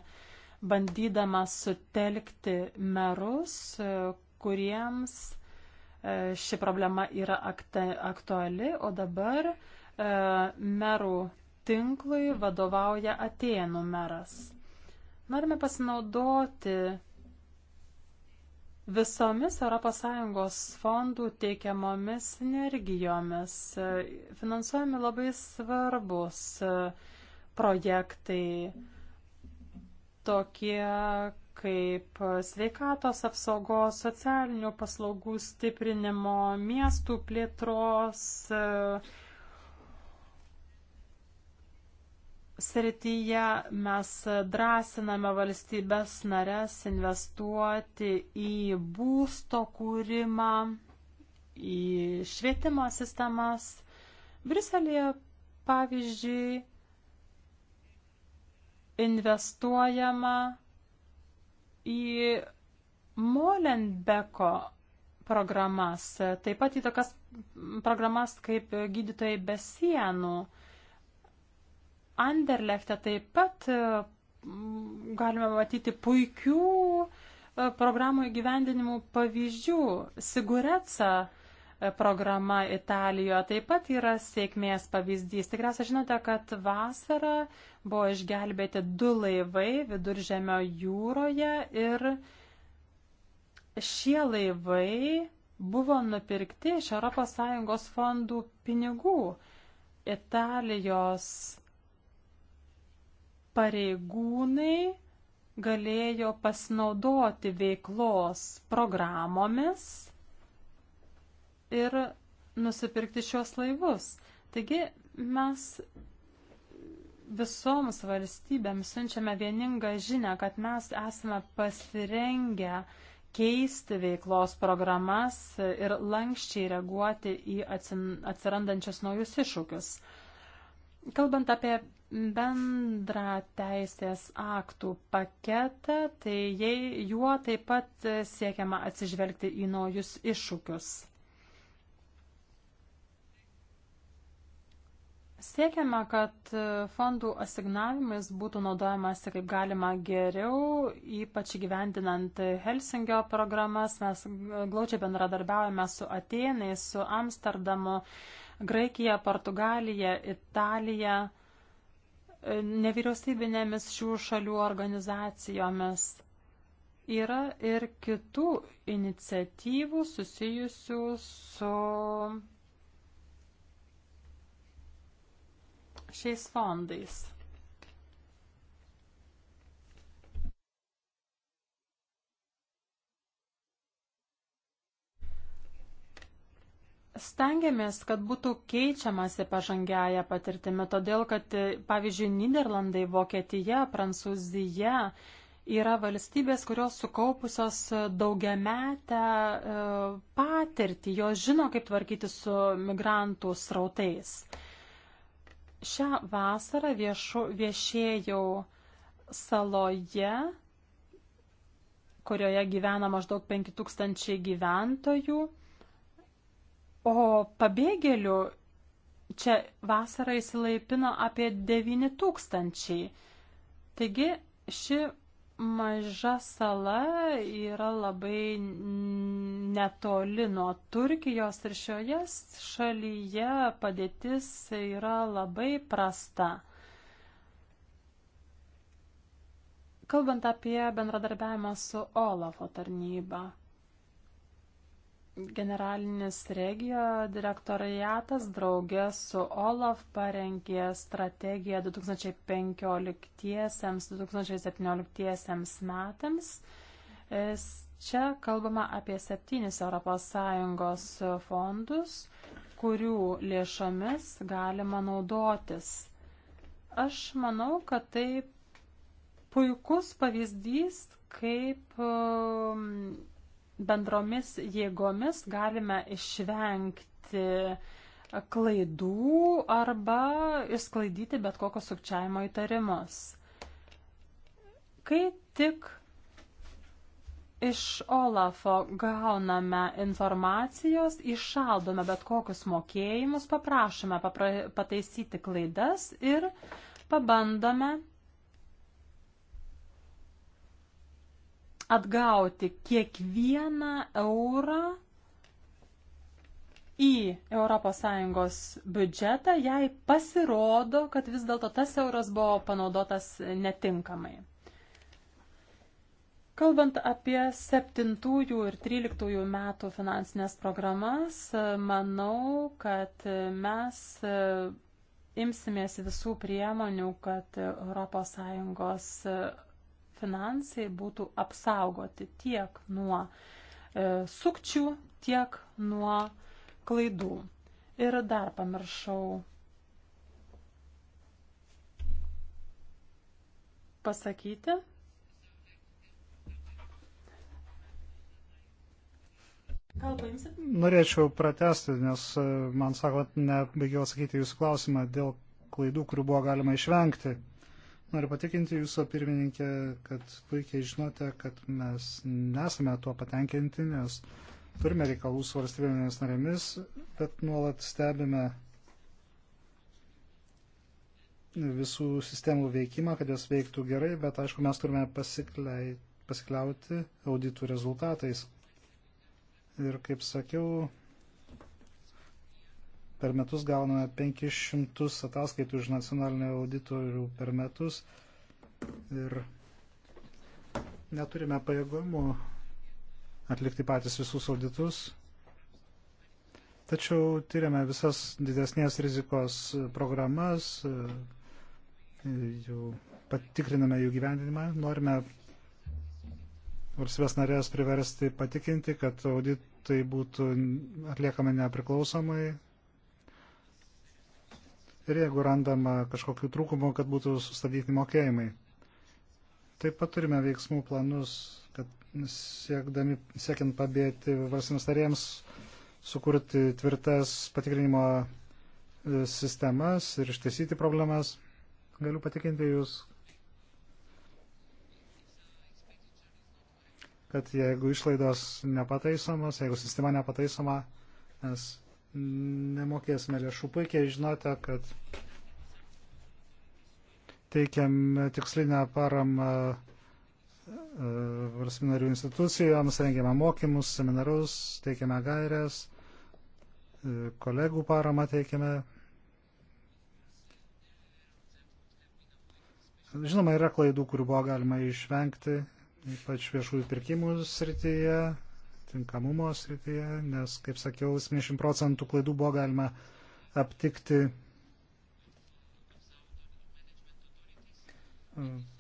bandydamas sutelkti merus, kuriems e, ši problema yra aktuali, o dabar e, merų tinklui vadovauja Atenų meras. Norime pasinaudoti visomis ES fondų teikiamomis sinergijomis. Finansuojami labai svarbus e, projektai, tokie kaip sveikatos apsaugos, socialinių paslaugų stiprinimo, miestų plėtros, e, srityje mes drąsiname valstybės nares investuoti į būsto kūrimą, į švietimo sistemas. Briselėje, pavyzdžiui, investuojama į Molenbeko programas, taip pat į tokias programas kaip gydytojai be sienų. Anderlechte taip pat e, galime matyti puikių e, programų įgyvendinimų pavyzdžių. Sigureca e, programa Italijoje taip pat yra sėkmės pavyzdys. Tikriausiai žinote, kad vasarą buvo išgelbėti du laivai viduržemio jūroje ir šie laivai buvo nupirkti iš ES fondų pinigų. Italijos pareigūnai galėjo pasinaudoti veiklos programomis ir nusipirkti šios laivus. Taigi mes visoms valstybėms siunčiame vieningą žinę, kad mes esame pasirengę keisti veiklos programas ir lankščiai reaguoti į atsirandančius naujus iššūkius. Kalbant apie bendrą teisės aktų paketą, tai jei juo taip pat siekiama atsižvelgti į naujus iššūkius. Siekiama, kad fondų asignavimais būtų naudojamasi kaip galima geriau, ypač gyvendinant Helsingio programas. Mes glaučiai bendradarbiaujame su Atenais, su Amsterdamu, Graikija, Portugalija, Italija nevyriausybinėmis šių šalių organizacijomis. Yra ir kitų iniciatyvų susijusių su šiais fondais. Stengiamės, kad būtų keičiamasi pažangiaja patirtimi, todėl kad, pavyzdžiui, Niderlandai, Vokietija, Prancūzija yra valstybės, kurios sukaupusios daugiametę e, patirtį, jos žino, kaip tvarkyti su migrantų srautais. Šią vasarą viešu, viešėjau saloje, kurioje gyvena maždaug 5000 gyventojų. O pabėgėlių čia vasarą įsilaipino apie 9 tūkstančiai. Taigi ši maža sala yra labai netoli nuo Turkijos ir šioje šalyje padėtis yra labai prasta. Kalbant apie bendradarbiavimą su Olafo tarnyba, generalinis regio direktoriatas draugė su OLAF parengė strategiją 2015-2017 metams. Čia kalbama apie septynis ES fondus, kurių lėšomis galima naudotis. Aš manau, kad tai puikus pavyzdys, kaip bendromis jėgomis galime išvengti klaidų arba išsklaidyti bet kokios sukčiavimo įtarimus. Kai tik iš Olafo gauname informacijos, iššaldome bet kokius mokėjimus, paprašome papra pataisyti klaidas ir pabandome atgauti kiekvieną eurą į ES biudžetą, jei pasirodo, kad vis dėlto tas euras buvo panaudotas netinkamai. Kalbant apie 7 ir 13 metų finansinės programas, manau, kad mes imsimės visų priemonių, kad ES finansai būtų apsaugoti tiek nuo e, sukčių, tiek nuo klaidų. Ir dar pamiršau pasakyti. Norėčiau pratesti, nes e, man sakot, nebaigiau atsakyti jūsų klausimą dėl klaidų, kurių buvo galima išvengti. Noriu patikinti jūsų pirmininkę, kad puikiai žinote, kad mes nesame tuo patenkinti, nes turime reikalų su valstybėmis narėmis, bet nuolat stebime visų sistemų veikimą, kad jos veiktų gerai, bet aišku, mes turime pasikliauti auditų rezultatais. Ir kaip sakiau, per metus gauname 500 ataskaitų iš nacionalinio auditorių per metus ir neturime pajėgumų atlikti patys visus auditus. Tačiau tyriame visas didesnės rizikos programas, jų patikriname jų gyvendinimą, norime valstybės narės priversti patikinti, kad auditai būtų atliekami nepriklausomai, ir jeigu randama kažkokių trūkumų, kad būtų sustabdyti mokėjimai. Taip pat turime veiksmų planus, kad siekdami, siekiant pabėti valstybės tariems sukurti tvirtas patikrinimo e, sistemas ir ištaisyti problemas. Galiu patikinti Jūs, kad jeigu išlaidos nepataisomos, jeigu sistema nepataisoma, mes nemokėsime lėšų. Puikiai žinote, kad teikiam tikslinę paramą e, valstybinarių institucijoms, rengiame mokymus, seminarus, teikiame gairias, e, kolegų paramą teikiame. Žinoma, yra klaidų, kurių buvo galima išvengti, ypač viešųjų pirkimų srityje, tinkamumo srityje, nes, kaip sakiau, 70 procentų klaidų buvo galima aptikti e,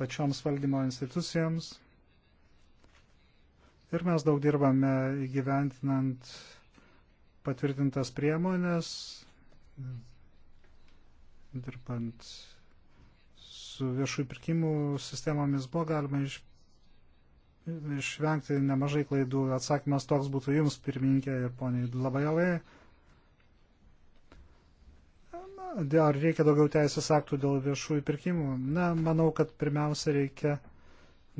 pačioms valdymo institucijoms. Ir mes daug dirbame įgyventinant patvirtintas priemonės, dirbant su viešųjų pirkimų sistemomis buvo galima iš išvengti nemažai klaidų. Atsakymas toks būtų jums, pirmininkė ir poniai Labajovai. Ar reikia daugiau teisės aktų dėl viešųjų pirkimų? Na, manau, kad pirmiausia reikia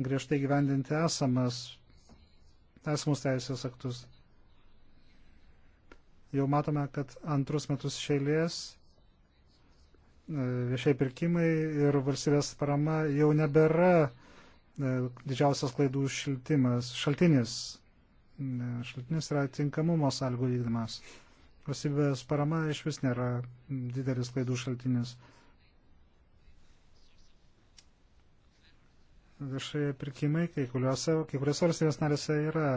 griežtai gyvendinti esamas, esamus teisės aktus. Jau matome, kad antrus metus šeilės e, viešiai pirkimai ir valstybės parama jau nebėra E, didžiausias klaidų šiltimas, šaltinis. E, šaltinis yra tinkamumo sąlygų vykdymas. Valstybės parama iš vis nėra didelis klaidų šaltinis. Viešai pirkimai kai kuriuose, kai kuriuose valstybės narėse yra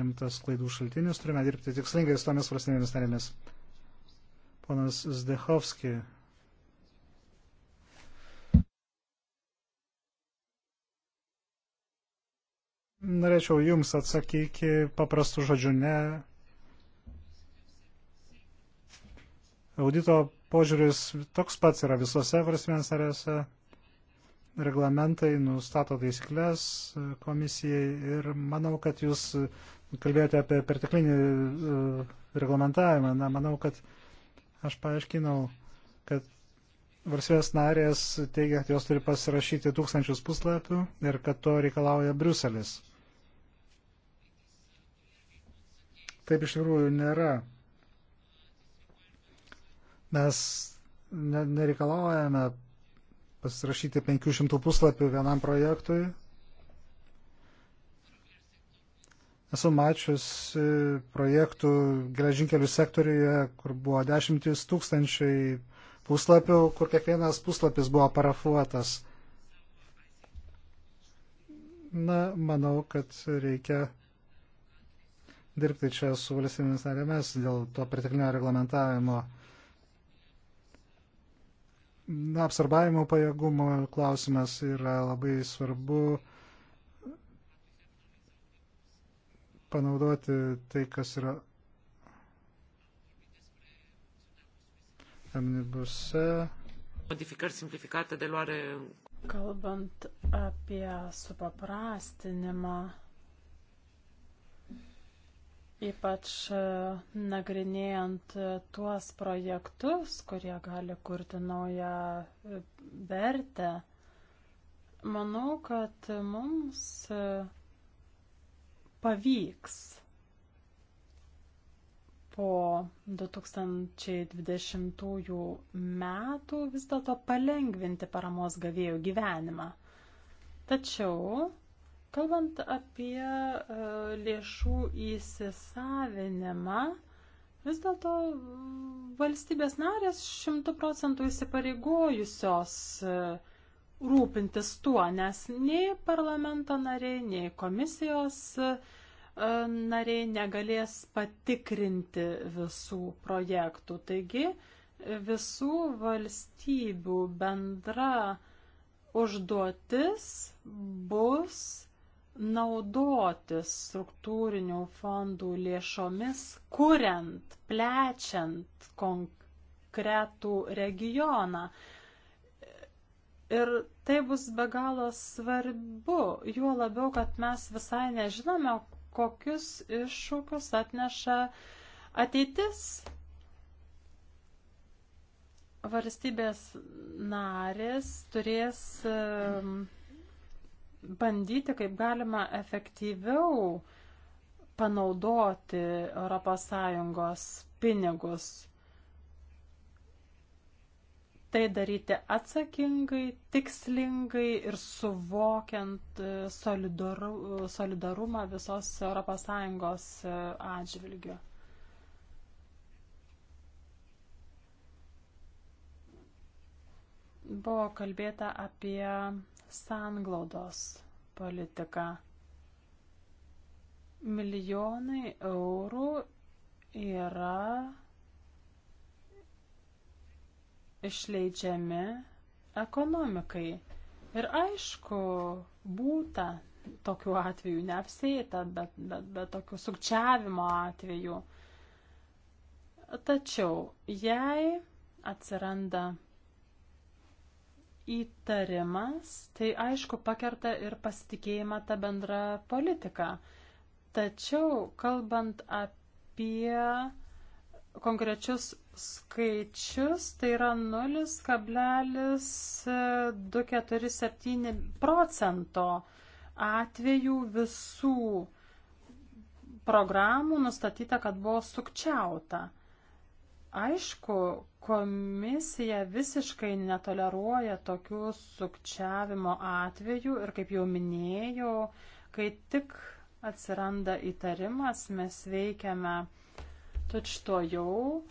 rimtas klaidų šaltinis. Turime dirbti tikslingai su tomis valstybėmis narėmis. Ponas Zdechovski Norėčiau Jums atsakyti paprastų žodžių ne. Audito požiūris toks pats yra visose valstybės narėse. Reglamentai nustato taisyklės komisijai ir manau, kad Jūs kalbėjote apie perteklinį e, reglamentavimą. Na, manau, kad aš paaiškinau, kad Varsvės narės teigia, kad jos turi pasirašyti tūkstančius puslapių ir kad to reikalauja Bruselis. Taip iš tikrųjų nėra. Mes nereikalaujame pasirašyti 500 puslapių vienam projektui. Esu mačius projektų geležinkelių sektoriuje, kur buvo dešimtis tūkstančiai puslapių, kur kiekvienas puslapis buvo parafuotas. Na, manau, kad reikia dirbti čia su valstybėmis narėmis dėl to priteklinio reglamentavimo. Na, apsarbavimo pajėgumo klausimas yra labai svarbu panaudoti tai, kas yra omnibuse. Modificări simplificate de luare. Kalbant apie supaprastinimą ypač e, nagrinėjant e, tuos projektus, kurie gali kurti naują e, vertę. Manau, kad mums pavyks po 2020 metų vis dėlto palengvinti paramos gavėjų gyvenimą. Tačiau Kalbant apie e, lėšų įsisavinimą, vis dėlto mm, valstybės narės šimtų procentų įsipareigojusios e, rūpintis tuo, nes nei parlamento nariai, nei komisijos e, nariai negalės patikrinti visų projektų. Taigi visų valstybių bendra užduotis bus naudotis struktūrinių fondų lėšomis, kuriant, plečiant konkretų regioną. Ir tai bus be galo svarbu, juo labiau, kad mes visai nežinome, kokius iššūkius atneša ateitis. Varstybės narės turės. Um, bandyti kaip galima efektyviau panaudoti ES pinigus. Tai daryti atsakingai, tikslingai ir suvokiant e, solidaru, solidarumą visos ES e, atžvilgiu. Buvo kalbėta apie sanglaudos politiką. Milijonai eurų yra išleidžiami ekonomikai. Ir aišku, būta tokių atvejų neapsėta, bet, bet, bet tokių sukčiavimo atvejų. Tačiau, jei atsiranda įtarimas, tai aišku pakerta ir pasitikėjimą tą bendrą politiką. Tačiau, kalbant apie konkrečius skaičius, tai yra 0,247 procento atvejų visų programų nustatyta, kad buvo sukčiauta. Aišku, komisija visiškai netoleruoja tokių sukčiavimo atvejų ir, kaip jau minėjau, kai tik atsiranda įtarimas, mes veikiame tučto jau.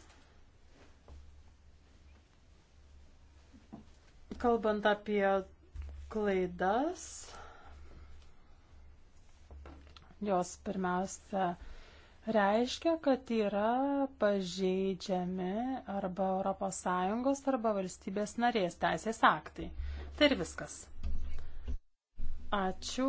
Kalbant apie klaidas, jos pirmiausia reiškia, kad yra pažeidžiami arba ES arba valstybės narės teisės aktai. Tai ir viskas. Ačiū.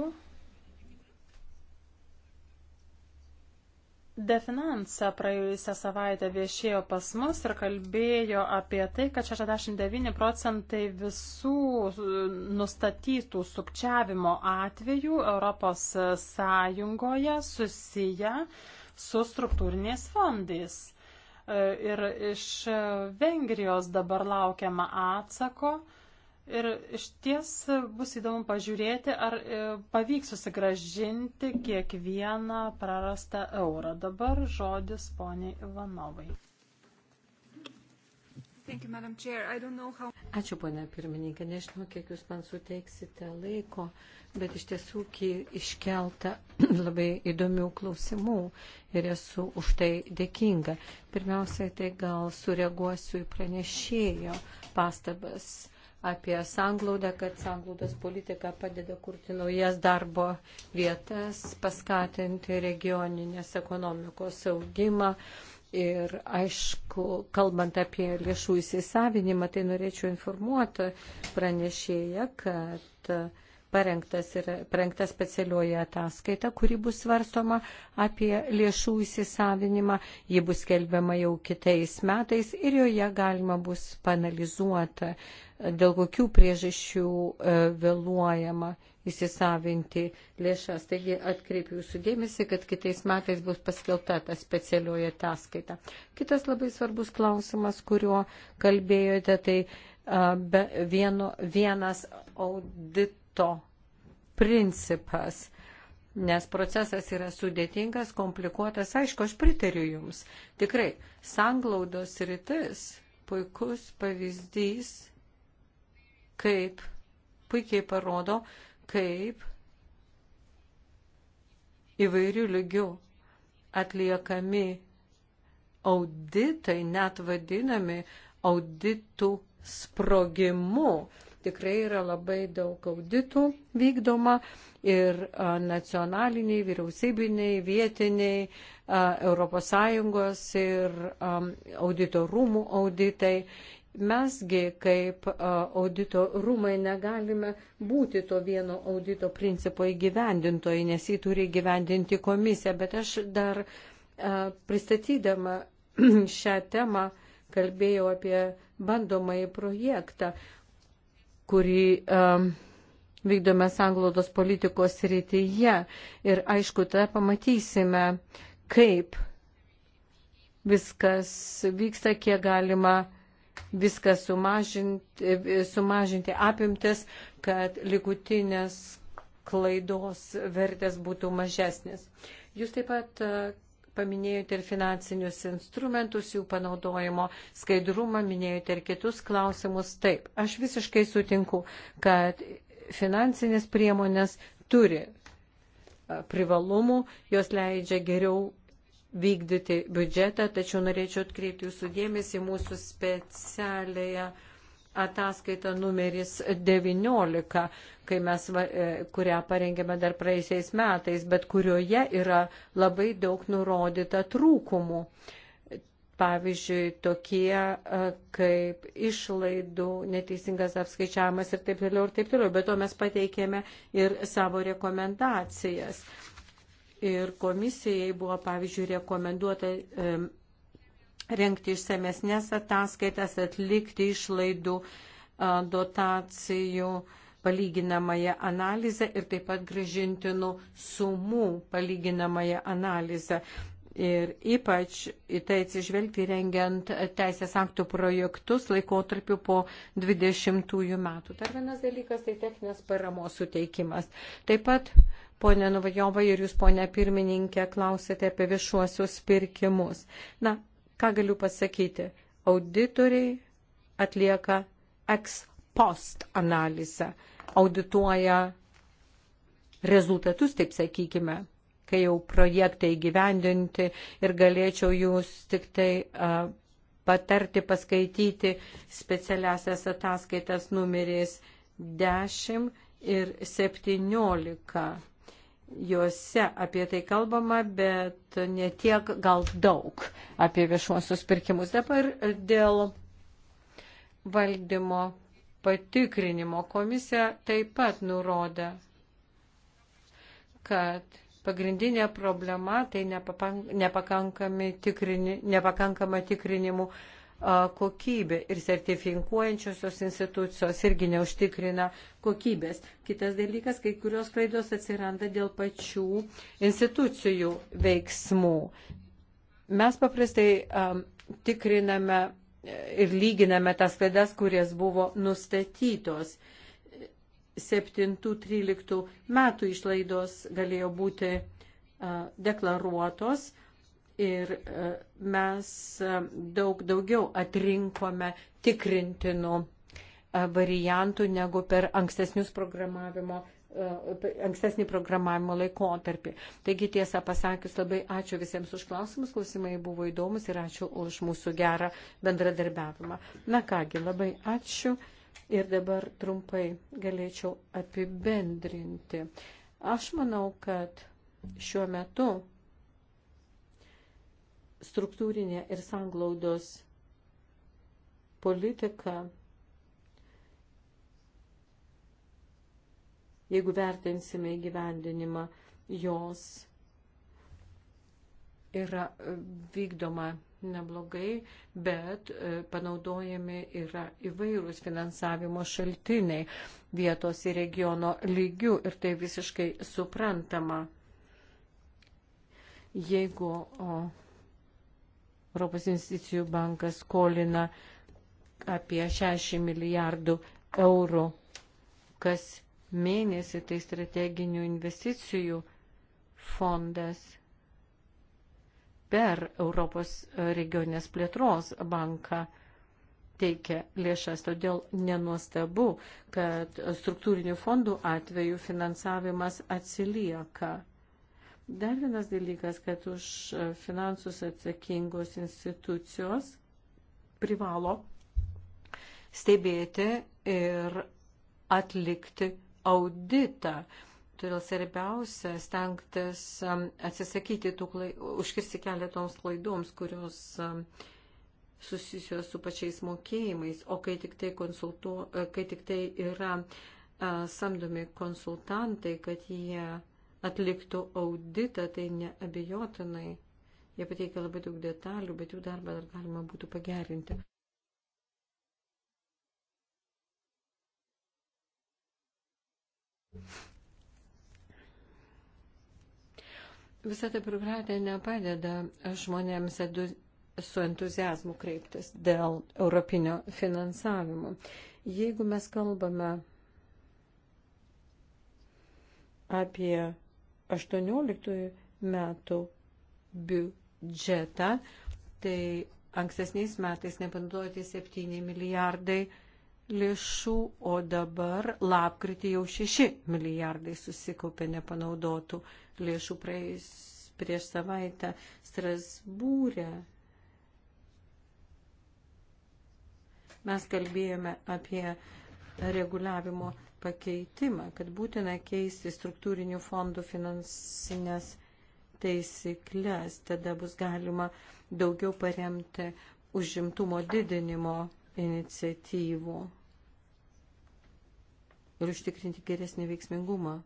Definansa praėjusią savaitę viešėjo pas mus ir kalbėjo apie tai, kad 69 procentai visų nustatytų sukčiavimo atvejų Europos Sąjungoje susiję uh, su struktūriniais fondais. E, ir iš Vengrijos dabar laukiama atsako. Ir iš ties bus įdomu pažiūrėti, ar e, pavyks susigražinti kiekvieną prarastą eurą. Dabar žodis poniai Ivanovai. Ačiū, ponia pirmininkė, nežinau, kiek jūs man suteiksite laiko, bet iš tiesų iškelta labai įdomių klausimų ir esu už tai dėkinga. Pirmiausia, tai gal sureaguosiu į pranešėjo pastabas apie sanglaudą, kad sanglaudos politika padeda kurti naujas darbo vietas, paskatinti regioninės ekonomikos augimą Ir aišku, kalbant apie lėšų įsisavinimą, tai norėčiau informuoti pranešėją, kad parengtas, yra, parengta specialioji ataskaita, kuri bus svarstoma apie lėšų įsisavinimą. Ji bus kelbiama jau kitais metais ir joje galima bus panalizuoti, dėl kokių priežasčių e, vėluojama įsisavinti lėšas. Taigi atkreipiu jūsų dėmesį, kad kitais metais bus paskelta ta specialioji ataskaita. Kitas labai svarbus klausimas, kuriuo kalbėjote, tai be, vieno, vienas audito principas nes procesas yra sudėtingas, komplikuotas. Aišku, aš pritariu Jums. Tikrai, sanglaudos rytis puikus pavyzdys, kaip puikiai parodo, kaip įvairių lygių atliekami auditai, net vadinami auditų sprogimu. Tikrai yra labai daug auditų vykdoma ir a, nacionaliniai, vyriausybiniai, vietiniai, a, ES ir a, audito rūmų auditai. Mesgi kaip audito rūmai negalime būti to vieno audito principo įgyvendintojai, nes jį turi įgyvendinti komisija. Bet aš dar pristatydama šią temą kalbėjau apie bandomąjį projektą, kurį vykdome sanglodos politikos rytyje. Ir aišku, tada pamatysime, kaip viskas vyksta, kiek galima viską sumažinti, e, sumažinti apimtis, kad likutinės klaidos vertės būtų mažesnės. Jūs taip pat e, paminėjote ir finansinius instrumentus, jų panaudojimo skaidrumą, minėjote ir kitus klausimus. Taip, aš visiškai sutinku, kad finansinės priemonės turi e, privalumų, jos leidžia geriau vykdyti biudžetą, tačiau norėčiau atkreipti jūsų dėmesį mūsų specialiąją ataskaitą numeris 19, kai mes, e, kurią parengėme dar praeisiais metais, bet kurioje yra labai daug nurodyta trūkumų. Pavyzdžiui, tokie e, kaip išlaidų, neteisingas apskaičiavimas ir taip toliau ir taip toliau, bet to mes pateikėme ir savo rekomendacijas ir komisijai buvo, pavyzdžiui, rekomenduota e, renkti išsamesnės ataskaitas, atlikti išlaidų, e, dotacijų, palyginamąją analizę ir taip pat gražintinų sumų palyginamąją analizę. Ir ypač į tai atsižvelgti rengiant teisės aktų projektus laikotarpiu po 20 metų. Dar vienas dalykas tai techninės paramos suteikimas. Taip pat Pone Nuvajovai ir jūs, ponė pirmininkė, klausėte apie viešuosius pirkimus. Na, ką galiu pasakyti? Auditoriai atlieka ex post analizę, audituoja rezultatus, taip sakykime, kai jau projektai įgyvendinti ir galėčiau jūs tik tai uh, patarti paskaityti specialiasias ataskaitas numeris 10 ir 17 juose apie tai kalbama, bet netiek gal daug apie viešuosius pirkimus. Dabar dėl valdymo patikrinimo komisija taip pat nurodė, kad pagrindinė problema tai nepakankami tikrini, nepakankama tikrinimų kokybė ir sertifikuojančiosios institucijos irgi neužtikrina kokybės. Kitas dalykas, kai kurios klaidos atsiranda dėl pačių institucijų veiksmų. Mes paprastai um, tikriname ir lyginame tas klaidas, kurias buvo nustatytos. 7-13 metų išlaidos galėjo būti uh, deklaruotos, ir e, mes e, daug daugiau atrinkome tikrintinų e, variantų negu per ankstesnius programavimo ankstesnį programavimo laikotarpį. Taigi tiesą pasakius, labai ačiū visiems už klausimus, klausimai buvo įdomus ir ačiū už mūsų gerą bendradarbiavimą. Na kągi, labai ačiū ir dabar trumpai galėčiau apibendrinti. Aš manau, kad šiuo metu struktūrinė ir sanglaudos politika, jeigu vertinsime įgyvendinimą, jos yra e, vykdoma neblogai, bet e, panaudojami yra įvairūs finansavimo šaltiniai vietos ir regiono lygių ir tai visiškai suprantama. Jeigu o, Europos investicijų bankas skolina apie 60 milijardų eurų kas mėnesį, tai strateginių investicijų fondas per Europos regionės plėtros banką teikia lėšas. Todėl nenuostabu, kad struktūrinių fondų atveju finansavimas atsilieka. Dar vienas dalykas, kad už e, finansus atsakingos institucijos privalo stebėti ir atlikti auditą. Todėl svarbiausia stengtis e, atsisakyti tų klaidų, užkirsti keliatoms klaidoms, kurios e, susijusios su pačiais mokėjimais, o kai tik tai, konsultu, kai tik tai yra samdomi konsultantai, kad jie atliktų auditą, tai neabejotinai. Jie pateikia labai daug detalių, bet jų darbą dar galima būtų pagerinti. Visą tą biurokratiją nepadeda žmonėms edu, su entuzijazmu kreiptis dėl europinio finansavimo. Jeigu mes kalbame apie 18 metų biudžetą, tai ankstesniais metais nepanaudoti 7 milijardai lėšų, o dabar lapkritį jau 6 milijardai susikaupė nepanaudotų lėšų praėjus prieš savaitę Strasbūrė. Mes kalbėjome apie reguliavimo pakeitimą, kad būtina keisti struktūrinių fondų finansinės taisyklės, tada bus galima daugiau paremti užimtumo didinimo iniciatyvų ir užtikrinti geresnį veiksmingumą.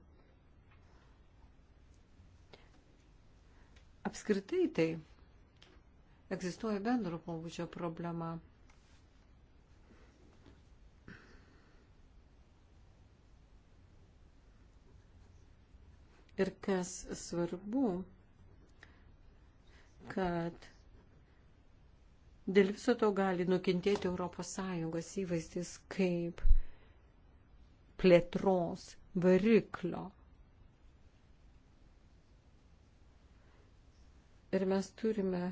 Apskritai tai egzistuoja bendro pobūdžio problema Ir kas svarbu, kad dėl viso to gali nukentėti ES įvaizdis kaip plėtros variklio. Ir mes turime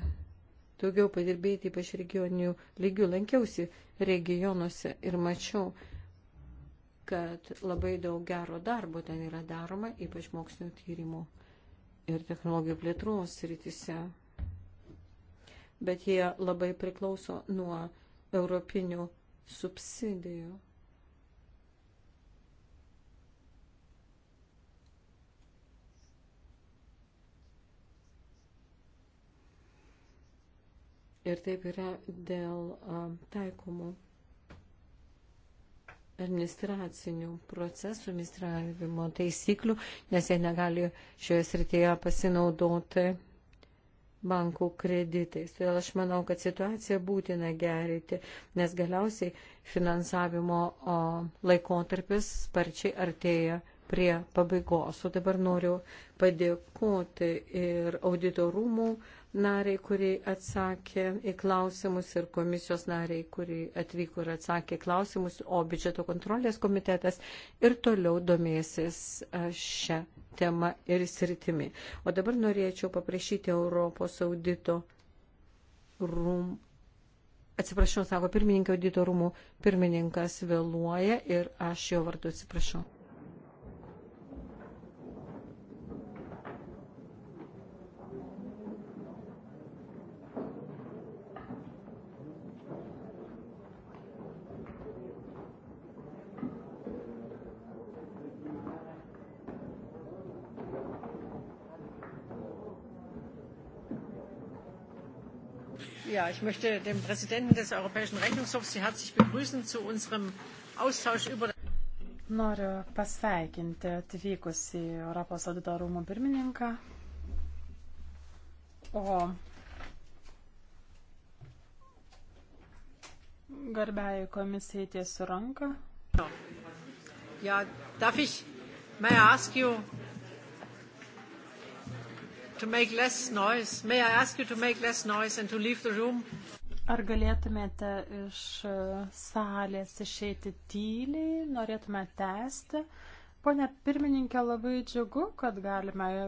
daugiau padirbėti, ypač regioninių lygių. Lankiausi regionuose ir mačiau, kad labai daug gero darbo ten yra daroma, ypač mokslinio tyrimų ir technologijų plėtros rytise. Bet jie labai priklauso nuo europinių subsidijų. Ir taip yra dėl um, taikomų administracinių procesų, administravimo taisyklių, nes jie negali šioje srityje pasinaudoti bankų kreditais. Todėl aš manau, kad situaciją būtina gerinti, nes galiausiai finansavimo laikotarpis sparčiai artėja prie pabaigos. O dabar noriu padėkoti ir auditorumų nariai, kuriai atsakė į klausimus ir komisijos nariai, kuriai atvyko ir atsakė klausimus, o biudžeto kontrolės komitetas ir toliau domėsis šią temą ir sritimi. O dabar norėčiau paprašyti Europos audito rūm. Atsiprašau, sako pirmininkė audito rūmų, pirmininkas vėluoja ir aš jo vardu atsiprašau. Ja, ich möchte den Präsidenten des Europäischen Rechnungshofs sehr herzlich begrüßen zu unserem Austausch über. Noriu pasveikinti atvykusi Europos audito rūmų pirmininką. O garbiai komisijai tiesiu ranką. Ja, darf ich, may I ask you to make less noise. May I ask you to make less noise and to leave the room? Ar galėtumėte iš e, salės išeiti tyliai, norėtume tęsti? Pone pirmininkė, labai džiugu, kad galime e,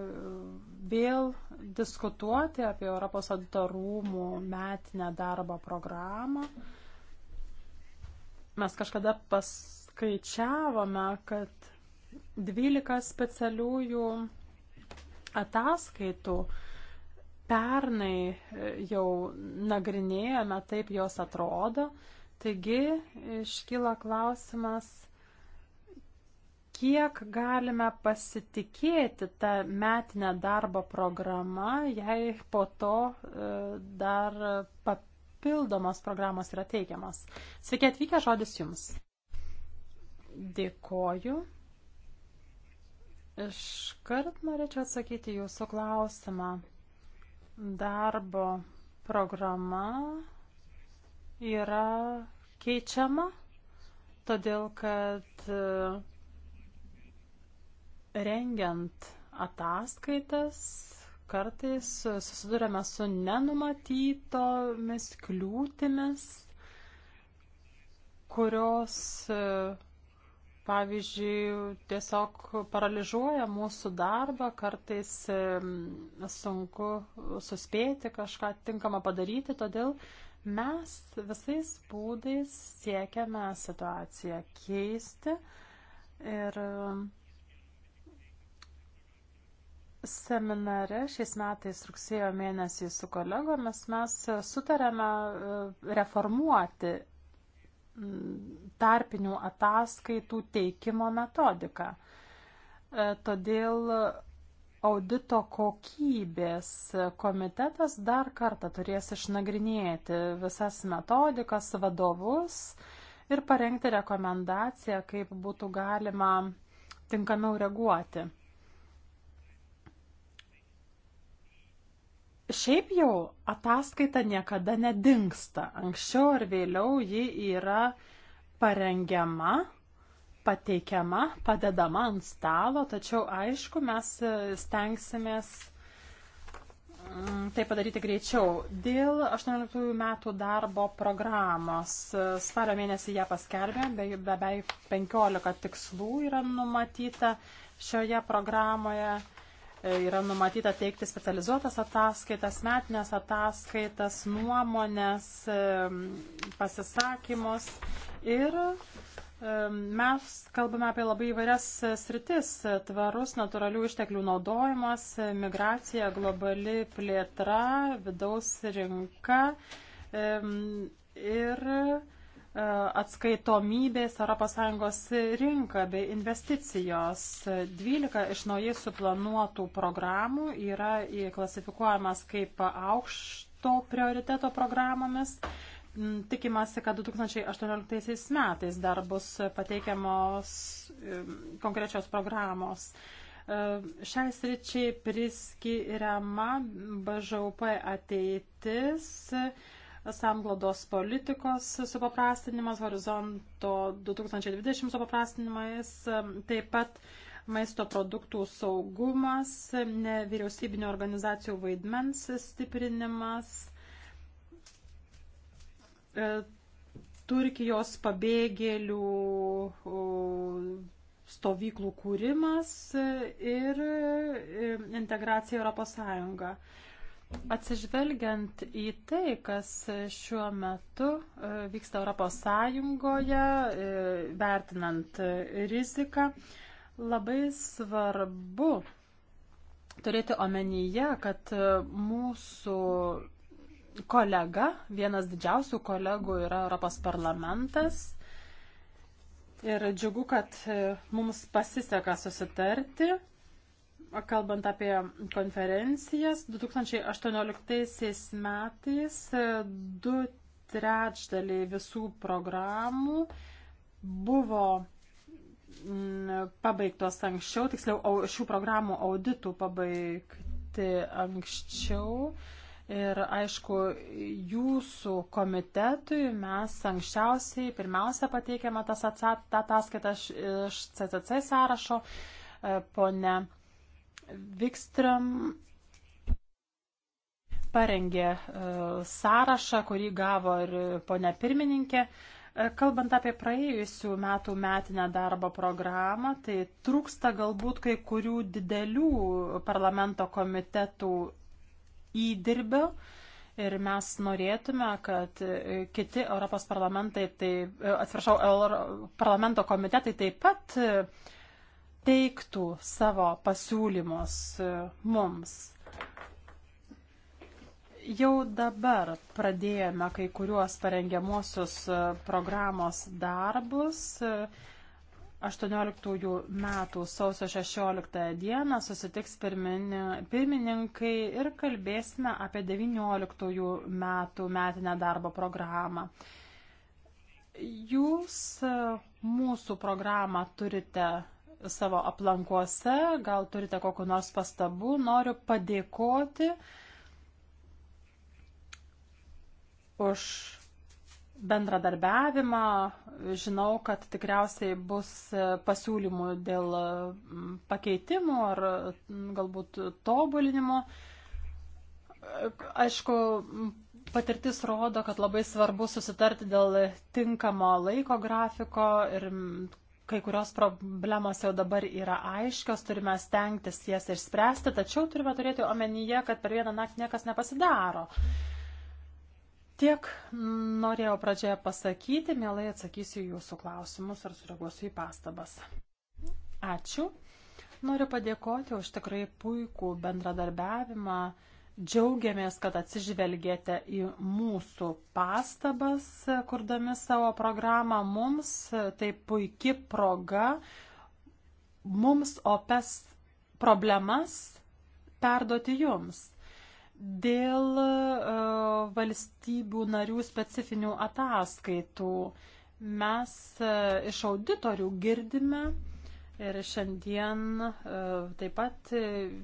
vėl diskutuoti apie Europos antarumų metinę darbo programą. Mes kažkada paskaičiavome, kad 12 specialiųjų ataskaitų. Pernai e, jau nagrinėjome, taip jos atrodo. Taigi iškyla klausimas, kiek galime pasitikėti tą metinę darbo programą, jei po to e, dar papildomos programos yra teikiamas. Sveiki atvykę, žodis Jums. Dėkoju. Iškart norėčiau atsakyti jūsų klausimą. Darbo programa yra keičiama, todėl kad e, rengiant ataskaitas kartais susidurėme su nenumatytomis kliūtimis, kurios e, pavyzdžiui, tiesiog paralyžuoja mūsų darbą, kartais sunku suspėti kažką tinkamą padaryti, todėl mes visais būdais siekiame situaciją keisti ir seminare šiais metais rugsėjo mėnesį su kolegomis mes e, sutarėme e, reformuoti tarpinių ataskaitų teikimo metodiką. E, todėl audito kokybės komitetas dar kartą turės išnagrinėti visas metodikas, vadovus ir parengti rekomendaciją, kaip būtų galima tinkamiau reaguoti Šiaip jau ataskaita niekada nedingsta. Anksčiau ar vėliau ji yra parengiama, pateikiama, padedama ant stalo, tačiau aišku, mes e, stengsimės mm, tai padaryti greičiau. Dėl 18 metų darbo programos e, spalio mėnesį ją paskelbė, beveik 15 tikslų yra numatyta šioje programoje. E, yra numatyta teikti specializuotas ataskaitas, metinės ataskaitas, nuomonės, e, pasisakymus. Ir e, mes kalbame apie labai įvairias sritis - tvarus natūralių išteklių naudojimas, migracija, globali plėtra, vidaus rinka. Ir atskaitomybės ES rinka bei investicijos. 12 iš naujai suplanuotų programų yra klasifikuojamas kaip aukšto prioriteto programomis. Tikimasi, kad 2018 metais dar bus pateikiamos konkrečios programos. E, šiai sričiai priskiriama BŽUP ateitis sanglodos politikos supaprastinimas, horizonto 2020 supaprastinimas, taip pat maisto produktų saugumas, nevyriausybinio organizacijų vaidmens stiprinimas, e, Turkijos pabėgėlių stovyklų kūrimas ir e, integracija Europos Sąjunga. Atsižvelgiant į tai, kas šiuo metu e, vyksta Europos Sąjungoje, e, vertinant e, riziką, labai svarbu turėti omenyje, kad mūsų kolega, vienas didžiausių kolegų yra Europos parlamentas. Ir džiugu, kad mums pasiseka susitarti kalbant apie konferencijas, 2018 metais e, du trečdaliai visų programų buvo mm, pabaigtos anksčiau, tiksliau šių programų auditų pabaigti anksčiau. Ir aišku, jūsų komitetui mes anksčiausiai pirmiausia pateikėme tas atsat, tą ataskaitą iš CCC sąrašo. E, Pone Vikstram parengė e, sąrašą, kurį gavo ir ponia pirmininkė. E, kalbant apie praėjusių metų metinę darbo programą, tai trūksta galbūt kai kurių didelių parlamento komitetų įdirbio. Ir mes norėtume, kad e, kiti Europos parlamentai, tai, atsiprašau, Euro, parlamento komitetai taip pat uh, teiktų savo pasiūlymus e, mums. Jau dabar pradėjome kai kuriuos parengiamuosius e, programos darbus. 18 e, metų sausio 16 dieną susitiks pirmininkai ir kalbėsime apie 19 metų metinę darbo programą. Jūs mūsų programą turite savo aplankuose, gal turite kokiu nors pastabu, noriu padėkoti už bendradarbiavimą. Žinau, kad tikriausiai bus pasiūlymų dėl mm, pakeitimų ar mm, galbūt tobulinimo. Aišku, patirtis rodo, kad labai svarbu susitarti dėl tinkamo laiko grafiko ir mm, kai kurios problemos jau dabar yra aiškios, turime stengtis jas išspręsti, tačiau turime turėti omenyje, kad per vieną naktį niekas nepasidaro. Tiek norėjau pradžioje pasakyti, mielai atsakysiu jūsų klausimus ar sureaguosiu į pastabas. Ačiū. Noriu padėkoti už tikrai puikų bendradarbiavimą. Džiaugiamės, kad atsižvelgėte į mūsų pastabas, kurdami savo programą. Mums tai puikia proga mums opes problemas perduoti jums. Dėl e, valstybių narių specifinių ataskaitų mes e, iš auditorių girdime, Ir šiandien e, taip pat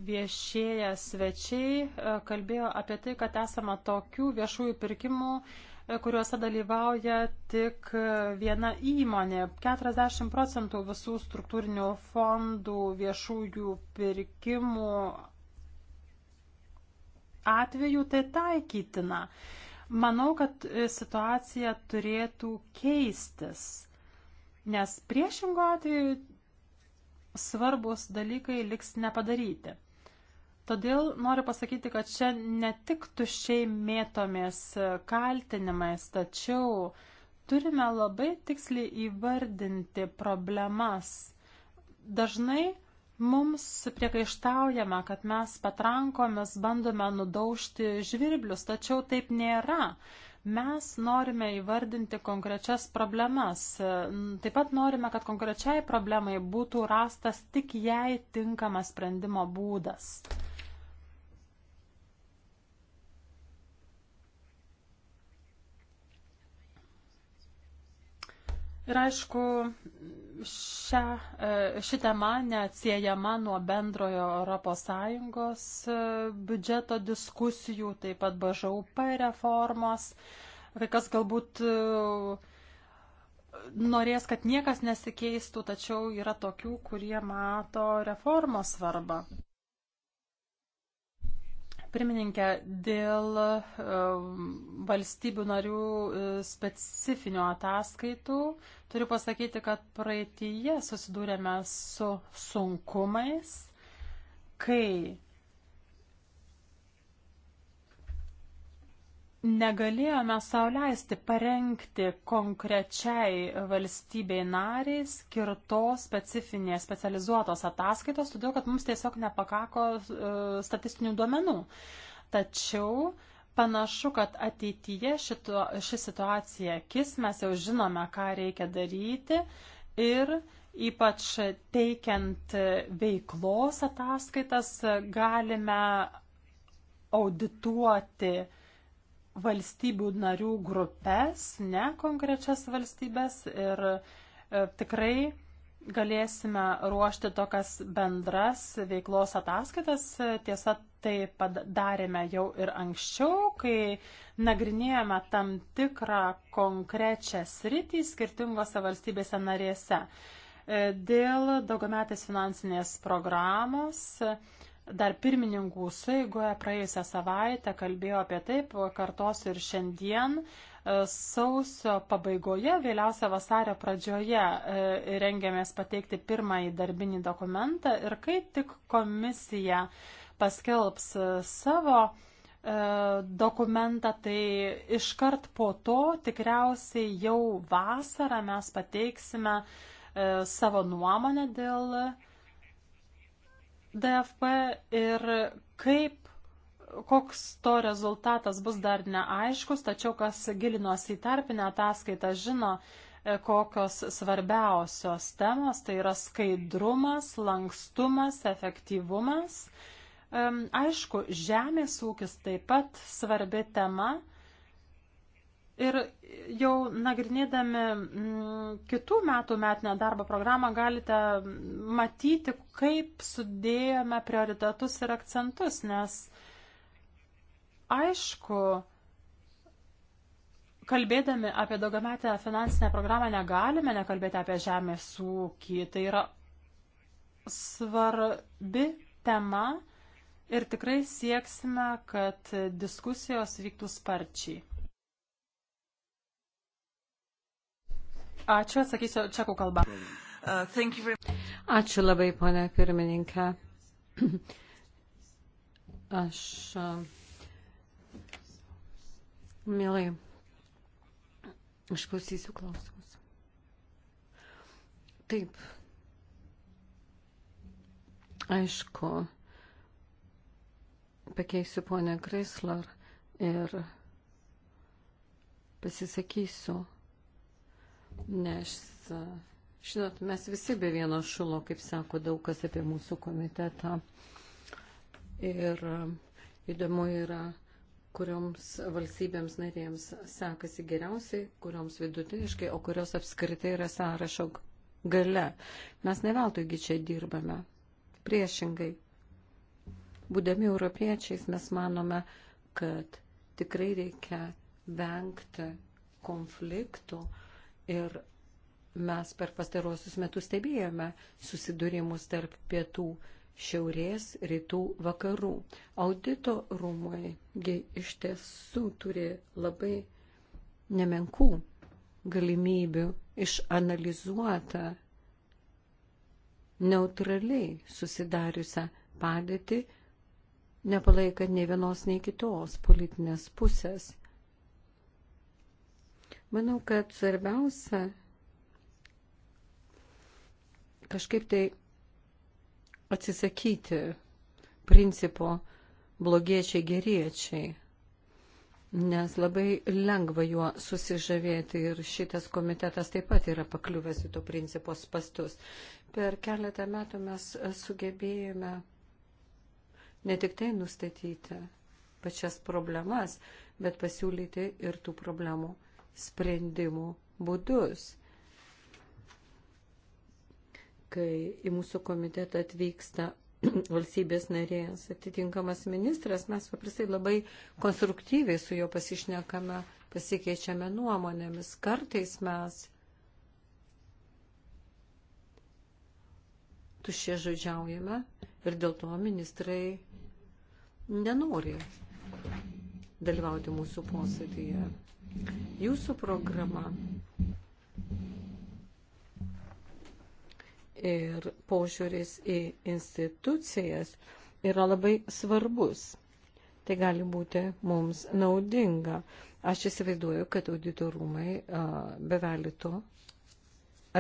viešėję svečiai e, kalbėjo apie tai, kad esama tokių viešųjų pirkimų, e, kuriuose dalyvauja tik viena įmonė. 40 procentų visų struktūrinių fondų viešųjų pirkimų atveju tai taikytina. Manau, kad situacija turėtų keistis. Nes priešingo atveju svarbus dalykai liks nepadaryti. Todėl noriu pasakyti, kad čia ne tik tuščiai mėtomės kaltinimais, tačiau turime labai tiksliai įvardinti problemas. Dažnai mums priekaištaujama, kad mes patrankomis bandome nudaužti žvirblius, tačiau taip nėra. Mes norime įvardinti konkrečias problemas. Taip pat norime, kad konkrečiai problemai būtų rastas tik jai tinkamas sprendimo būdas. Ir aišku, šią, e, ši tema neatsiejama nuo bendrojo ES e, biudžeto diskusijų, taip pat BŽUP reformos. Kai kas galbūt e, norės, kad niekas nesikeistų, tačiau yra tokių, kurie mato reformos svarbą. Pirmininkė, dėl valstybių narių specifinio ataskaitų Turiu pasakyti, kad praeitįje susidūrėme su sunkumais, kai negalėjome sauliaisti parengti konkrečiai valstybei nariai skirtos specifinės specializuotos ataskaitos, todėl kad mums tiesiog nepakako e, statistinių duomenų. Tačiau uh, Panašu, kad ateityje šito, ši situacija kis, mes jau žinome, ką reikia daryti ir ypač teikiant veiklos ataskaitas galime audituoti valstybių narių grupės, ne konkrečias valstybės ir e, tikrai galėsime ruošti tokias bendras veiklos ataskaitas. Tiesa, tai padarėme jau ir anksčiau, kai nagrinėjome tam tikrą konkrečią sritį skirtingose valstybėse narėse. E, dėl daugiametės finansinės programos dar pirmininkų suigoje praėjusią savaitę kalbėjo apie taip, kartos ir šiandien, Sausio pabaigoje, vėliausia vasario pradžioje e, rengiamės pateikti pirmąjį darbinį dokumentą ir kai tik komisija paskelbs e, savo e, dokumentą, tai iškart po to tikriausiai jau vasarą mes pateiksime savo nuomonę dėl DFP ir kaip koks to rezultatas bus dar neaiškus, tačiau kas gilinosi į tarpinę ataskaitą žino, e, kokios svarbiausios temos, tai yra skaidrumas, lankstumas, efektyvumas. Aišku, žemės ūkis taip pat svarbi tema. Ir jau nagrinėdami mm, kitų metų metinę darbo programą galite matyti, kaip sudėjome prioritetus ir akcentus, nes Aišku, kalbėdami apie daugiametę finansinę programą negalime nekalbėti apie žemės ūkį. Tai yra svarbi tema ir tikrai sieksime, kad diskusijos vyktų sparčiai. Ačiū, atsakysiu čekų kalbą. Ačiū labai, ponia pirmininkė. Aš. Uh, Mielai, išklausysiu klausimus. Taip. Aišku, pakeisiu ponę Grisler ir pasisakysiu, nes, žinot, mes visi be vieno šulo, kaip sako daug kas apie mūsų komitetą. Ir e, įdomu yra kurioms valstybėms narėms sekasi geriausiai, kurioms vidutiniškai, o kurios apskritai yra sąrašo gale. Mes neveltuigi čia dirbame. Priešingai. Būdami europiečiais mes manome, kad tikrai reikia vengti konfliktų ir mes per pastarosius metus stebėjome susidūrimus tarp pietų šiaurės, rytų, vakarų. Audito rūmai iš tiesų turi labai nemenkų galimybių išanalizuotą neutraliai susidariusią padėtį, nepalaikant nei vienos, nei kitos politinės pusės. Manau, kad svarbiausia kažkaip tai atsisakyti principo blogiečiai geriečiai, nes labai lengva juo susižavėti ir šitas komitetas taip pat yra pakliuvęs į to principo spastus. Per keletą metų mes sugebėjome ne tik tai nustatyti pačias problemas, bet pasiūlyti ir tų problemų sprendimų būdus kai į mūsų komitetą atvyksta valstybės narės atitinkamas ministras, mes paprastai labai konstruktyviai su juo pasišnekame, pasikeičiame nuomonėmis. Kartais mes tušie žodžiaujame ir dėl to ministrai nenori dalyvauti mūsų posėdėje. Jūsų programa ir požiūris į institucijas yra labai svarbus. Tai gali būti mums naudinga. Aš įsivaizduoju, kad auditorumai bevelito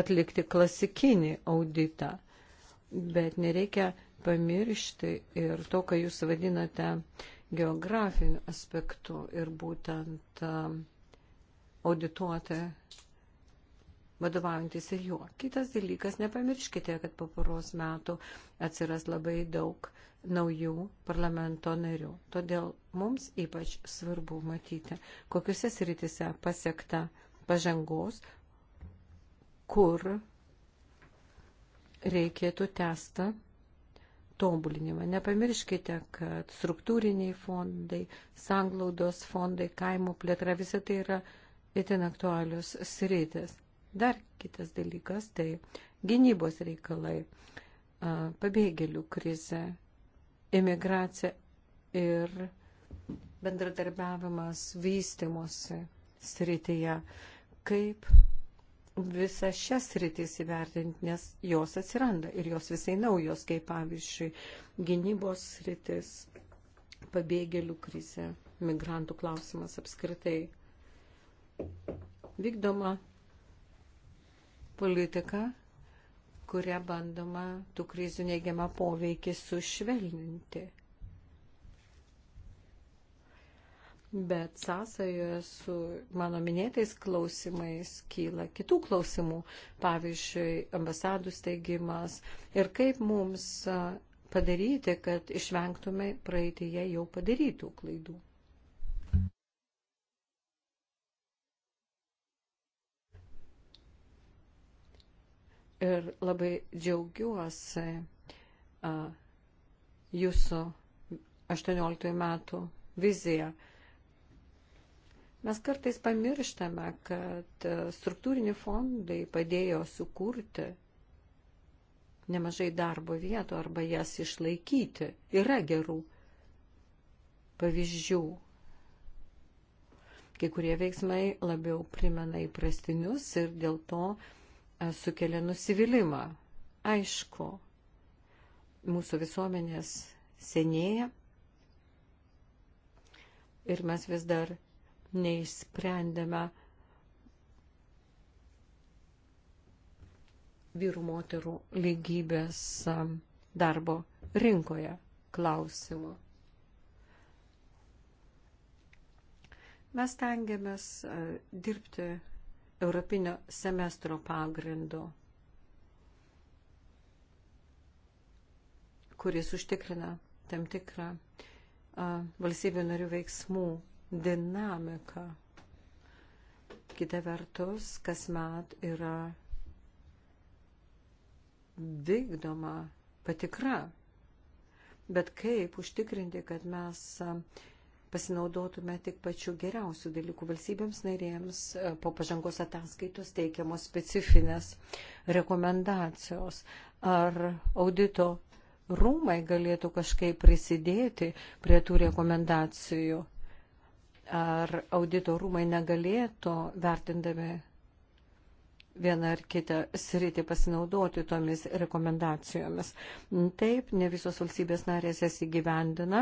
atlikti klasikinį auditą, bet nereikia pamiršti ir to, ką jūs vadinate geografiniu aspektu ir būtent audituoti vadovaujantis ir juo. Kitas dalykas, nepamirškite, kad po poros metų atsiras labai daug naujų parlamento narių. Todėl mums ypač svarbu matyti, kokiuose sritise pasiekta pažangos, kur reikėtų testą tobulinimą. Nepamirškite, kad struktūriniai fondai, sanglaudos fondai, kaimo plėtra, visa tai yra itin aktualios sritis. Dar kitas dalykas - tai gynybos reikalai, pabėgėlių krize, imigracija ir bendradarbiavimas vystimosi srityje. Kaip visas šias rytis įvertinti, nes jos atsiranda ir jos visai naujos, kaip pavyzdžiui, gynybos rytis, pabėgėlių krize, migrantų klausimas apskritai. Vykdoma politika, kuria bandoma tų krizių neigiamą poveikį sušvelninti. Bet sąsajoje su mano minėtais klausimais kyla kitų klausimų, pavyzdžiui, ambasadų steigimas ir kaip mums padaryti, kad išvengtume praeitėje jau padarytų klaidų. ir labai džiaugiuosi jūsų 18 metų viziją. Mes kartais pamirštame, kad e, struktūriniai fondai padėjo sukurti nemažai darbo vietų arba jas išlaikyti. Yra gerų pavyzdžių. Kai kurie veiksmai labiau primena įprastinius ir dėl to sukelia nusivylimą. Aišku, mūsų visuomenės senėja ir mes vis dar neišsprendėme vyrų moterų lygybės darbo rinkoje klausimų. Mes tengiamės dirbti Europinio semestro pagrindu, kuris užtikrina tam tikrą valstybių narių veiksmų dinamiką. Kita vertus, kasmet yra vykdoma patikra. Bet kaip užtikrinti, kad mes pasinaudotume tik pačių geriausių dalykų valstybėms narėms e, po pažangos ataskaitos teikiamos specifinės rekomendacijos. Ar audito rūmai galėtų kažkaip prisidėti prie tų rekomendacijų? Ar audito rūmai negalėtų, vertindami vieną ar kitą sritį pasinaudoti tomis rekomendacijomis. Taip, ne visos valstybės narės jas įgyvendina,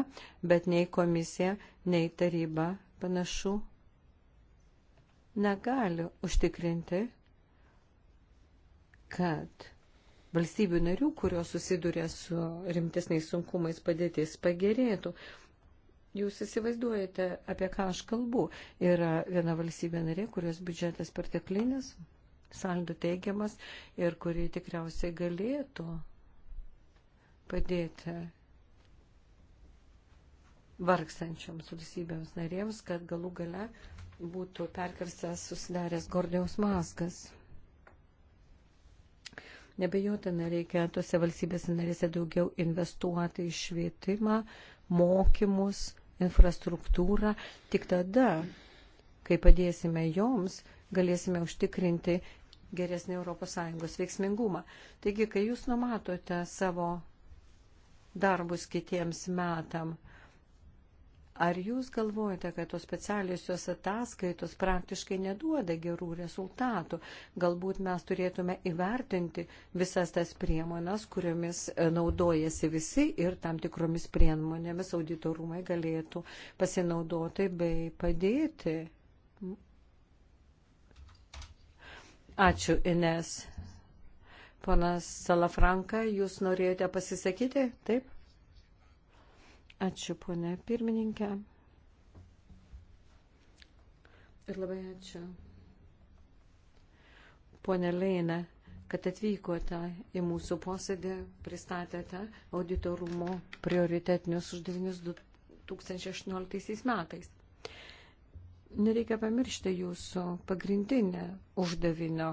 bet nei komisija, nei taryba panašu negali užtikrinti, kad valstybių narių, kurios susiduria su rimtesniais sunkumais padėtis, pagerėtų. Jūs įsivaizduojate, apie ką aš kalbu. Yra viena valstybė narė, kurios biudžetas perteklinis, saldų teigiamas ir kuri tikriausiai galėtų padėti vargstančioms valstybėms narėms, kad galų gale būtų perkirstas susidaręs Gordiaus mazgas. Nebejotina reikia tose valstybėse narėse daugiau investuoti į švietimą, mokymus, infrastruktūrą. Tik tada, kai padėsime joms, galėsime užtikrinti geresnį ES veiksmingumą. Taigi, kai jūs numatote savo darbus kitiems metam, ar jūs galvojate, kad tos specialiosios ataskaitos praktiškai neduoda gerų rezultatų? Galbūt mes turėtume įvertinti visas tas priemonas, kuriomis e, naudojasi visi ir tam tikromis priemonėmis auditorumai galėtų pasinaudoti bei padėti Ačiū, Ines. Ponas Salafranka, jūs norėjote pasisakyti? Taip? Ačiū, ponė pirmininkė. Ir labai ačiū. Pone Leina, kad atvykote į mūsų posėdį, pristatėte auditorumo prioritetinius uždavinius 2018 metais nereikia pamiršti jūsų pagrindinę uždavinio.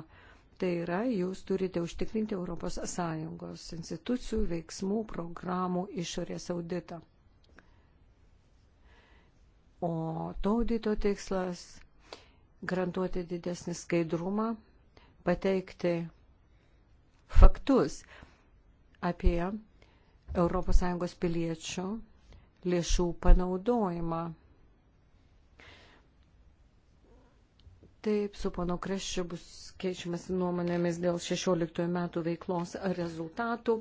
Tai yra, jūs turite užtikrinti ES institucijų veiksmų programų išorės auditą. O to audito tikslas - garantuoti didesnį skaidrumą, pateikti faktus apie ES piliečių lėšų panaudojimą Taip, su pono Kreščiu bus keičiamas nuomonėmis dėl 16 metų veiklos rezultatų,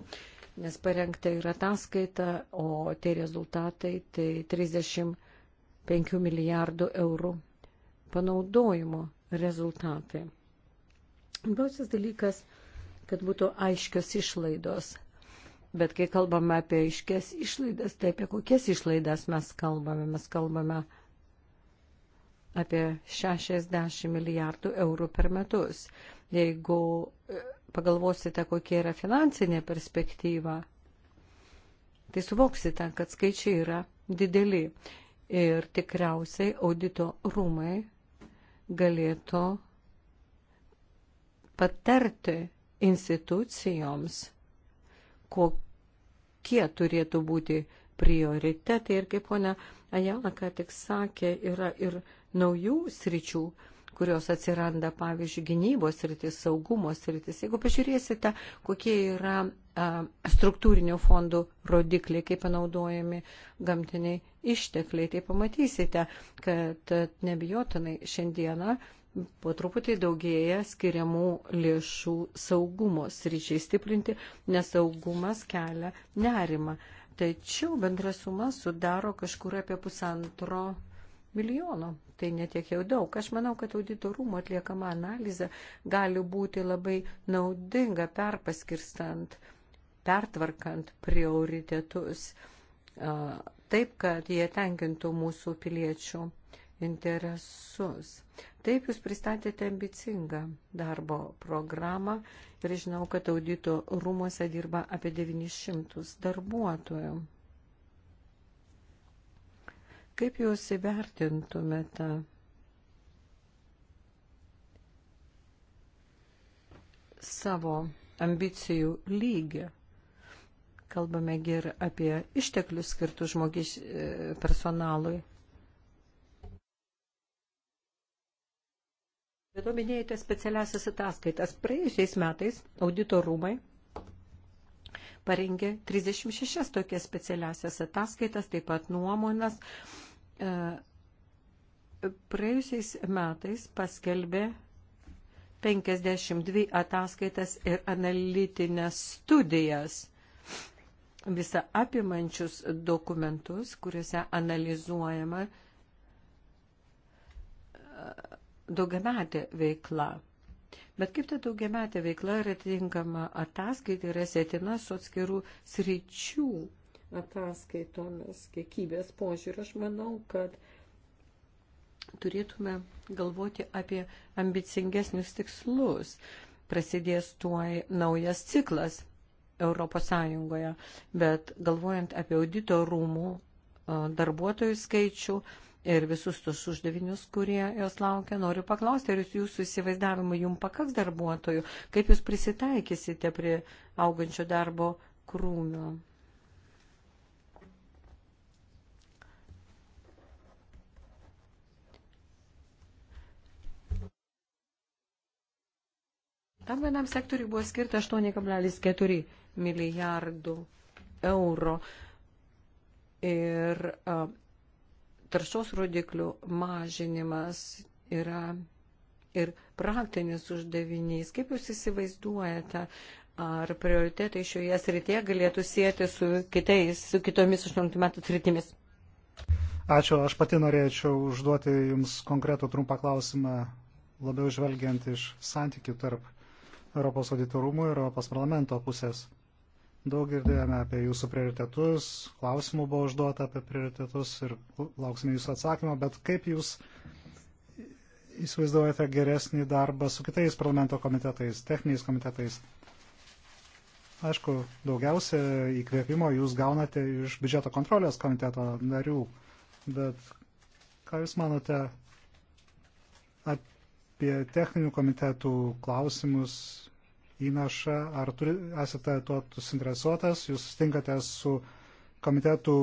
nes parengta yra ataskaita, o tie rezultatai tai 35 milijardų eurų panaudojimo rezultatai. Labiausias dalykas, kad būtų aiškios išlaidos. Bet kai kalbame apie aiškės išlaidas, tai apie kokias išlaidas mes kalbame? Mes kalbame apie apie 60 milijardų eurų per metus. Jeigu e, pagalvosite, kokia yra finansinė perspektyva, tai suvoksite, kad skaičiai yra dideli. Ir tikriausiai audito rūmai galėtų patarti institucijoms, kokie turėtų būti prioritetai ir kaip ponia Ajana ką tik sakė, yra ir naujų sričių, kurios atsiranda, pavyzdžiui, gynybos sritis, saugumo sritis. Jeigu pažiūrėsite, kokie yra struktūrinių fondų rodikliai, kaip panaudojami gamtiniai ištekliai, tai pamatysite, kad nebijotinai šiandieną po truputį daugėja skiriamų lėšų saugumo sričiai stiprinti, nes saugumas kelia nerimą. Tačiau bendra suma sudaro kažkur apie pusantro milijono tai netiek jau daug. Aš manau, kad audito rūmų atliekama analizė gali būti labai naudinga perpaskirstant, pertvarkant prioritetus taip, kad jie tenkintų mūsų piliečių interesus. Taip jūs pristatėte ambicingą darbo programą ir žinau, kad audito rūmose dirba apie 900 darbuotojų. Kaip jūs įvertintumėte savo ambicijų lygį? Kalbame ir apie išteklius skirtų žmogiš e, personalui. Bet minėjote specialiasias ataskaitas. Praėjusiais metais audito rūmai parengė 36 tokias specialiasias ataskaitas, taip pat nuomonas E, praėjusiais metais paskelbė 52 ataskaitas ir analitinės studijas visą apimančius dokumentus, kuriuose analizuojama e, daugiametė veikla. Bet kaip ta daugiametė veikla ir atitinkama ataskaita yra sėtina su atskirų sričių ataskaitomis, kiekybės požiūrį. Aš manau, kad turėtume galvoti apie ambicingesnius tikslus. Prasidės tuoj naujas ciklas Europos Sąjungoje, bet galvojant apie audito rūmų darbuotojų skaičių ir visus tos uždavinius, kurie jos laukia, noriu paklausti, ar jūsų įsivaizdavimu jums pakaks darbuotojų, kaip jūs prisitaikysite prie augančio darbo krūmio. Tam vienam sektoriui buvo skirta 8,4 milijardų eurų ir taršos rodiklių mažinimas yra ir praktinis uždavinys. Kaip Jūs įsivaizduojate, ar prioritetai šioje srityje galėtų sieti su, kitais, su kitomis 18 metų sritimis? Ačiū. Aš pati norėčiau užduoti Jums konkretų trumpą klausimą, labiau žvelgiant iš santykių tarp Europos auditorumų ir Europos parlamento pusės. Daug girdėjome apie jūsų prioritetus, klausimų buvo užduota apie prioritetus ir lauksime jūsų atsakymą, bet kaip jūs įsivaizduojate geresnį darbą su kitais parlamento komitetais, techniniais komitetais? Aišku, daugiausia įkvėpimo jūs gaunate iš biudžeto kontrolės komiteto narių, bet ką jūs manote apie apie techninių komitetų klausimus įnašą, ar turi, esate tuo suinteresuotas, jūs sustinkate su komitetų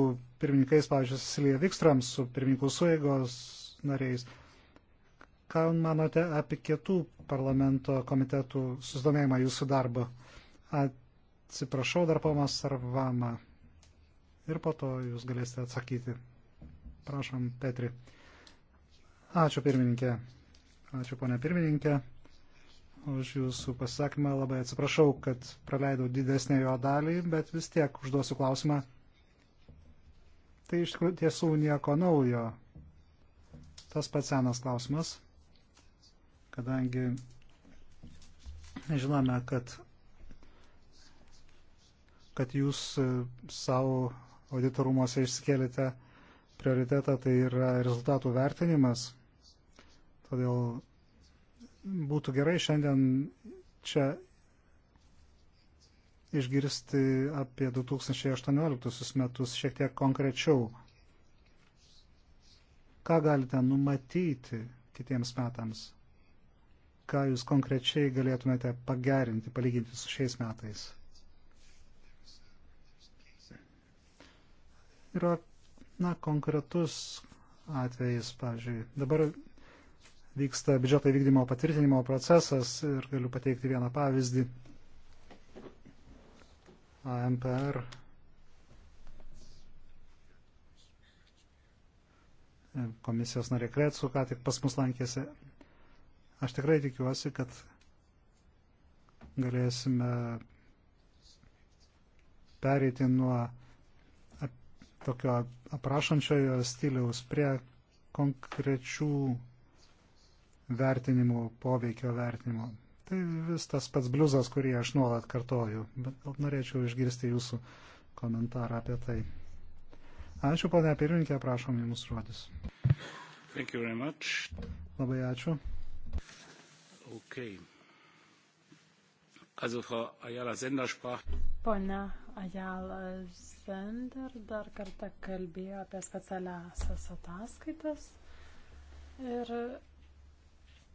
pirmininkais, pavyzdžiui, Cecilija Vikstram, su pirmininkų suėgos nariais. Ką manote apie kitų parlamento komitetų susidomėjimą jūsų darbo? Atsiprašau dar pomas Sarvama. Ir po to jūs galėsite atsakyti. Prašom, Petri. Ačiū pirmininkė. Ačiū, ponė pirmininkė, už jūsų pasisakymą. Labai atsiprašau, kad praleidau didesnę jo dalį, bet vis tiek užduosiu klausimą. Tai iš tikrųjų tiesų nieko naujo. Tas pats senas klausimas, kadangi žinome, kad, kad jūs e, savo auditorumuose išskėlėte prioritetą, tai yra rezultatų vertinimas Todėl būtų gerai šiandien čia išgirsti apie 2018 metus šiek tiek konkrečiau. Ką galite numatyti kitiems metams? Ką jūs konkrečiai galėtumėte pagerinti, palyginti su šiais metais? Yra, na, konkretus atvejis, pavyzdžiui, dabar vyksta biudžeto vykdymo patvirtinimo procesas ir galiu pateikti vieną pavyzdį. AMPR komisijos narė Kretsu, ką tik pas mus lankėsi. Aš tikrai tikiuosi, kad galėsime pereiti nuo tokio aprašančiojo stiliaus prie konkrečių vertinimų, poveikio vertinimų. Tai vis tas pats bliuzas, kurį aš nuolat kartoju, bet norėčiau išgirsti jūsų komentarą apie tai. Ačiū, ponia pirmininkė, prašom jums rodys. Labai ačiū. Okay. Also Frau Ayala Sender sprach. Pone Ayala Sender dar kartą kalbėjo apie specialiasias ataskaitas ir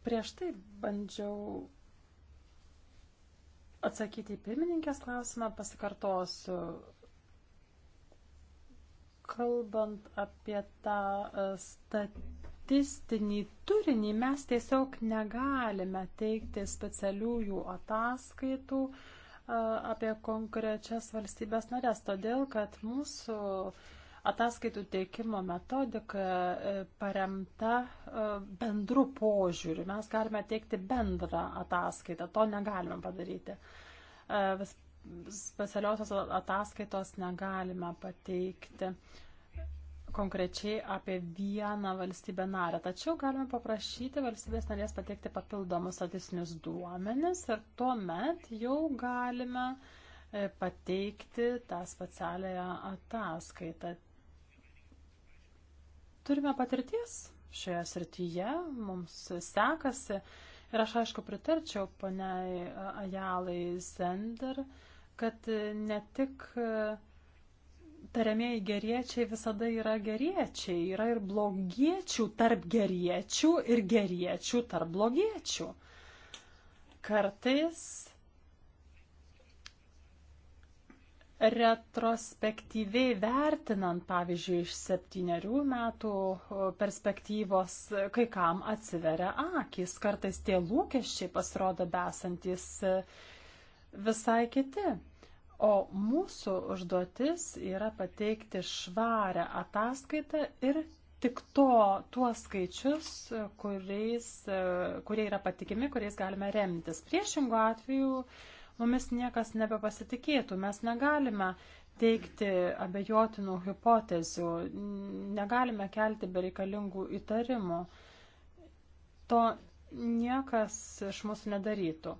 Prieš tai bandžiau atsakyti į pirmininkės klausimą, pasikartosiu. Kalbant apie tą e, statistinį turinį, mes tiesiog negalime teikti specialiųjų ataskaitų e, apie konkrečias valstybės narės, todėl kad mūsų uh, ataskaitų teikimo metodika e, paremta e, bendru požiūriu. Mes galime teikti bendrą ataskaitą, to negalime padaryti. E, specialiosios ataskaitos negalime pateikti konkrečiai apie vieną valstybę narę. Tačiau galime paprašyti valstybės narės pateikti papildomus statistinius duomenis ir tuomet jau galime pateikti tą specialiąją ataskaitą turime patirties šioje srityje, mums sekasi. Ir aš aišku pritarčiau poniai Ajalai Zender, kad ne tik e, tariamieji geriečiai visada yra geriečiai, yra ir blogiečių tarp geriečių ir geriečių tarp blogiečių. Kartais retrospektyviai vertinant, pavyzdžiui, iš septyniarių metų perspektyvos, kai kam atsiveria akis, kartais tie lūkesčiai pasirodo besantis e, visai kiti. O mūsų užduotis yra pateikti švarę ataskaitą ir tik to, tuos skaičius, e, kuriais, e, kurie yra patikimi, kuriais galime remtis. Priešingų atveju mumis niekas nebepasitikėtų. Mes negalime teikti abejotinų hipotezių, negalime kelti bereikalingų įtarimų. To niekas iš mūsų nedarytų.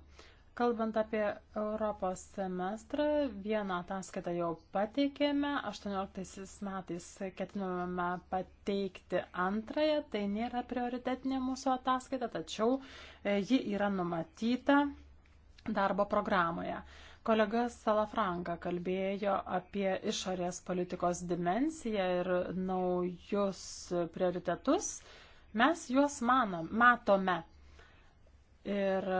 Kalbant apie Europos semestrą, vieną ataskaitą jau pateikėme, 18 metais ketinome pateikti antrąją, tai nėra prioritetinė mūsų ataskaita, tačiau e, ji yra numatyta darbo programoje. Kolega Salafranka kalbėjo apie išorės politikos dimensiją ir naujus prioritetus. Mes juos manom, matome. Ir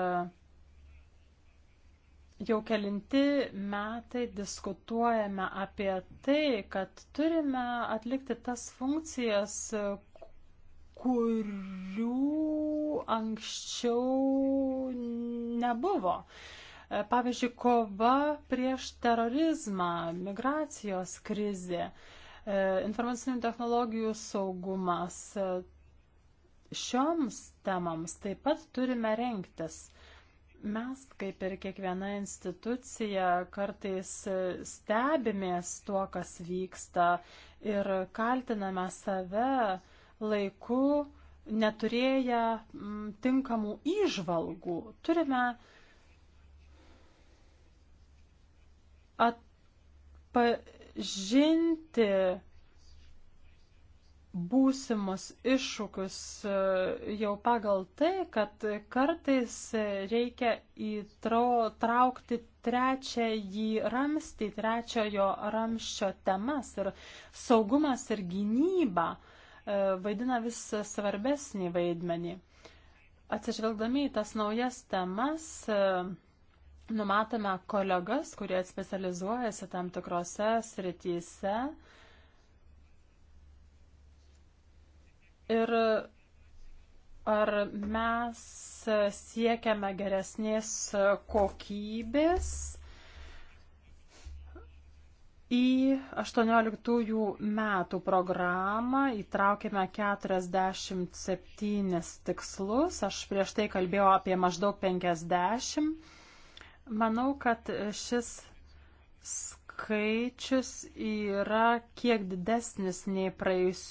jau kelinti metai diskutuojame apie tai, kad turime atlikti tas funkcijas, kurių anksčiau nebuvo. Pavyzdžiui, kova prieš terorizmą, migracijos krizė, e, informacinių technologijų saugumas. Šioms temams taip pat turime renktis. Mes, kaip ir kiekviena institucija, kartais stebimės tuo, kas vyksta ir kaltiname save, laiku, neturėję mm, tinkamų įžvalgų, turime atpažinti būsimus iššūkius e, jau pagal tai, kad kartais reikia įtraukti trečiąjį ramstį, trečiojo ramščio temas ir saugumas ir gynyba E, vaidina vis svarbesnį vaidmenį. Atsižvelgdami į tas naujas temas, e, numatome kolegas, kurie specializuojasi tam tikrose srityse. Ir ar mes siekiame geresnės kokybės Į 18 metų programą įtraukėme 47 tikslus. Aš prieš tai kalbėjau apie maždaug 50. Manau, kad šis skaičius yra kiek didesnis nei praėjus,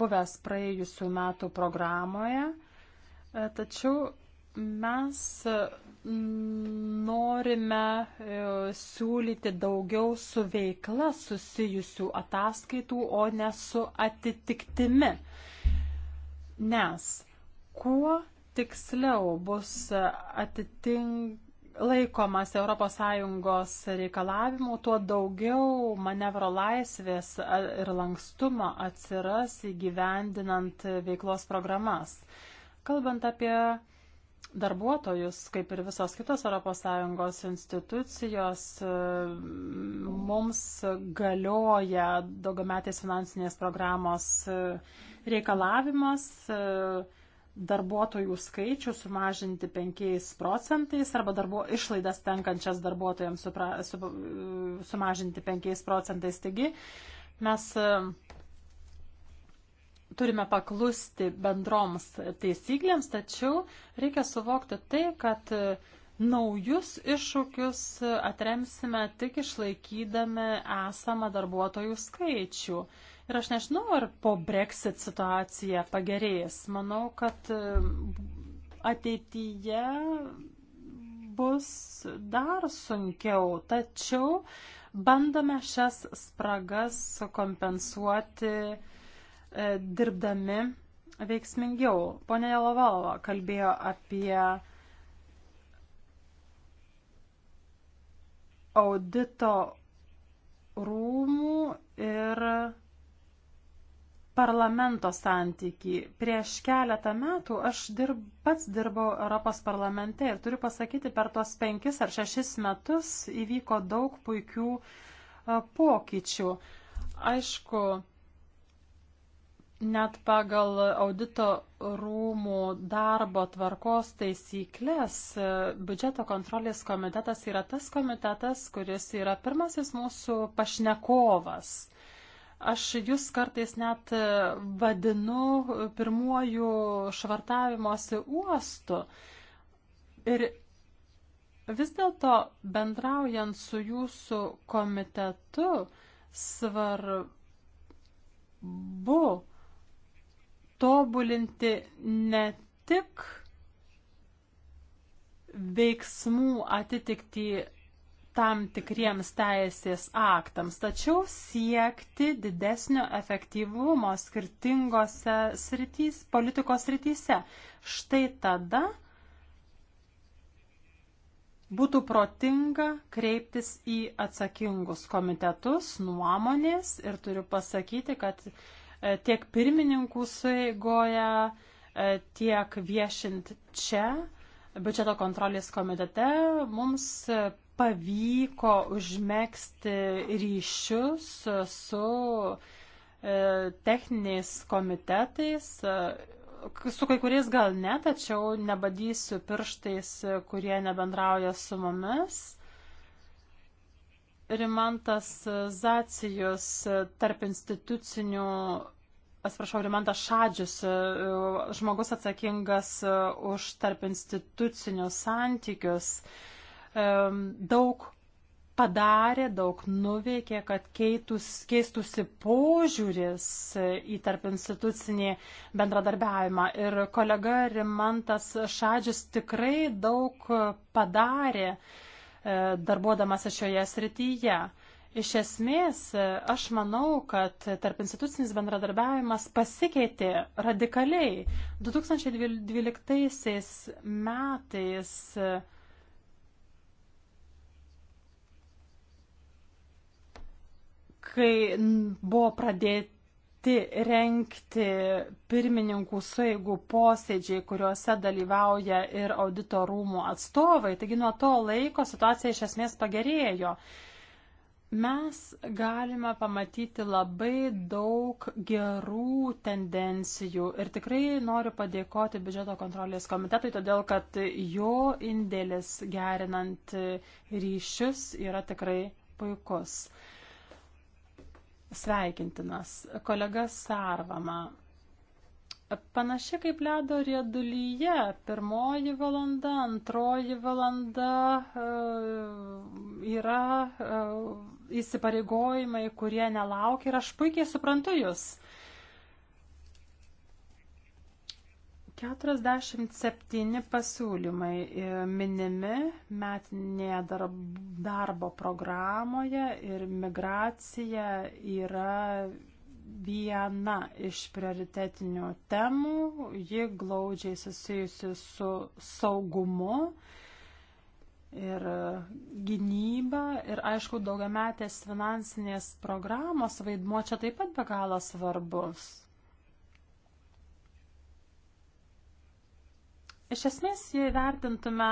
buvęs praėjusių metų programoje. Tačiau mes norime e, siūlyti daugiau su veikla susijusių ataskaitų, o ne su atitiktimi. Nes kuo tiksliau bus atitink laikomas ES reikalavimų, tuo daugiau manevro laisvės ir lankstumo atsiras įgyvendinant veiklos programas. Kalbant apie darbuotojus, kaip ir visos kitos ES institucijos, mums galioja daugiametės finansinės programos reikalavimas darbuotojų skaičių sumažinti 5 procentais arba darbo išlaidas tenkančias darbuotojams supra, su, sumažinti 5 procentais. Taigi mes turime paklusti bendroms taisyklėms, tačiau reikia suvokti tai, kad e, naujus iššūkius e, atremsime tik išlaikydami esamą darbuotojų skaičių. Ir aš nežinau, ar po Brexit situacija pagerės. Manau, kad e, ateityje bus dar sunkiau, tačiau bandome šias spragas kompensuoti uh, E, dirbdami veiksmingiau. Pone Jelovalova kalbėjo apie audito rūmų ir parlamento santykį. Prieš keletą metų aš dirb, pats dirbau Europos parlamente ir turiu pasakyti, per tuos penkis ar šešis metus įvyko daug puikių e, pokyčių. Aišku, net pagal audito rūmų darbo tvarkos taisyklės e, biudžeto kontrolės komitetas yra tas komitetas, kuris yra pirmasis mūsų pašnekovas. Aš jūs kartais net e, vadinu pirmuoju švartavimosi uostu. Ir vis dėlto bendraujant su jūsų komitetu svarbu tobulinti ne tik veiksmų atitikti tam tikriems teisės aktams, tačiau siekti didesnio efektyvumo skirtingose sritys, politikos srityse. Štai tada būtų protinga kreiptis į atsakingus komitetus nuomonės ir turiu pasakyti, kad E, tiek pirmininkų sueigoje, e, tiek viešint čia, biudžeto kontrolės komitete, mums pavyko užmėgsti ryšius su e, techniniais komitetais, su kai kuriais gal ne, tačiau nebadysiu pirštais, kurie nebendrauja su mumis. Rimantas Zacijus e, tarp institucinių, atsiprašau, Rimantas Šadžius, e, žmogus atsakingas e, už tarp institucinius santykius, daug padarė, daug nuveikė, kad keitus, keistusi požiūris į tarp institucinį bendradarbiavimą. Ir kolega Rimantas Šadžius tikrai daug padarė. Uh, E, darbuodamas šioje srityje. Iš esmės, e, aš manau, kad tarp institucinis bendradarbiavimas pasikeitė radikaliai. 2012 metais e, kai buvo pradėti pradėti renkti pirmininkų sueigų posėdžiai, kuriuose dalyvauja ir audito rūmų atstovai. Taigi nuo to laiko situacija iš esmės pagerėjo. Mes galime pamatyti labai daug gerų tendencijų ir tikrai noriu padėkoti biudžeto kontrolės komitetui, todėl kad jo indėlis gerinant ryšius yra tikrai puikus sveikintinas. Kolega Sarvama. Panašiai kaip ledo riedulyje, pirmoji valanda, antroji valanda e, yra e, įsipareigojimai, kurie nelaukia ir aš puikiai suprantu jūs. 47 pasiūlymai e, minimi metinėje darbo programoje ir migracija yra viena iš prioritetinių temų, ji glaudžiai susijusi su saugumu ir gynyba ir aišku daugiametės finansinės programos vaidmuo čia taip pat be galo svarbus. Iš esmės, jei vertintume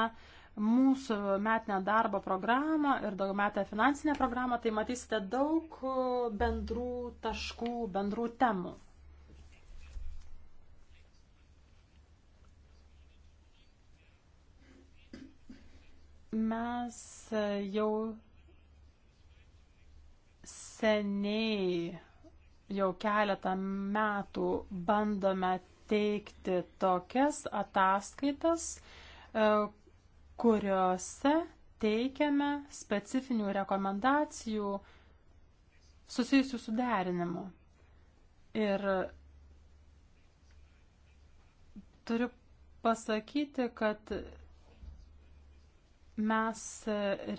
mūsų metinę darbo programą ir daugiametę finansinę programą, tai matysite daug bendrų taškų, bendrų temų. Mes jau seniai, jau keletą metų bandome teikti tokias ataskaitas, e, kuriuose teikiame specifinių rekomendacijų susijusių su derinimu. Ir turiu pasakyti, kad mes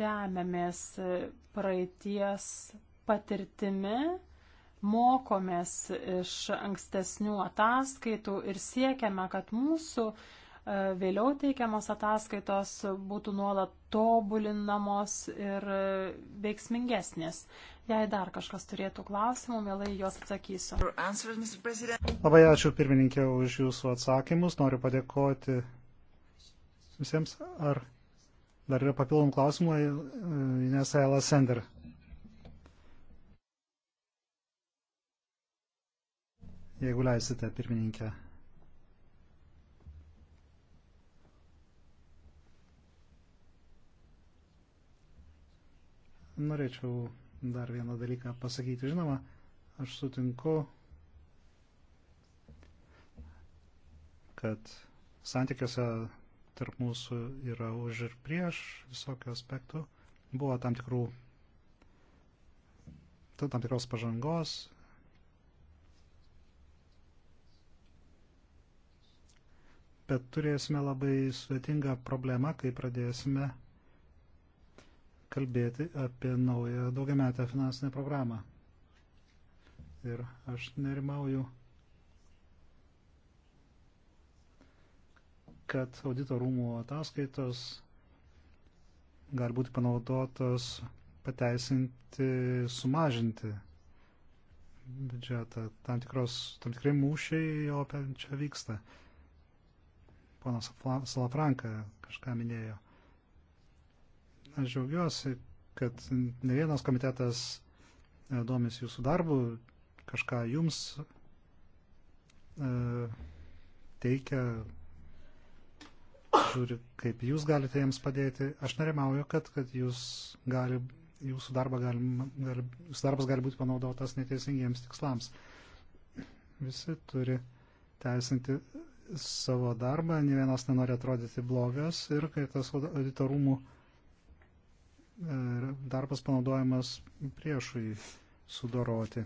remiamės praeities patirtimi mokomės iš ankstesnių ataskaitų ir siekiame, kad mūsų e, vėliau teikiamos ataskaitos būtų nuolat tobulinamos ir e, veiksmingesnės. Jei dar kažkas turėtų klausimų, mielai juos atsakysiu. Labai ačiū pirmininkė už jūsų atsakymus. Noriu padėkoti visiems. Ar dar yra papildomų klausimų, Inesa Elasender? jeigu leisite, pirmininkė. Norėčiau dar vieną dalyką pasakyti. Žinoma, aš sutinku, kad santykiuose tarp mūsų yra už ir prieš visokių aspektų. Buvo tam tikrų tam tikros pažangos, bet turėsime labai sudėtingą problemą, kai pradėsime kalbėti apie naują daugiametę finansinę programą. Ir aš nerimauju, kad audito rūmų ataskaitos gali būti panaudotos pateisinti, sumažinti biudžetą. Tam, tikros, tam tikrai mūšiai jau apie čia vyksta ponas Salafranka kažką minėjo. Aš džiaugiuosi, kad ne vienas komitetas e, domis jūsų darbu, kažką jums e, teikia, žiūri, kaip jūs galite jiems padėti. Aš nerimauju, kad, kad jūs gali, jūsų, darba gali, gali, jūsų darbas gali būti panaudotas neteisingiems tikslams. Visi turi teisinti savo darbą, ne vienas nenori atrodyti blogas ir kai tas auditorumų e, darbas panaudojamas priešui sudoroti.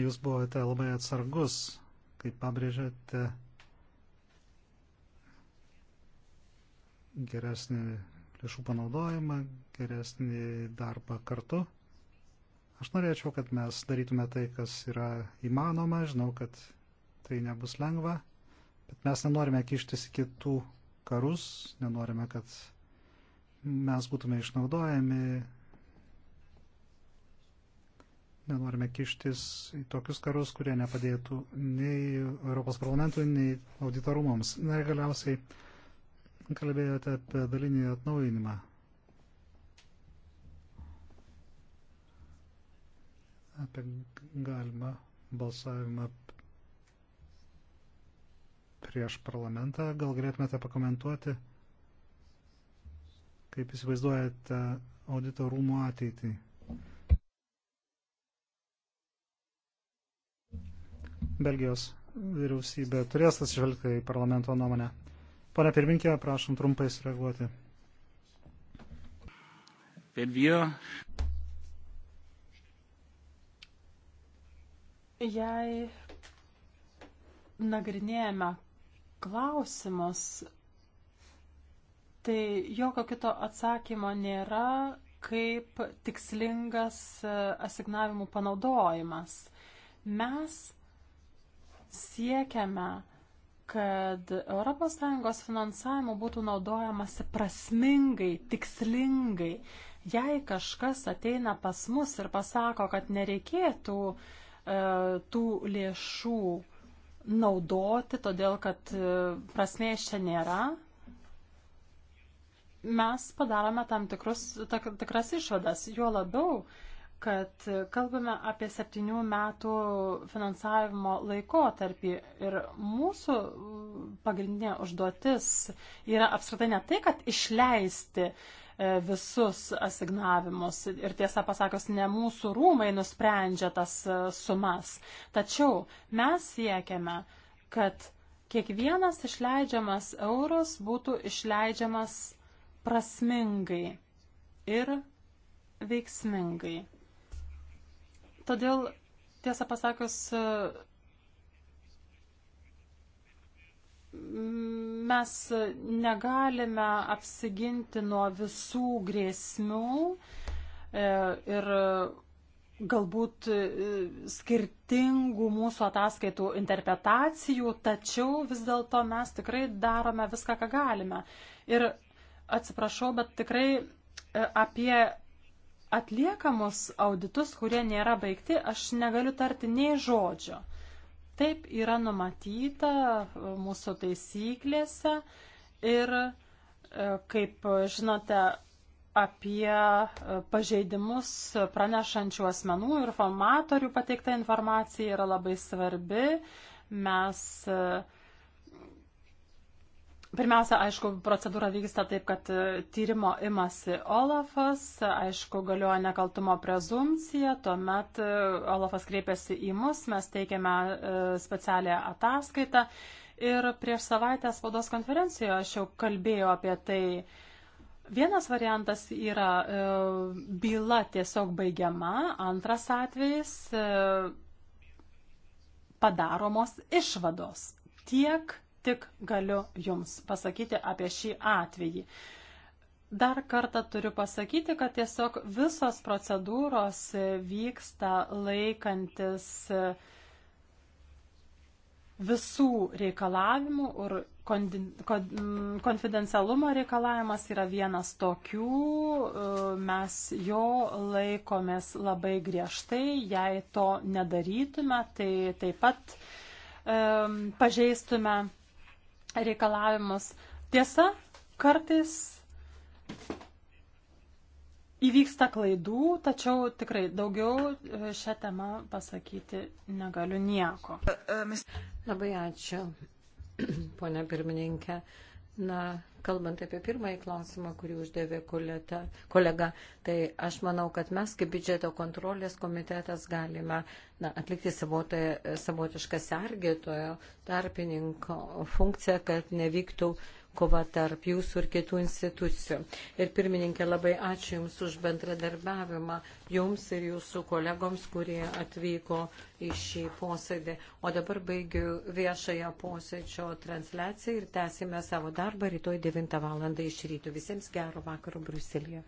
Jūs buvote labai atsargus, kaip pabrėžėte geresnį lėšų panaudojimą, geresnį darbą kartu. Aš norėčiau, kad mes darytume tai, kas yra įmanoma. Žinau, kad tai nebus lengva, bet mes nenorime kištis į kitų karus, nenorime, kad mes būtume išnaudojami, nenorime kištis į tokius karus, kurie nepadėtų nei Europos parlamentui, nei auditorumams. Na ir galiausiai kalbėjote apie dalinį atnaujinimą. Apie galimą balsavimą prieš parlamentą. Gal galėtumėte pakomentuoti, kaip įsivaizduojate audito rūmų ateitį? Belgijos vyriausybė turės atsižvelgti į parlamento nuomonę. Pone pirminkė, prašom trumpai sureaguoti. Jei nagrinėjame, klausimus, tai jokio kito atsakymo nėra, kaip tikslingas e, asignavimų panaudojimas. Mes siekiame, kad ES finansavimu būtų naudojamasi prasmingai, tikslingai. Jei kažkas ateina pas mus ir pasako, kad nereikėtų e, tų lėšų, naudoti, todėl kad e, prasmės čia nėra. Mes padarome tam tikrus, tak, tikras išvadas, juo labiau, kad kalbame apie septynių metų finansavimo laikotarpį ir mūsų pagrindinė užduotis yra apskritai ne tai, kad išleisti uh, E, visus asignavimus. Ir tiesą pasakius, ne mūsų rūmai nusprendžia tas e, sumas. Tačiau mes siekiame, kad kiekvienas išleidžiamas euras būtų išleidžiamas prasmingai ir veiksmingai. Todėl, tiesą pasakius, mes negalime apsiginti nuo visų grėsmių e, ir galbūt e, skirtingų mūsų ataskaitų interpretacijų, tačiau vis dėlto mes tikrai darome viską, ką galime. Ir atsiprašau, bet tikrai e, apie atliekamus auditus, kurie nėra baigti, aš negaliu tarti nei žodžio. Taip yra numatyta e, mūsų taisyklėse ir, e, kaip žinote, apie e, pažeidimus pranešančių asmenų informatorių pateikta informacija yra labai svarbi. Mes uh, Pirmiausia, aišku, procedūra vyksta taip, kad e, tyrimo imasi Olafas, aišku, galioja nekaltumo prezumcija, tuomet e, Olafas kreipiasi į mus, mes teikiame e, specialią ataskaitą ir prieš savaitę spaudos konferencijoje aš jau kalbėjau apie tai. Vienas variantas yra byla tiesiog baigiama, antras atvejis padaromos išvados. Tiek tik galiu Jums pasakyti apie šį atvejį. Dar kartą turiu pasakyti, kad tiesiog visos procedūros vyksta laikantis visų reikalavimų ir konfidencialumo reikalavimas yra vienas tokių, mes jo laikomės labai griežtai, jei to nedarytume, tai taip pat um, pažeistume reikalavimus. Tiesa, kartais įvyksta klaidų, tačiau tikrai daugiau e, šią temą pasakyti negaliu nieko. Labai ačiū, ponia pirmininkė. Na, Kalbant apie pirmąjį klausimą, kurį uždavė kolega, tai aš manau, kad mes kaip biudžeto kontrolės komitetas galime na, atlikti savotą, savotišką sergėtojo tarpininko funkciją, kad nevyktų kova tarp jūsų ir kitų institucijų. Ir pirmininkė, labai ačiū Jums už bendradarbiavimą, Jums ir Jūsų kolegoms, kurie atvyko į šį posėdį. O dabar baigiu viešąją posėdžio transliaciją ir tęsime savo darbą rytoj 9 val. iš ryto. Visiems gero vakaro Bruselėje.